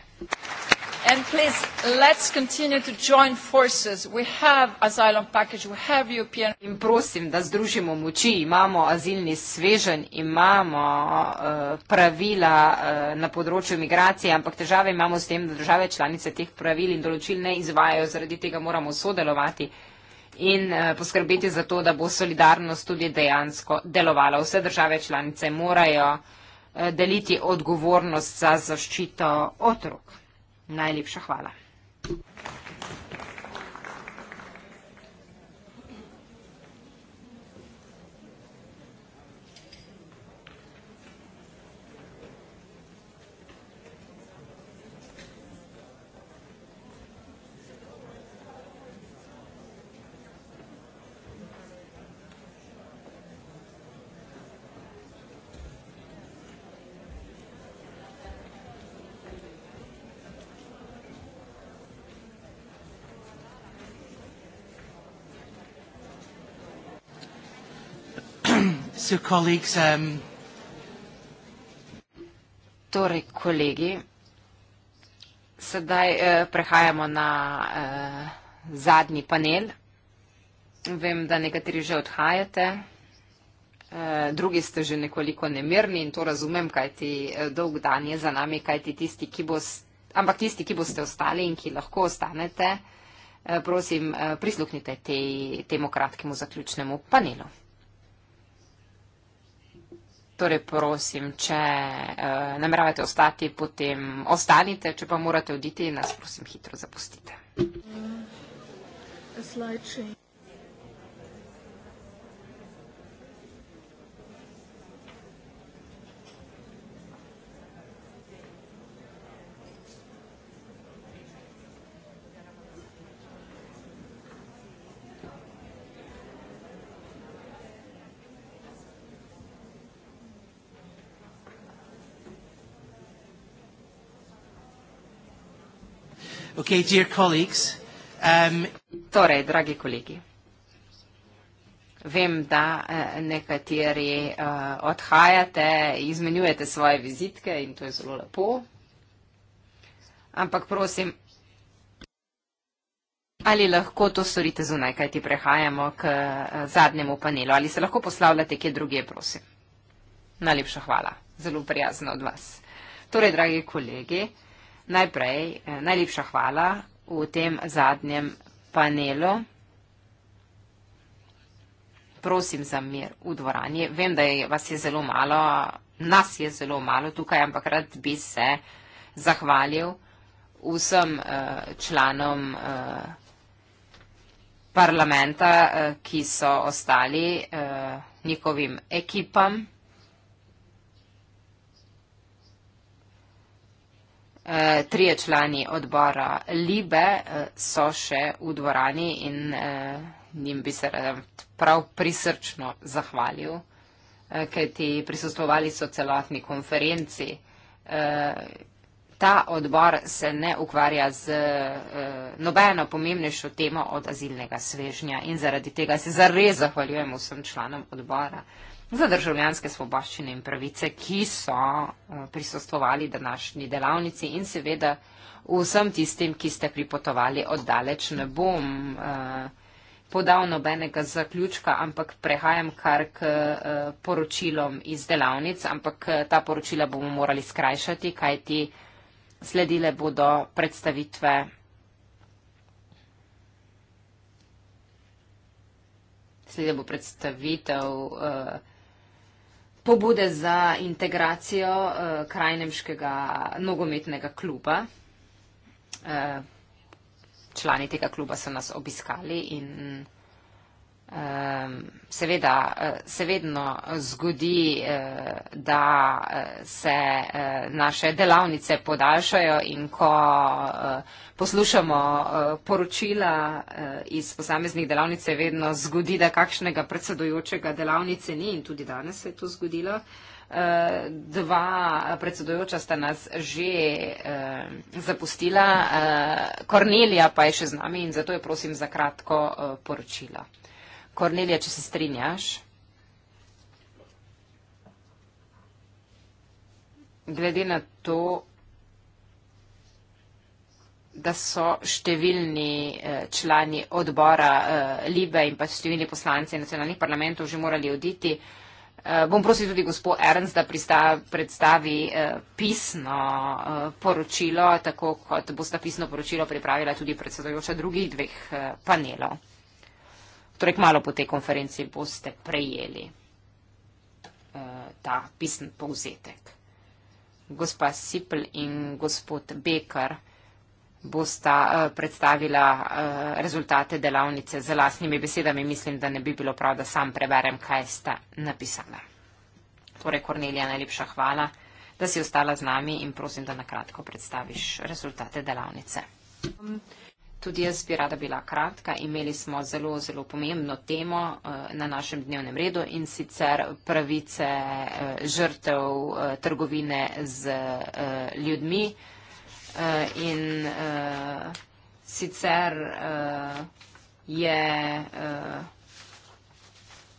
And please, let's continue to join forces. We have asylum package, we have European... In prosim, da združimo moči, imamo azilni svežen, imamo uh, pravila uh, na področju migracije, ampak težave imamo s tem, da države članice teh pravil in določil ne izvajajo, zaradi tega moramo sodelovati in uh, poskrbeti za to, da bo solidarnost tudi dejansko delovala. Vse države članice morajo uh, deliti odgovornost za zaščito otrok. Najlepša hvala. Um, torej, kolegi, sedaj eh, prehajamo na eh, zadnji panel. Vem, da nekateri že odhajate, eh, drugi ste že nekoliko nemirni in to razumem, kajti eh, dolg dan je za nami, kajti tisti, ki boste, ampak tisti, ki boste ostali in ki lahko ostanete, eh, prosim, eh, prisluhnite te, temu kratkemu zaključnemu panelu. Torej, prosim, če uh, nameravate ostati, potem ostanite, če pa morate oditi, nas prosim hitro zapustite. Uh, Okay, dear colleagues, um, torej, dragi kolegi, vem, da eh, nekateri uh, odhajate, izmenjujete svoje vizitke in to je zelo lepo. Ampak prosim, ali lahko to storite zunaj, kajti prehajamo k eh, zadnjemu panelu. Ali se lahko poslavljate kje druge, prosim. Najlepša hvala. Zelo prijazno od vas. Torej, dragi kolegi, Najprej eh, najlepša hvala v tem zadnjem panelu. Prosim za mir v dvorani. Vem, da je, vas je zelo malo, nas je zelo malo tukaj, ampak rad bi se zahvalil vsem uh, članom uh, parlamenta, uh, ki so ostali uh, njihovim ekipam. Uh, trije člani odbora Libe uh, so še v dvorani in uh, njim bi se prav prisrčno zahvalil, uh, ker ti prisustovali so celotni konferenci. Uh, ta odbor se ne ukvarja z uh, nobeno pomembnejšo temo od azilnega svežnja in zaradi tega se zares zahvaljujem vsem članom odbora. Uh, za državljanske svoboščine in pravice, ki so eh, prisostovali današnji delavnici in seveda vsem tistim, ki ste pripotovali od daleč. Ne bom eh, podal nobenega zaključka, ampak prehajam kar k eh, poročilom iz delavnic, ampak ta poročila bomo morali skrajšati, kajti sledile bodo predstavitve. Sledi bo predstavitev uh, pobude za integracijo uh, krajnemškega nogometnega kluba. Uh, člani tega kluba so nas obiskali in Ehm, seveda eh, se vedno eh, zgodi, eh, da se naše delavnice podaljšajo in ko poslušamo poročila iz posameznih delavnic, se vedno zgodi, da kakšnega predsedojočega delavnice ni in tudi danes se je to zgodilo. Dva predsedojoča sta nas že zapustila, Kornelija pa je še z nami in zato je prosim za kratko poročila. Kornelija, če se strinjaš. Glede na to, da so številni eh, člani odbora eh, Libe in pa številni poslanci nacionalnih parlamentov že morali oditi, eh, bom prosil tudi gospod Ernst, da predstavi pisno poročilo, tako kot bosta pisno poročilo pripravila tudi predsedojoča drugih dveh panelov. Torej, malo po tej konferenci boste prejeli uh, ta pisni povzetek. Gospa Sipl in gospod Bekar bosta uh, predstavila uh, rezultate delavnice z lastnimi besedami. Mislim, da ne bi bilo prav, da sam preberem, kaj sta napisala. Torej, Kornelija, najlepša hvala, da si ostala z nami in prosim, da nakratko predstaviš rezultate delavnice. Um. Tudi jaz bi rada bila kratka. Imeli smo zelo, zelo pomembno temo eh, na našem dnevnem redu in sicer pravice eh, žrtev eh, trgovine z ljudmi. In sicer je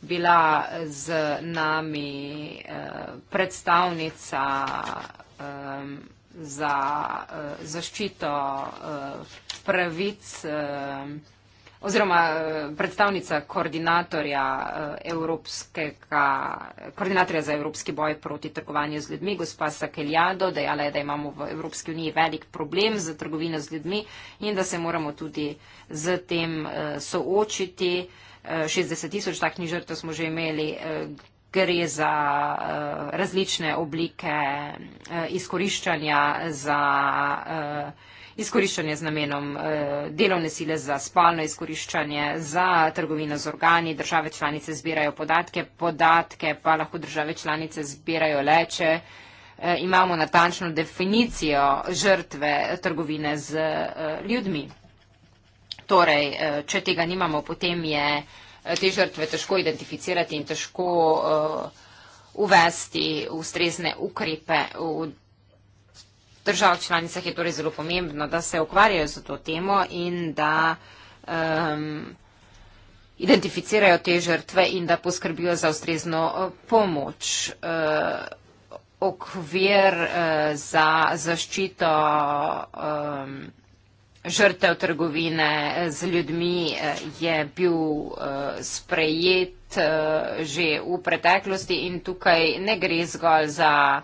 bila z nami predstavnica za uh, zaščito uh, pravic uh, oziroma uh, predstavnica koordinatorja, uh, koordinatorja za evropski boj proti trgovanju z ljudmi, gospa Sakeljado, dejala je, da imamo v Evropski uniji velik problem z trgovino z ljudmi in da se moramo tudi z tem uh, soočiti. 60 tisoč takšnih žrtev smo že imeli, gre za uh, različne oblike uh, izkoriščanja za uh, izkoriščanje z namenom eh, delovne sile za spolno izkoriščanje, za trgovino z organi, države članice zbirajo podatke, podatke pa lahko države članice zbirajo leče. Eh, imamo natančno definicijo žrtve trgovine z eh, ljudmi. Torej, eh, če tega nimamo, potem je eh, te žrtve težko identificirati in težko eh, uvesti ustrezne ukrepe v držav članicah je torej zelo pomembno, da se ukvarjajo za to temo in da um, identificirajo te žrtve in da poskrbijo za ustrezno eh, pomoč. Uh, okvir uh, za zaščito um, žrtev trgovine eh, z ljudmi eh, je bil eh, sprejet že v preteklosti in tukaj ne gre zgolj za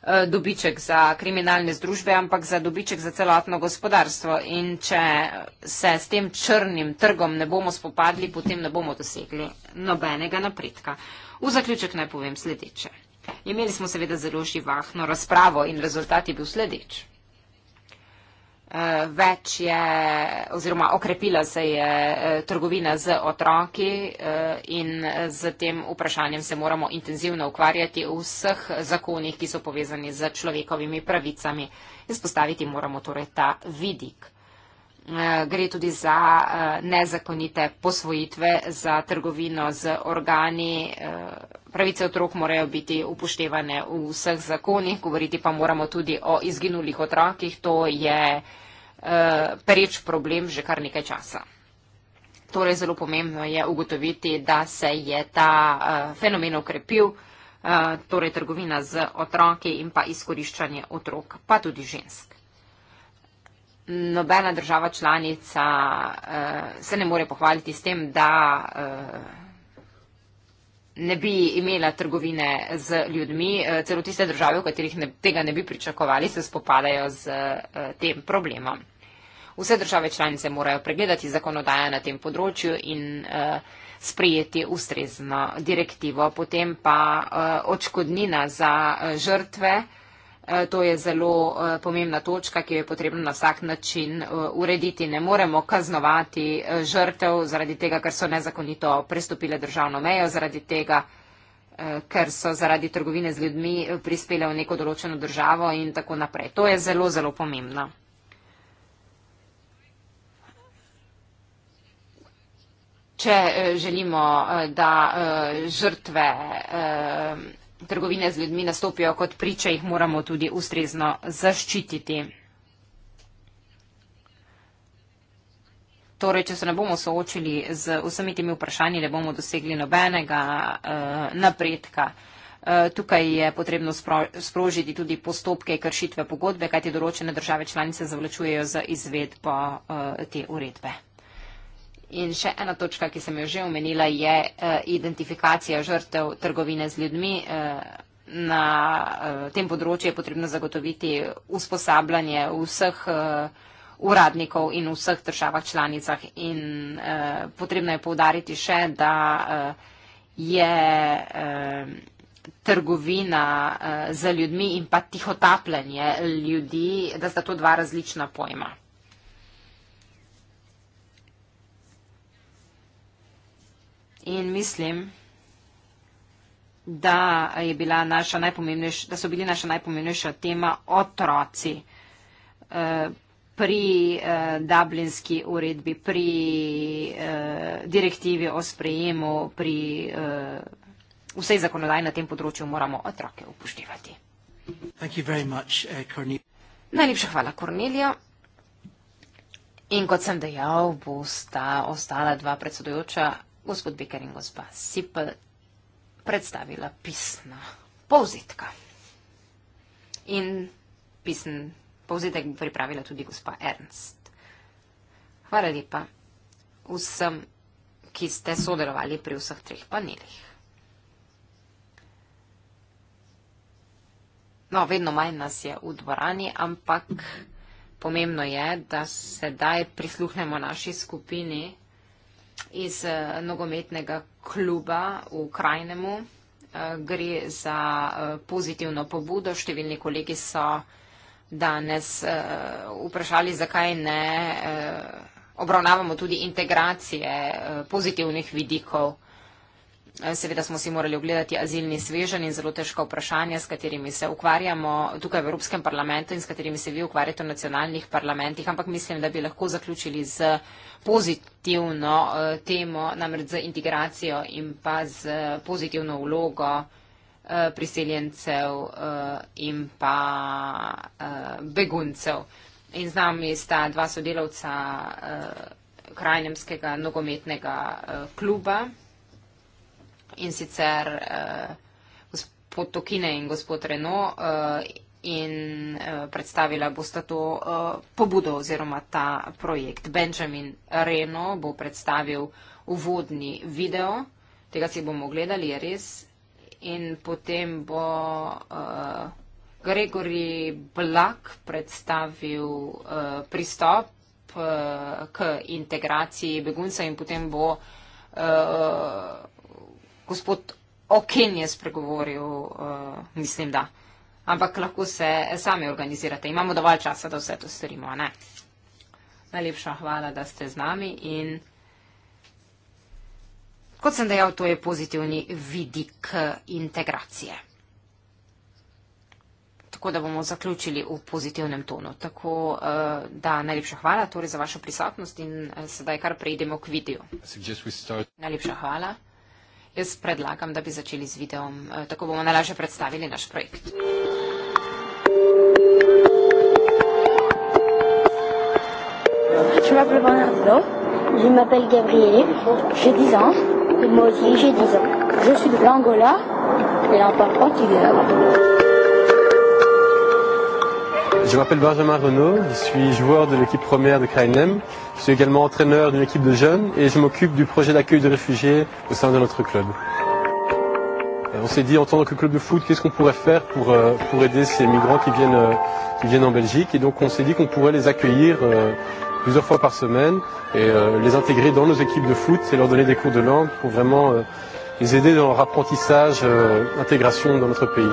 dobiček za kriminalne združbe, ampak za dobiček za celotno gospodarstvo. In če se s tem črnim trgom ne bomo spopadli, potem ne bomo dosegli nobenega napredka. V zaključek naj povem sledeče. Imeli smo seveda zelo živahno razpravo in rezultat je bil sledeč. Eh, več je oziroma okrepila se je eh, trgovina z otroki eh, in z tem vprašanjem se moramo intenzivno ukvarjati v vseh zakonih, ki so povezani z človekovimi pravicami. Izpostaviti moramo torej ta vidik. Eh, gre tudi za eh, nezakonite posvojitve, za trgovino z organi. Eh, pravice otrok morajo biti upoštevane v vseh zakonih, govoriti pa moramo tudi o izginulih otrokih. To je pereč problem že kar nekaj časa. Torej, zelo pomembno je ugotoviti, da se je ta fenomen ukrepil, torej trgovina z otroki in pa izkoriščanje otrok, pa tudi žensk nobena država članica uh, se ne more pohvaliti s tem, da uh, ne bi imela trgovine z ljudmi. Uh, celo tiste države, v katerih ne, tega ne bi pričakovali, se spopadajo z uh, tem problemom. Vse države članice morajo pregledati zakonodaje na tem področju in uh, sprejeti ustrezno direktivo. Potem pa uh, očkodnina za uh, žrtve. Eh, to je zelo eh, pomembna točka, ki jo je potrebno na vsak način eh, urediti. Ne moremo kaznovati žrtev zaradi tega, ker so nezakonito prestopile državno mejo, zaradi tega, ker so zaradi trgovine z ljudmi prispele v neko določeno državo in tako naprej. To je zelo, zelo pomembno. Če želimo, da žrtve trgovine z ljudmi nastopijo kot priče, jih moramo tudi ustrezno zaščititi. Torej, če se ne bomo soočili z vsemi temi vprašanji, ne bomo dosegli nobenega uh, napredka. Uh, tukaj je potrebno spro sprožiti tudi postopke kršitve pogodbe, kajti določene države članice zavlačujejo za izvedbo uh, te uredbe. In še ena točka, ki sem jo že omenila, je eh, identifikacija žrtev trgovine z ljudmi. Eh, na eh, tem področju je potrebno zagotoviti usposabljanje vseh uradnikov in vseh državah članicah. In potrebno je povdariti še, da je trgovina z ljudmi in pa tihotapljanje ljudi, da sta to dva različna pojma. In mislim, da, je bila naša da so bili naša najpomembnejša tema otroci eh, pri eh, Dublinski uredbi, pri eh, direktivi o sprejemu, pri vsej zakonodaji na tem področju moramo otroke upoštevati. Much, uh, Najlepša hvala, Kornelijo. In kot sem dejal, bo sta ostala dva predsedujoča gospod Beker in gospa Sipel predstavila pisna povzetka. In pisen povzetek bi pripravila tudi gospa Ernst. Hvala lepa vsem, ki ste sodelovali pri vseh treh panelih. No, vedno manj nas je v dvorani, ampak pomembno je, da sedaj prisluhnemo naši skupini iz uh, nogometnega kluba v krajnemu. Uh, gre za uh, pozitivno pobudo. Številni kolegi so danes uh, vprašali, zakaj ne uh, obravnavamo tudi integracije uh, pozitivnih vidikov uh, Eh, seveda smo si morali ogledati azilni svežen in zelo težka vprašanja, s katerimi se ukvarjamo tukaj v Evropskem parlamentu in s katerimi se vi ukvarjate v nacionalnih parlamentih, ampak mislim, da bi lahko zaključili z pozitivno eh, temo, namreč z integracijo in pa z eh, pozitivno vlogo priseljencev in pa beguncev. In z nami sta dva sodelavca krajnemskega nogometnega kluba in sicer uh, gospod Tokine in gospod Renault uh, eh, in uh, predstavila bosta to uh, pobudo oziroma ta projekt. Benjamin Renault bo predstavil uvodni video, tega si bomo gledali, je res. In potem bo uh, Gregory Blak predstavil uh, pristop uh, k integraciji begunca in potem bo uh, gospod Oken je spregovoril, uh, mislim da. Ampak lahko se sami organizirate. Imamo dovolj časa, da vse to storimo. Ne? Najlepša hvala, da ste z nami. In kot sem dejal, to je pozitivni vidik eh, integracije. Tako da bomo zaključili v pozitivnem tonu. Tako eh, da najlepša hvala torej za vašo prisotnost in sedaj kar prejdemo k videu. Najlepša hvala. Jaz predlagam, da bi začeli z videom, e, tako bomo najlažje predstavili naš projekt. Tu m'appelles Bernard Non. Je m'appelle Gabriel. J'ai 10 ans. Et moi aussi, j'ai 10 ans. Je suis de l'Angola. Et en parlant, il est là-bas. Je m'appelle Benjamin Renault, je suis joueur de l'équipe première de KNM. Je suis également entraîneur d'une équipe de jeunes et je m'occupe du projet d'accueil de réfugiés au sein de notre club. On s'est dit en tant que club de foot, qu'est-ce qu'on pourrait faire pour, euh, pour aider ces migrants qui viennent, euh, qui viennent en Belgique. Et donc on s'est dit qu'on pourrait les accueillir euh, plusieurs fois par semaine et les intégrer dans nos équipes de foot et leur donner des cours de langue pour vraiment les aider dans leur apprentissage, intégration dans notre pays.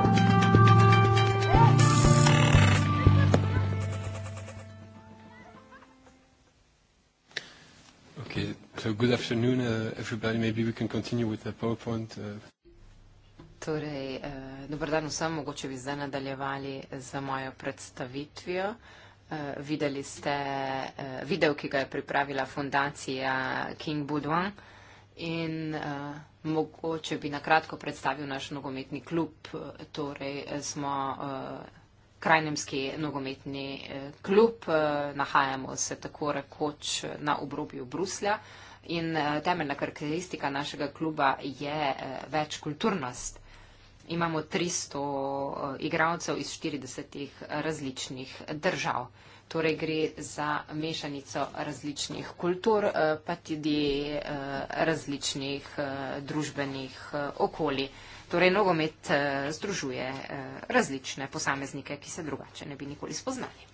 good afternoon, uh, everybody. Maybe we can continue with the PowerPoint. Uh. Torej, eh, dober dan vsem, mogoče bi zdaj nadaljevali z mojo predstavitvijo. Eh, videli ste eh, video, ki ga je pripravila fundacija King Budwan in eh, mogoče bi nakratko predstavil naš nogometni klub. Torej, smo eh, krajnemski nogometni eh, klub, eh, nahajamo se tako rekoč na obrobju Bruslja. Eh, In eh, temeljna karakteristika našega kluba je eh, večkulturnost. Imamo 300 eh, igralcev iz 40 različnih držav. Torej gre za mešanico različnih kultur, pa tudi različnih družbenih okoli. Torej nogomet združuje različne posameznike, ki se drugače ne bi nikoli spoznali.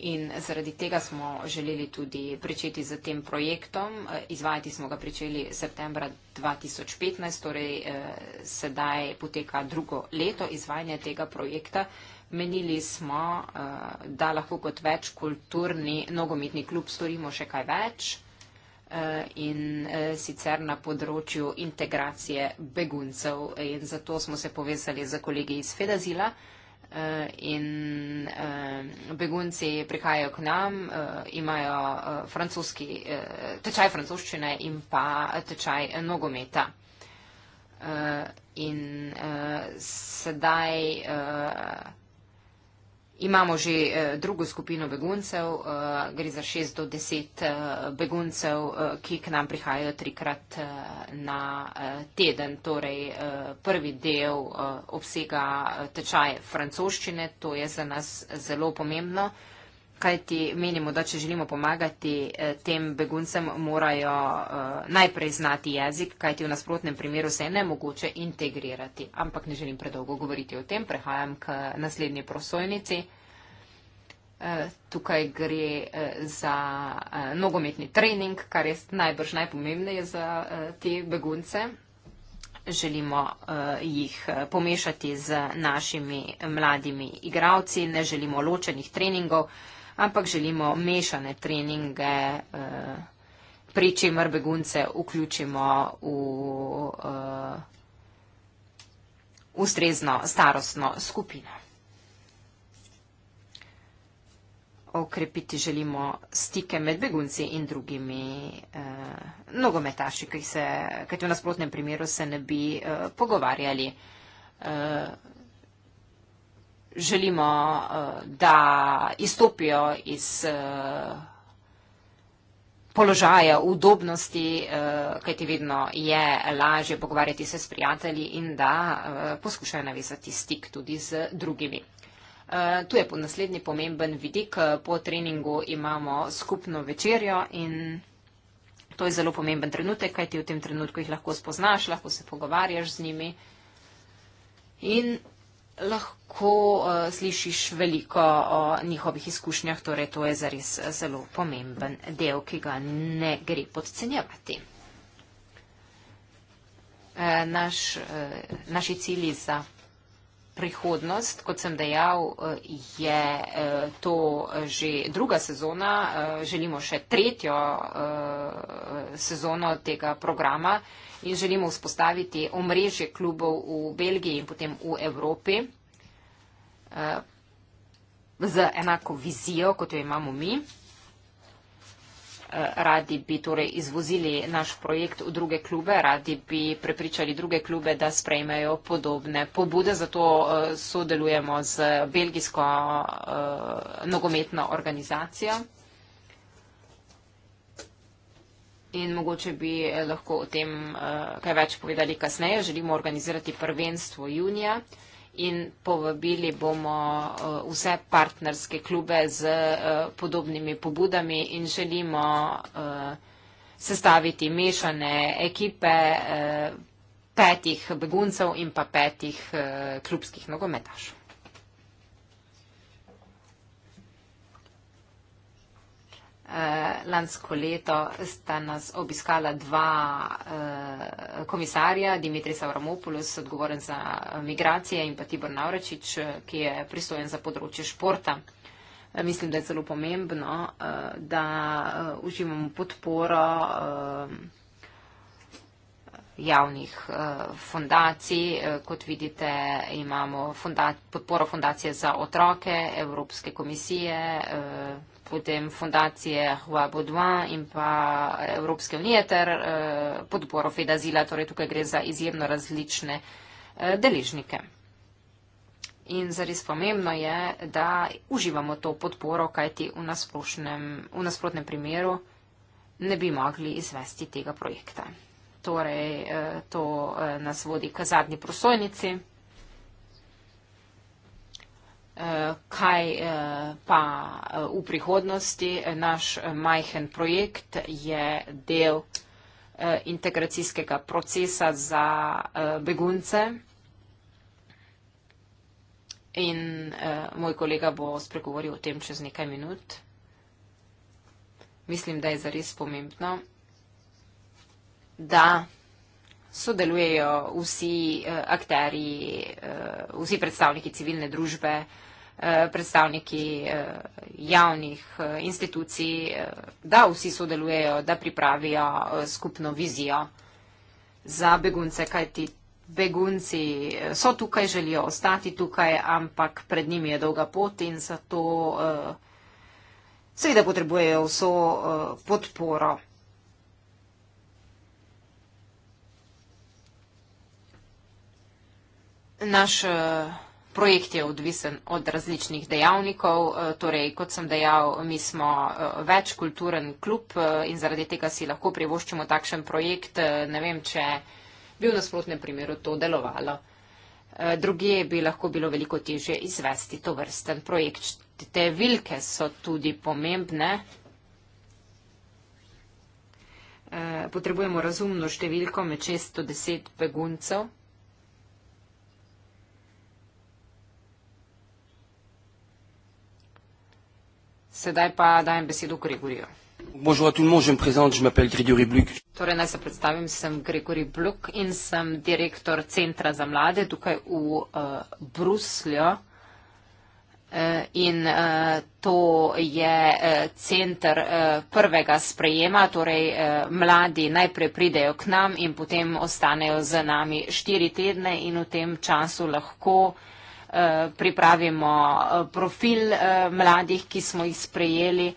In zaradi tega smo želeli tudi pričeti z tem projektom. E, izvajati smo ga pričeli septembra 2015, torej e, sedaj poteka drugo leto izvajanja tega projekta. Menili smo, e, da lahko kot več kulturni nogometni klub storimo še kaj več in sicer na področju integracije beguncev. In zato smo se povezali z kolegi iz Fedazila Eh, in eh, begunci prihajajo k nam, eh, imajo francoski, tečaj francoščine in pa tečaj nogometa. In sedaj Imamo že eh, drugo skupino beguncev, eh, gre za šest do deset eh, beguncev, ki k nam prihajajo trikrat na teden. Torej, prvi del obsega tečaje francoščine, to je za nas zelo pomembno kajti menimo, da če želimo pomagati eh, tem beguncem, morajo eh, najprej znati jezik, kajti v nasprotnem primeru se je ne mogoče integrirati. Ampak ne želim predolgo govoriti o tem, prehajam k naslednji prosojnici. Eh, tukaj gre za nogometni trening, kar je najbrž najpomembneje za te begunce. Želimo jih pomešati z našimi mladimi igravci, ne želimo ločenih treningov ampak želimo mešane treninge, eh, pri čemer begunce vključimo v eh, ustrezno starostno skupino. Okrepiti želimo stike med begunci in drugimi eh, nogometaši, kajti v nasprotnem primeru se ne bi eh, pogovarjali eh, želimo, eh, da izstopijo iz eh, položaja udobnosti, eh, kajti vedno je lažje pogovarjati se s prijatelji in da poskušajo navezati stik tudi z drugimi. Tu je pod naslednji pomemben vidik. Po treningu imamo skupno večerjo in to je zelo pomemben trenutek, kajti v tem trenutku jih lahko spoznaš, lahko se pogovarjaš z njimi. In lahko uh, slišiš veliko o njihovih izkušnjah, torej to je zares eh, zelo pomemben del, ki ga ne gre podcenjevati. E, naš, e, naši cilji za prihodnost, kot sem dejal, je e, to že druga sezona. E, želimo še tretjo e, sezono tega programa. E, in želimo vzpostaviti omrežje klubov v Belgiji in potem v Evropi eh, z enako vizijo, kot jo imamo mi. Eh, radi bi torej izvozili naš projekt v druge klube, radi bi prepričali druge klube, da sprejmejo podobne pobude, zato eh, sodelujemo z belgijsko nogometno organizacijo. in mogoče bi eh, lahko o tem eh, kaj več povedali kasneje. Želimo organizirati prvenstvo junija in povabili bomo eh, vse partnerske klube z podobnimi pobudami in želimo sestaviti mešane ekipe petih beguncev in pa petih klubskih nogometašov. Uh, lansko leto sta nas obiskala dva uh, komisarja, Dimitri Savramopoulos, odgovoren za eh, migracije, in pa Tibor Navračič, ki je pristojen za področje športa. Mislim, da je zelo pomembno, uh, da uh, uživamo podporo uh, javnih uh, fundacij. Uh, kot vidite, imamo fundat, podporo fundacije za otroke, Evropske komisije. Uh, potem fundacije Hua Bodua in pa Evropske unije ter eh, podporo Fedazila, torej tukaj gre za izjemno različne eh, deležnike. In zares pomembno je, da uživamo to podporo, kajti v, v nasprotnem primeru ne bi mogli izvesti tega projekta. Torej, eh, to nas vodi k zadnji prosojnici kaj eh, pa eh, v prihodnosti. Naš majhen projekt je del eh, integracijskega procesa za begunce. In uh, moj kolega bo spregovoril o tem čez nekaj minut. Mislim, da je zares pomembno, da sodelujejo vsi uh, akteri, uh, vsi predstavniki civilne družbe, uh, Eh, predstavniki eh, javnih eh, institucij, da vsi sodelujejo, da pripravijo skupno vizijo za begunce, kajti begunci so tukaj, želijo ostati tukaj, ampak pred njimi je dolga pot in zato seveda potrebujejo vso podporo. Naš Projekt je odvisen od različnih dejavnikov, eh, torej kot sem dejal, mi smo eh, večkulturen klub eh, in zaradi tega si lahko privoščimo takšen projekt. Ne vem, če bi v nasprotnem primeru to delovalo. Druge bi lahko bilo veliko težje izvesti to vrsten projekt. Te vilke so tudi pomembne. Potrebujemo razumno številko med 610 beguncev. Sedaj pa dajem besedo Gregorju. Torej, naj se predstavim, sem Gregori Bluk in sem direktor Centra za mlade tukaj v uh, Bruslju. Eh, in uh, to je uh, center uh, prvega sprejema, torej uh, mladi najprej pridejo k nam in potem ostanejo z nami štiri tedne in v tem času lahko uh, Eh, pripravimo eh, profil eh, mladih, ki smo jih sprejeli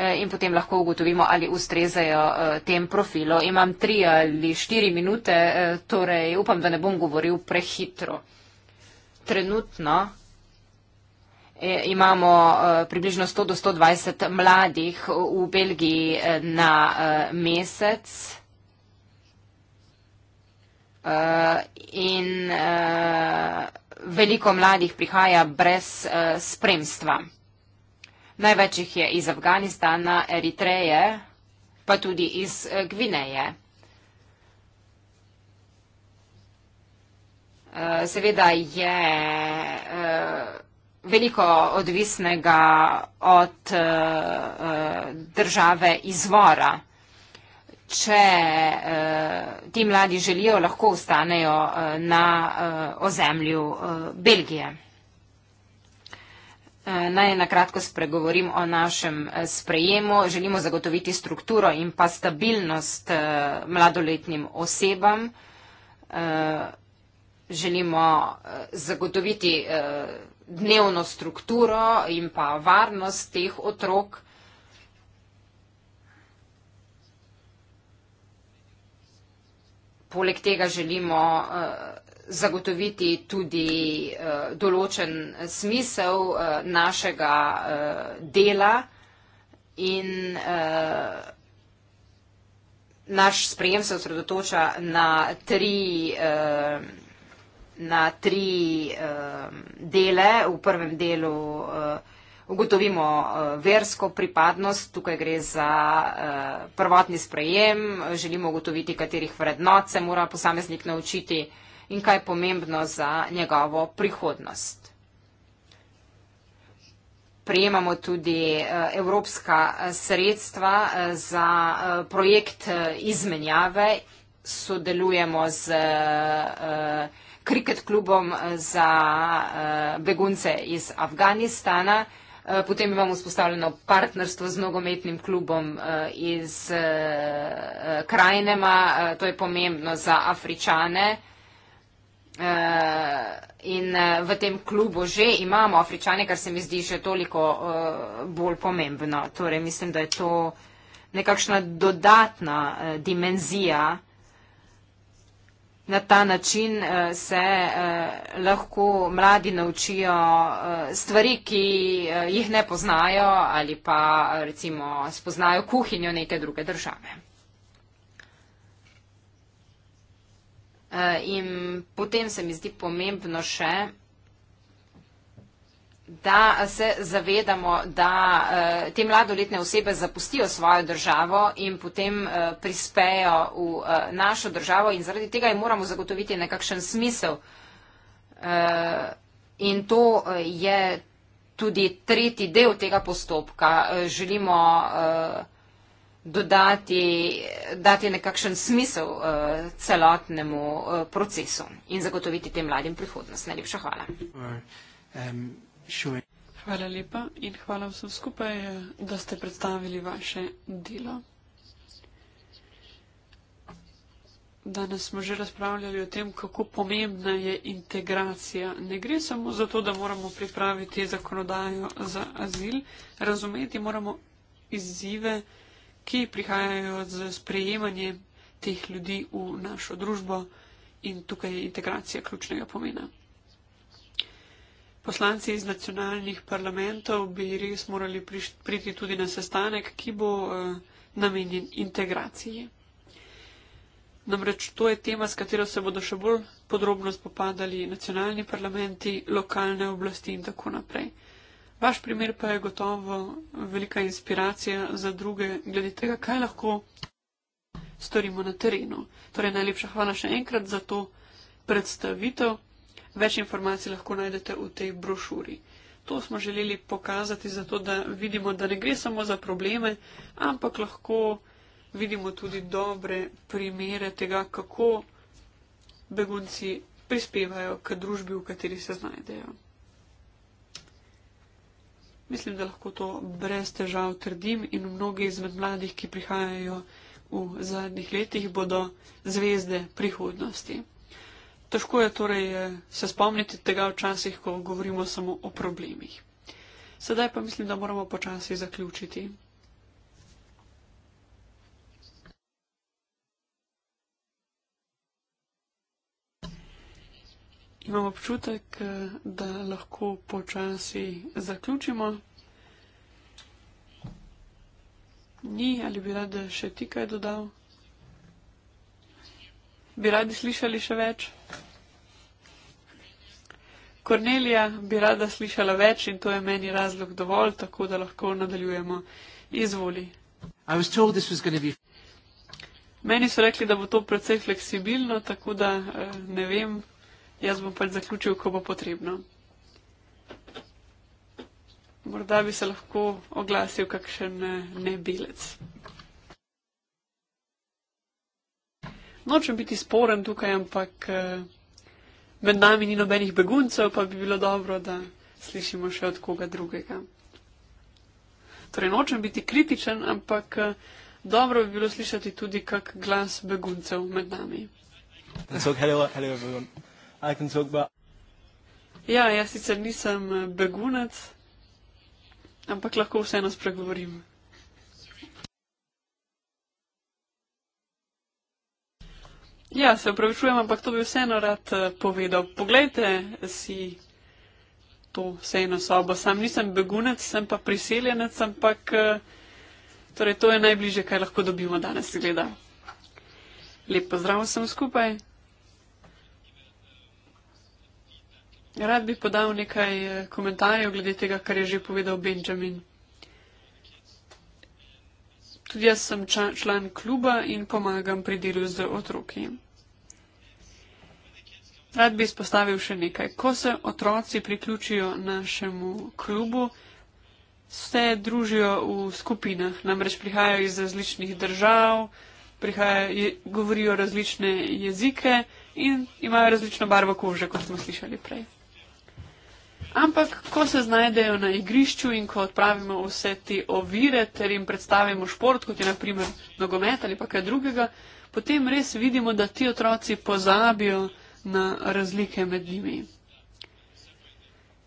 in potem lahko ugotovimo, ali ustrezajo tem profilo. Imam tri ali štiri minute, torej upam, da ne bom govoril prehitro. Trenutno imamo približno 100 do 120 mladih v Belgiji na mesec. Uh, in uh, veliko mladih prihaja brez uh, spremstva. Največ jih je iz Afganistana, Eritreje, pa tudi iz uh, Gvineje. Uh, seveda je uh, veliko odvisnega od uh, uh, države izvora če uh, ti mladi želijo, lahko ostanejo uh, na uh, ozemlju uh, Belgije. Naj nakratko spregovorim o našem sprejemu. Želimo zagotoviti strukturo in pa stabilnost mladoletnim osebam. Želimo zagotoviti dnevno strukturo in pa varnost teh otrok. poleg tega želimo uh, zagotoviti tudi uh, določen smisel uh, našega uh, dela in uh, naš sprejem se osredotoča na tri. Uh, na tri uh, dele. V prvem delu uh, ugotovimo eh, versko pripadnost, tukaj gre za eh, prvotni sprejem, želimo ugotoviti, katerih vrednot se mora posameznik naučiti in kaj je pomembno za njegovo prihodnost. Prijemamo tudi eh, evropska sredstva za projekt izmenjave. Sodelujemo z kriket klubom za begunce iz Afganistana. Eh, potem imamo spostavljeno partnerstvo z nogometnim klubom eh, iz eh, krajinema, to je pomembno za Afričane. In v tem klubu že imamo Afričane, kar se mi zdi že toliko bolj pomembno. Torej, mislim, da je to nekakšna dodatna dimenzija na ta način uh, se uh, lahko mladi naučijo uh, stvari, ki uh, jih ne poznajo ali pa recimo spoznajo kuhinjo neke druge države. Uh, in potem se mi zdi pomembno še, da se zavedamo, da uh, te mladoletne osebe zapustijo svojo državo in potem uh, prispejo v uh, našo državo in zaradi tega jim moramo zagotoviti nekakšen smisel. Uh, in to je tudi tretji del tega postopka. Uh, želimo uh, dodati, dati nekakšen smisel uh, celotnemu uh, procesu in zagotoviti tem mladim prihodnost. Najlepša hvala. Or, um, rešuje. Hvala lepa in hvala vsem skupaj, da ste predstavili vaše delo. Danes smo že razpravljali o tem, kako pomembna je integracija. Ne gre samo za to, da moramo pripraviti zakonodajo za azil, razumeti moramo izzive, ki prihajajo z sprejemanjem teh ljudi v našo družbo in tukaj je integracija ključnega pomena. Poslanci iz nacionalnih parlamentov bi res morali priti tudi na sestanek, ki bo eh, namenjen integraciji. Namreč to je tema, s katero se bodo še bolj podrobno spopadali nacionalni parlamenti, lokalne oblasti in tako naprej. Vaš primer pa je gotovo velika inspiracija za druge glede tega, kaj lahko storimo na terenu. Torej, najlepša hvala še enkrat za to predstavitev. Več informacij lahko najdete v tej brošuri. To smo želeli pokazati zato, da vidimo, da ne gre samo za probleme, ampak lahko vidimo tudi dobre primere tega, kako begunci prispevajo k družbi, v kateri se znajdejo. Mislim, da lahko to brez težav trdim in mnogi izmed mladih, ki prihajajo v zadnjih letih, bodo zvezde prihodnosti. Težko je torej eh, se spomniti tega včasih, ko govorimo samo o problemih. Sedaj pa mislim, da moramo počasi zaključiti. Imam občutek, eh, da lahko počasi zaključimo. Ni ali bi rad še ti kaj dodal? bi radi slišali še več? Kornelija bi rada slišala več in to je meni razlog dovolj, tako da lahko nadaljujemo. Izvoli. Meni so rekli, da bo to precej fleksibilno, tako da eh, ne vem, jaz bom pač zaključil, ko bo potrebno. Morda bi se lahko oglasil kakšen eh, nebelec. Nočem biti sporen tukaj, ampak eh, med nami ni nobenih beguncev, pa bi bilo dobro, da slišimo še od koga drugega. Torej, nočem biti kritičen, ampak eh, dobro bi bilo slišati tudi kak glas beguncev med nami. Ja, jaz sicer nisem eh, begunec, ampak lahko vseeno spregovorim. Ja, se upravičujem, ampak to bi vseeno rad eh, povedal. Poglejte si to sejno sobo. Sam nisem begunec, sem pa priseljenec, ampak eh, torej, to je najbliže, kaj lahko dobimo danes, gleda. Lep pozdrav vsem skupaj. Rad bi podal nekaj eh, komentarjev glede tega, kar je že povedal Benjamin. Tudi jaz sem član kluba in pomagam pri delu z otroki. Rad bi izpostavil še nekaj. Ko se otroci priključijo našemu klubu, se družijo v skupinah. Namreč prihajajo iz različnih držav, prihajajo, je, govorijo različne jezike in imajo različno barvo kože, kot smo slišali prej. Ampak, ko se znajdejo na igrišču in ko odpravimo vse te ovire ter jim predstavimo šport, kot je naprimer nogomet ali pa kaj drugega, potem res vidimo, da ti otroci pozabijo na razlike med njimi.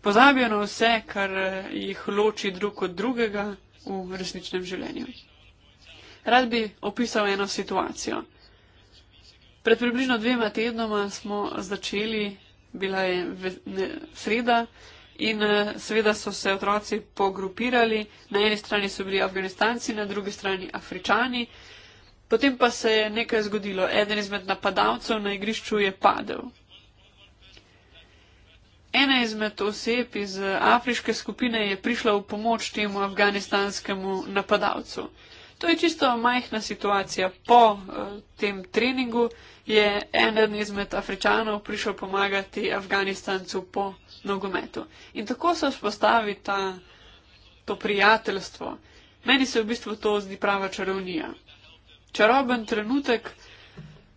Pozabijo na vse, kar eh, jih loči drug od drugega v resničnem življenju. Rad bi opisal eno situacijo. Pred približno dvema tednoma smo začeli, bila je sreda, In eh, seveda so se otroci pogrupirali, na eni strani so bili Afganistanci, na drugi strani Afričani. Potem pa se je nekaj zgodilo. Eden izmed napadalcev na igrišču je padel. Ena izmed oseb iz eh, afriške skupine je prišla v pomoč temu afganistanskemu napadalcu. To je čisto majhna situacija. Po eh, tem treningu je eden izmed afričanov prišel pomagati afganistancu po nogometu. In tako se vzpostavi ta, to prijateljstvo. Meni se v bistvu to zdi prava čarovnija. Čaroben trenutek,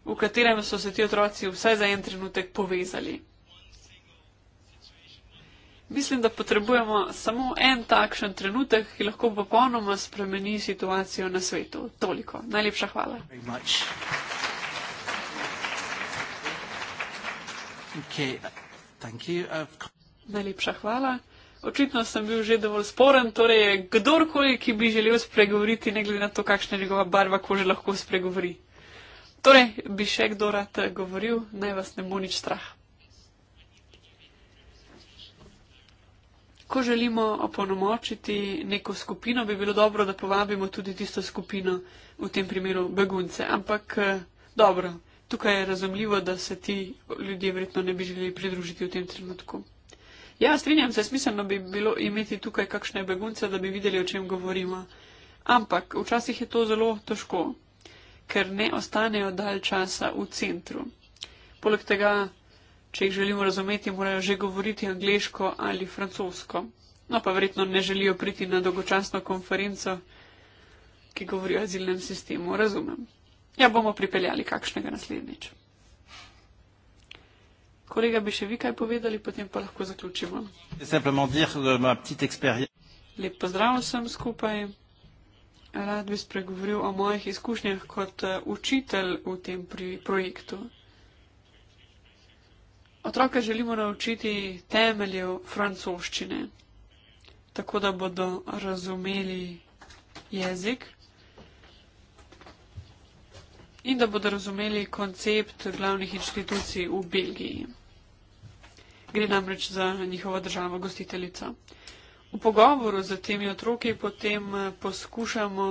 v katerem so se ti otroci vsaj za en trenutek povezali. Mislim, da potrebujemo samo en takšen trenutek, ki lahko popolnoma spremeni situacijo na svetu. Toliko. Najlepša hvala. Okay, uh, thank you. Uh, Najlepša hvala. Očitno sem bil že dovolj sporen, torej kdorkoli, ki bi želel spregovoriti, ne glede na to, kakšna je njegova barva kože, lahko spregovori. Torej, bi še kdo rad eh, govoril, naj vas ne bo nič strah. Ko želimo opolnomočiti neko skupino, bi bilo dobro, da povabimo tudi tisto skupino, v tem primeru begunce. Ampak eh, dobro, tukaj je razumljivo, da se ti ljudje verjetno ne bi želeli pridružiti v tem trenutku. Ja, strinjam se, smiselno bi bilo imeti tukaj kakšne begunce, da bi videli, o čem govorimo. Ampak včasih je to zelo težko, ker ne ostanejo dalj časa v centru. Poleg tega, če jih želimo razumeti, morajo že govoriti angliško ali francosko. No, pa verjetno ne želijo priti na dolgočasno konferenco, ki govori o azilnem sistemu. Razumem. Ja, bomo pripeljali kakšnega naslednjič. Kolega, bi še vi kaj povedali, potem pa lahko zaključimo. Euh, Lep pozdrav vsem skupaj. Rad bi spregovoril o mojih izkušnjah kot eh, učitelj v tem projektu. Otroka želimo naučiti temeljev francoščine, tako da bodo razumeli jezik in da bodo razumeli koncept glavnih inštitucij v Belgiji. Gre namreč za njihovo državo gostiteljico. V pogovoru z temi otroki potem eh, poskušamo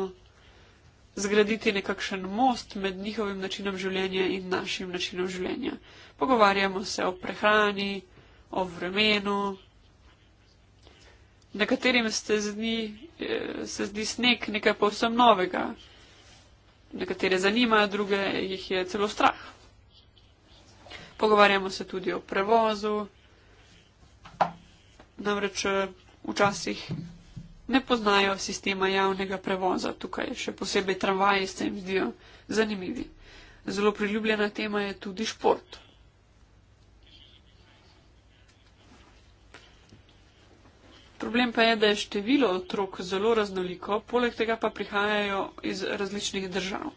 zgraditi nekakšen most med njihovim načinom življenja in našim načinom življenja. Pogovarjamo se o prehrani, o vremenu, na katerem se zdi, eh, se zdi sneg nekaj povsem novega. Nekatere zanimajo, druge jih je celo strah. Pogovarjamo se tudi o prevozu. Namreč eh, včasih ne poznajo sistema javnega prevoza tukaj, še posebej tramvaji se jim zdijo zanimivi. Zelo priljubljena tema je tudi šport. Problem pa je, da je število otrok zelo raznoliko, poleg tega pa prihajajo iz različnih držav.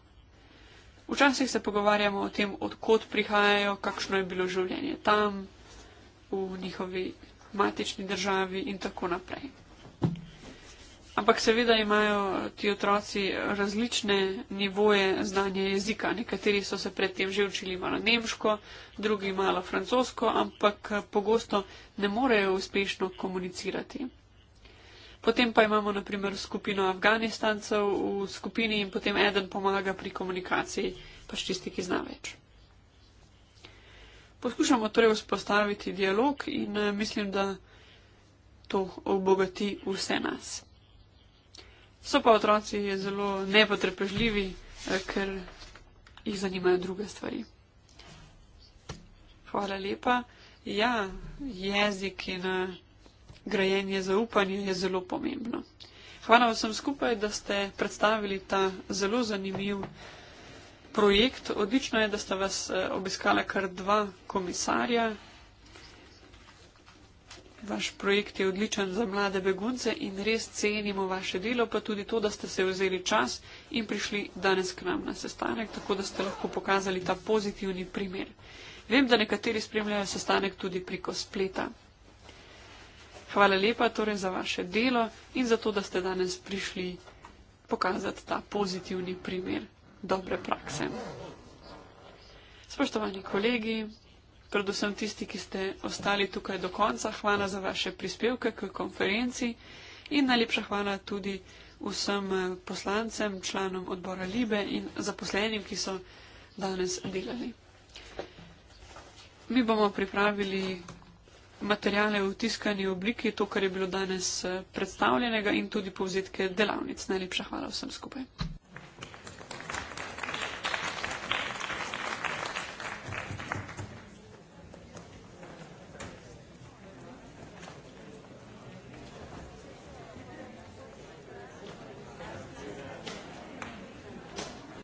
Včasih se pogovarjamo o tem, odkot prihajajo, kakšno je bilo življenje tam, v njihovi matični državi in tako naprej. Ampak seveda imajo ti otroci različne nivoje znanja jezika. Nekateri so se predtem že učili malo nemško, drugi malo francosko, ampak eh, pogosto ne morejo uspešno komunicirati. Potem pa imamo naprimer skupino Afganistancev v skupini in potem eden pomaga pri komunikaciji, pač tisti, ki zna več. Poskušamo torej vzpostaviti dialog in eh, mislim, da to obogati vse nas. So pa otroci zelo nepotrpežljivi, eh, ker jih zanimajo druge stvari. Hvala lepa. Ja, jezik in eh, grajenje zaupanja je zelo pomembno. Hvala vsem skupaj, da ste predstavili ta zelo zanimiv projekt. Odlično je, da sta vas eh, obiskala kar dva komisarja Vaš projekt je odličen za mlade begunce in res cenimo vaše delo, pa tudi to, da ste se vzeli čas in prišli danes k nam na sestanek, tako da ste lahko pokazali ta pozitivni primer. Vem, da nekateri spremljajo sestanek tudi preko spleta. Hvala lepa torej za vaše delo in za to, da ste danes prišli pokazati ta pozitivni primer dobre prakse. Spoštovani kolegi, predvsem tisti, ki ste ostali tukaj do konca. Hvala za vaše prispevke k konferenci in najlepša hvala tudi vsem eh, poslancem, članom odbora Libe in zaposlenim, ki so danes delali. Mi bomo pripravili materijale v tiskani obliki, to, kar je bilo danes eh, predstavljenega in tudi povzetke delavnic. Najlepša hvala vsem skupaj.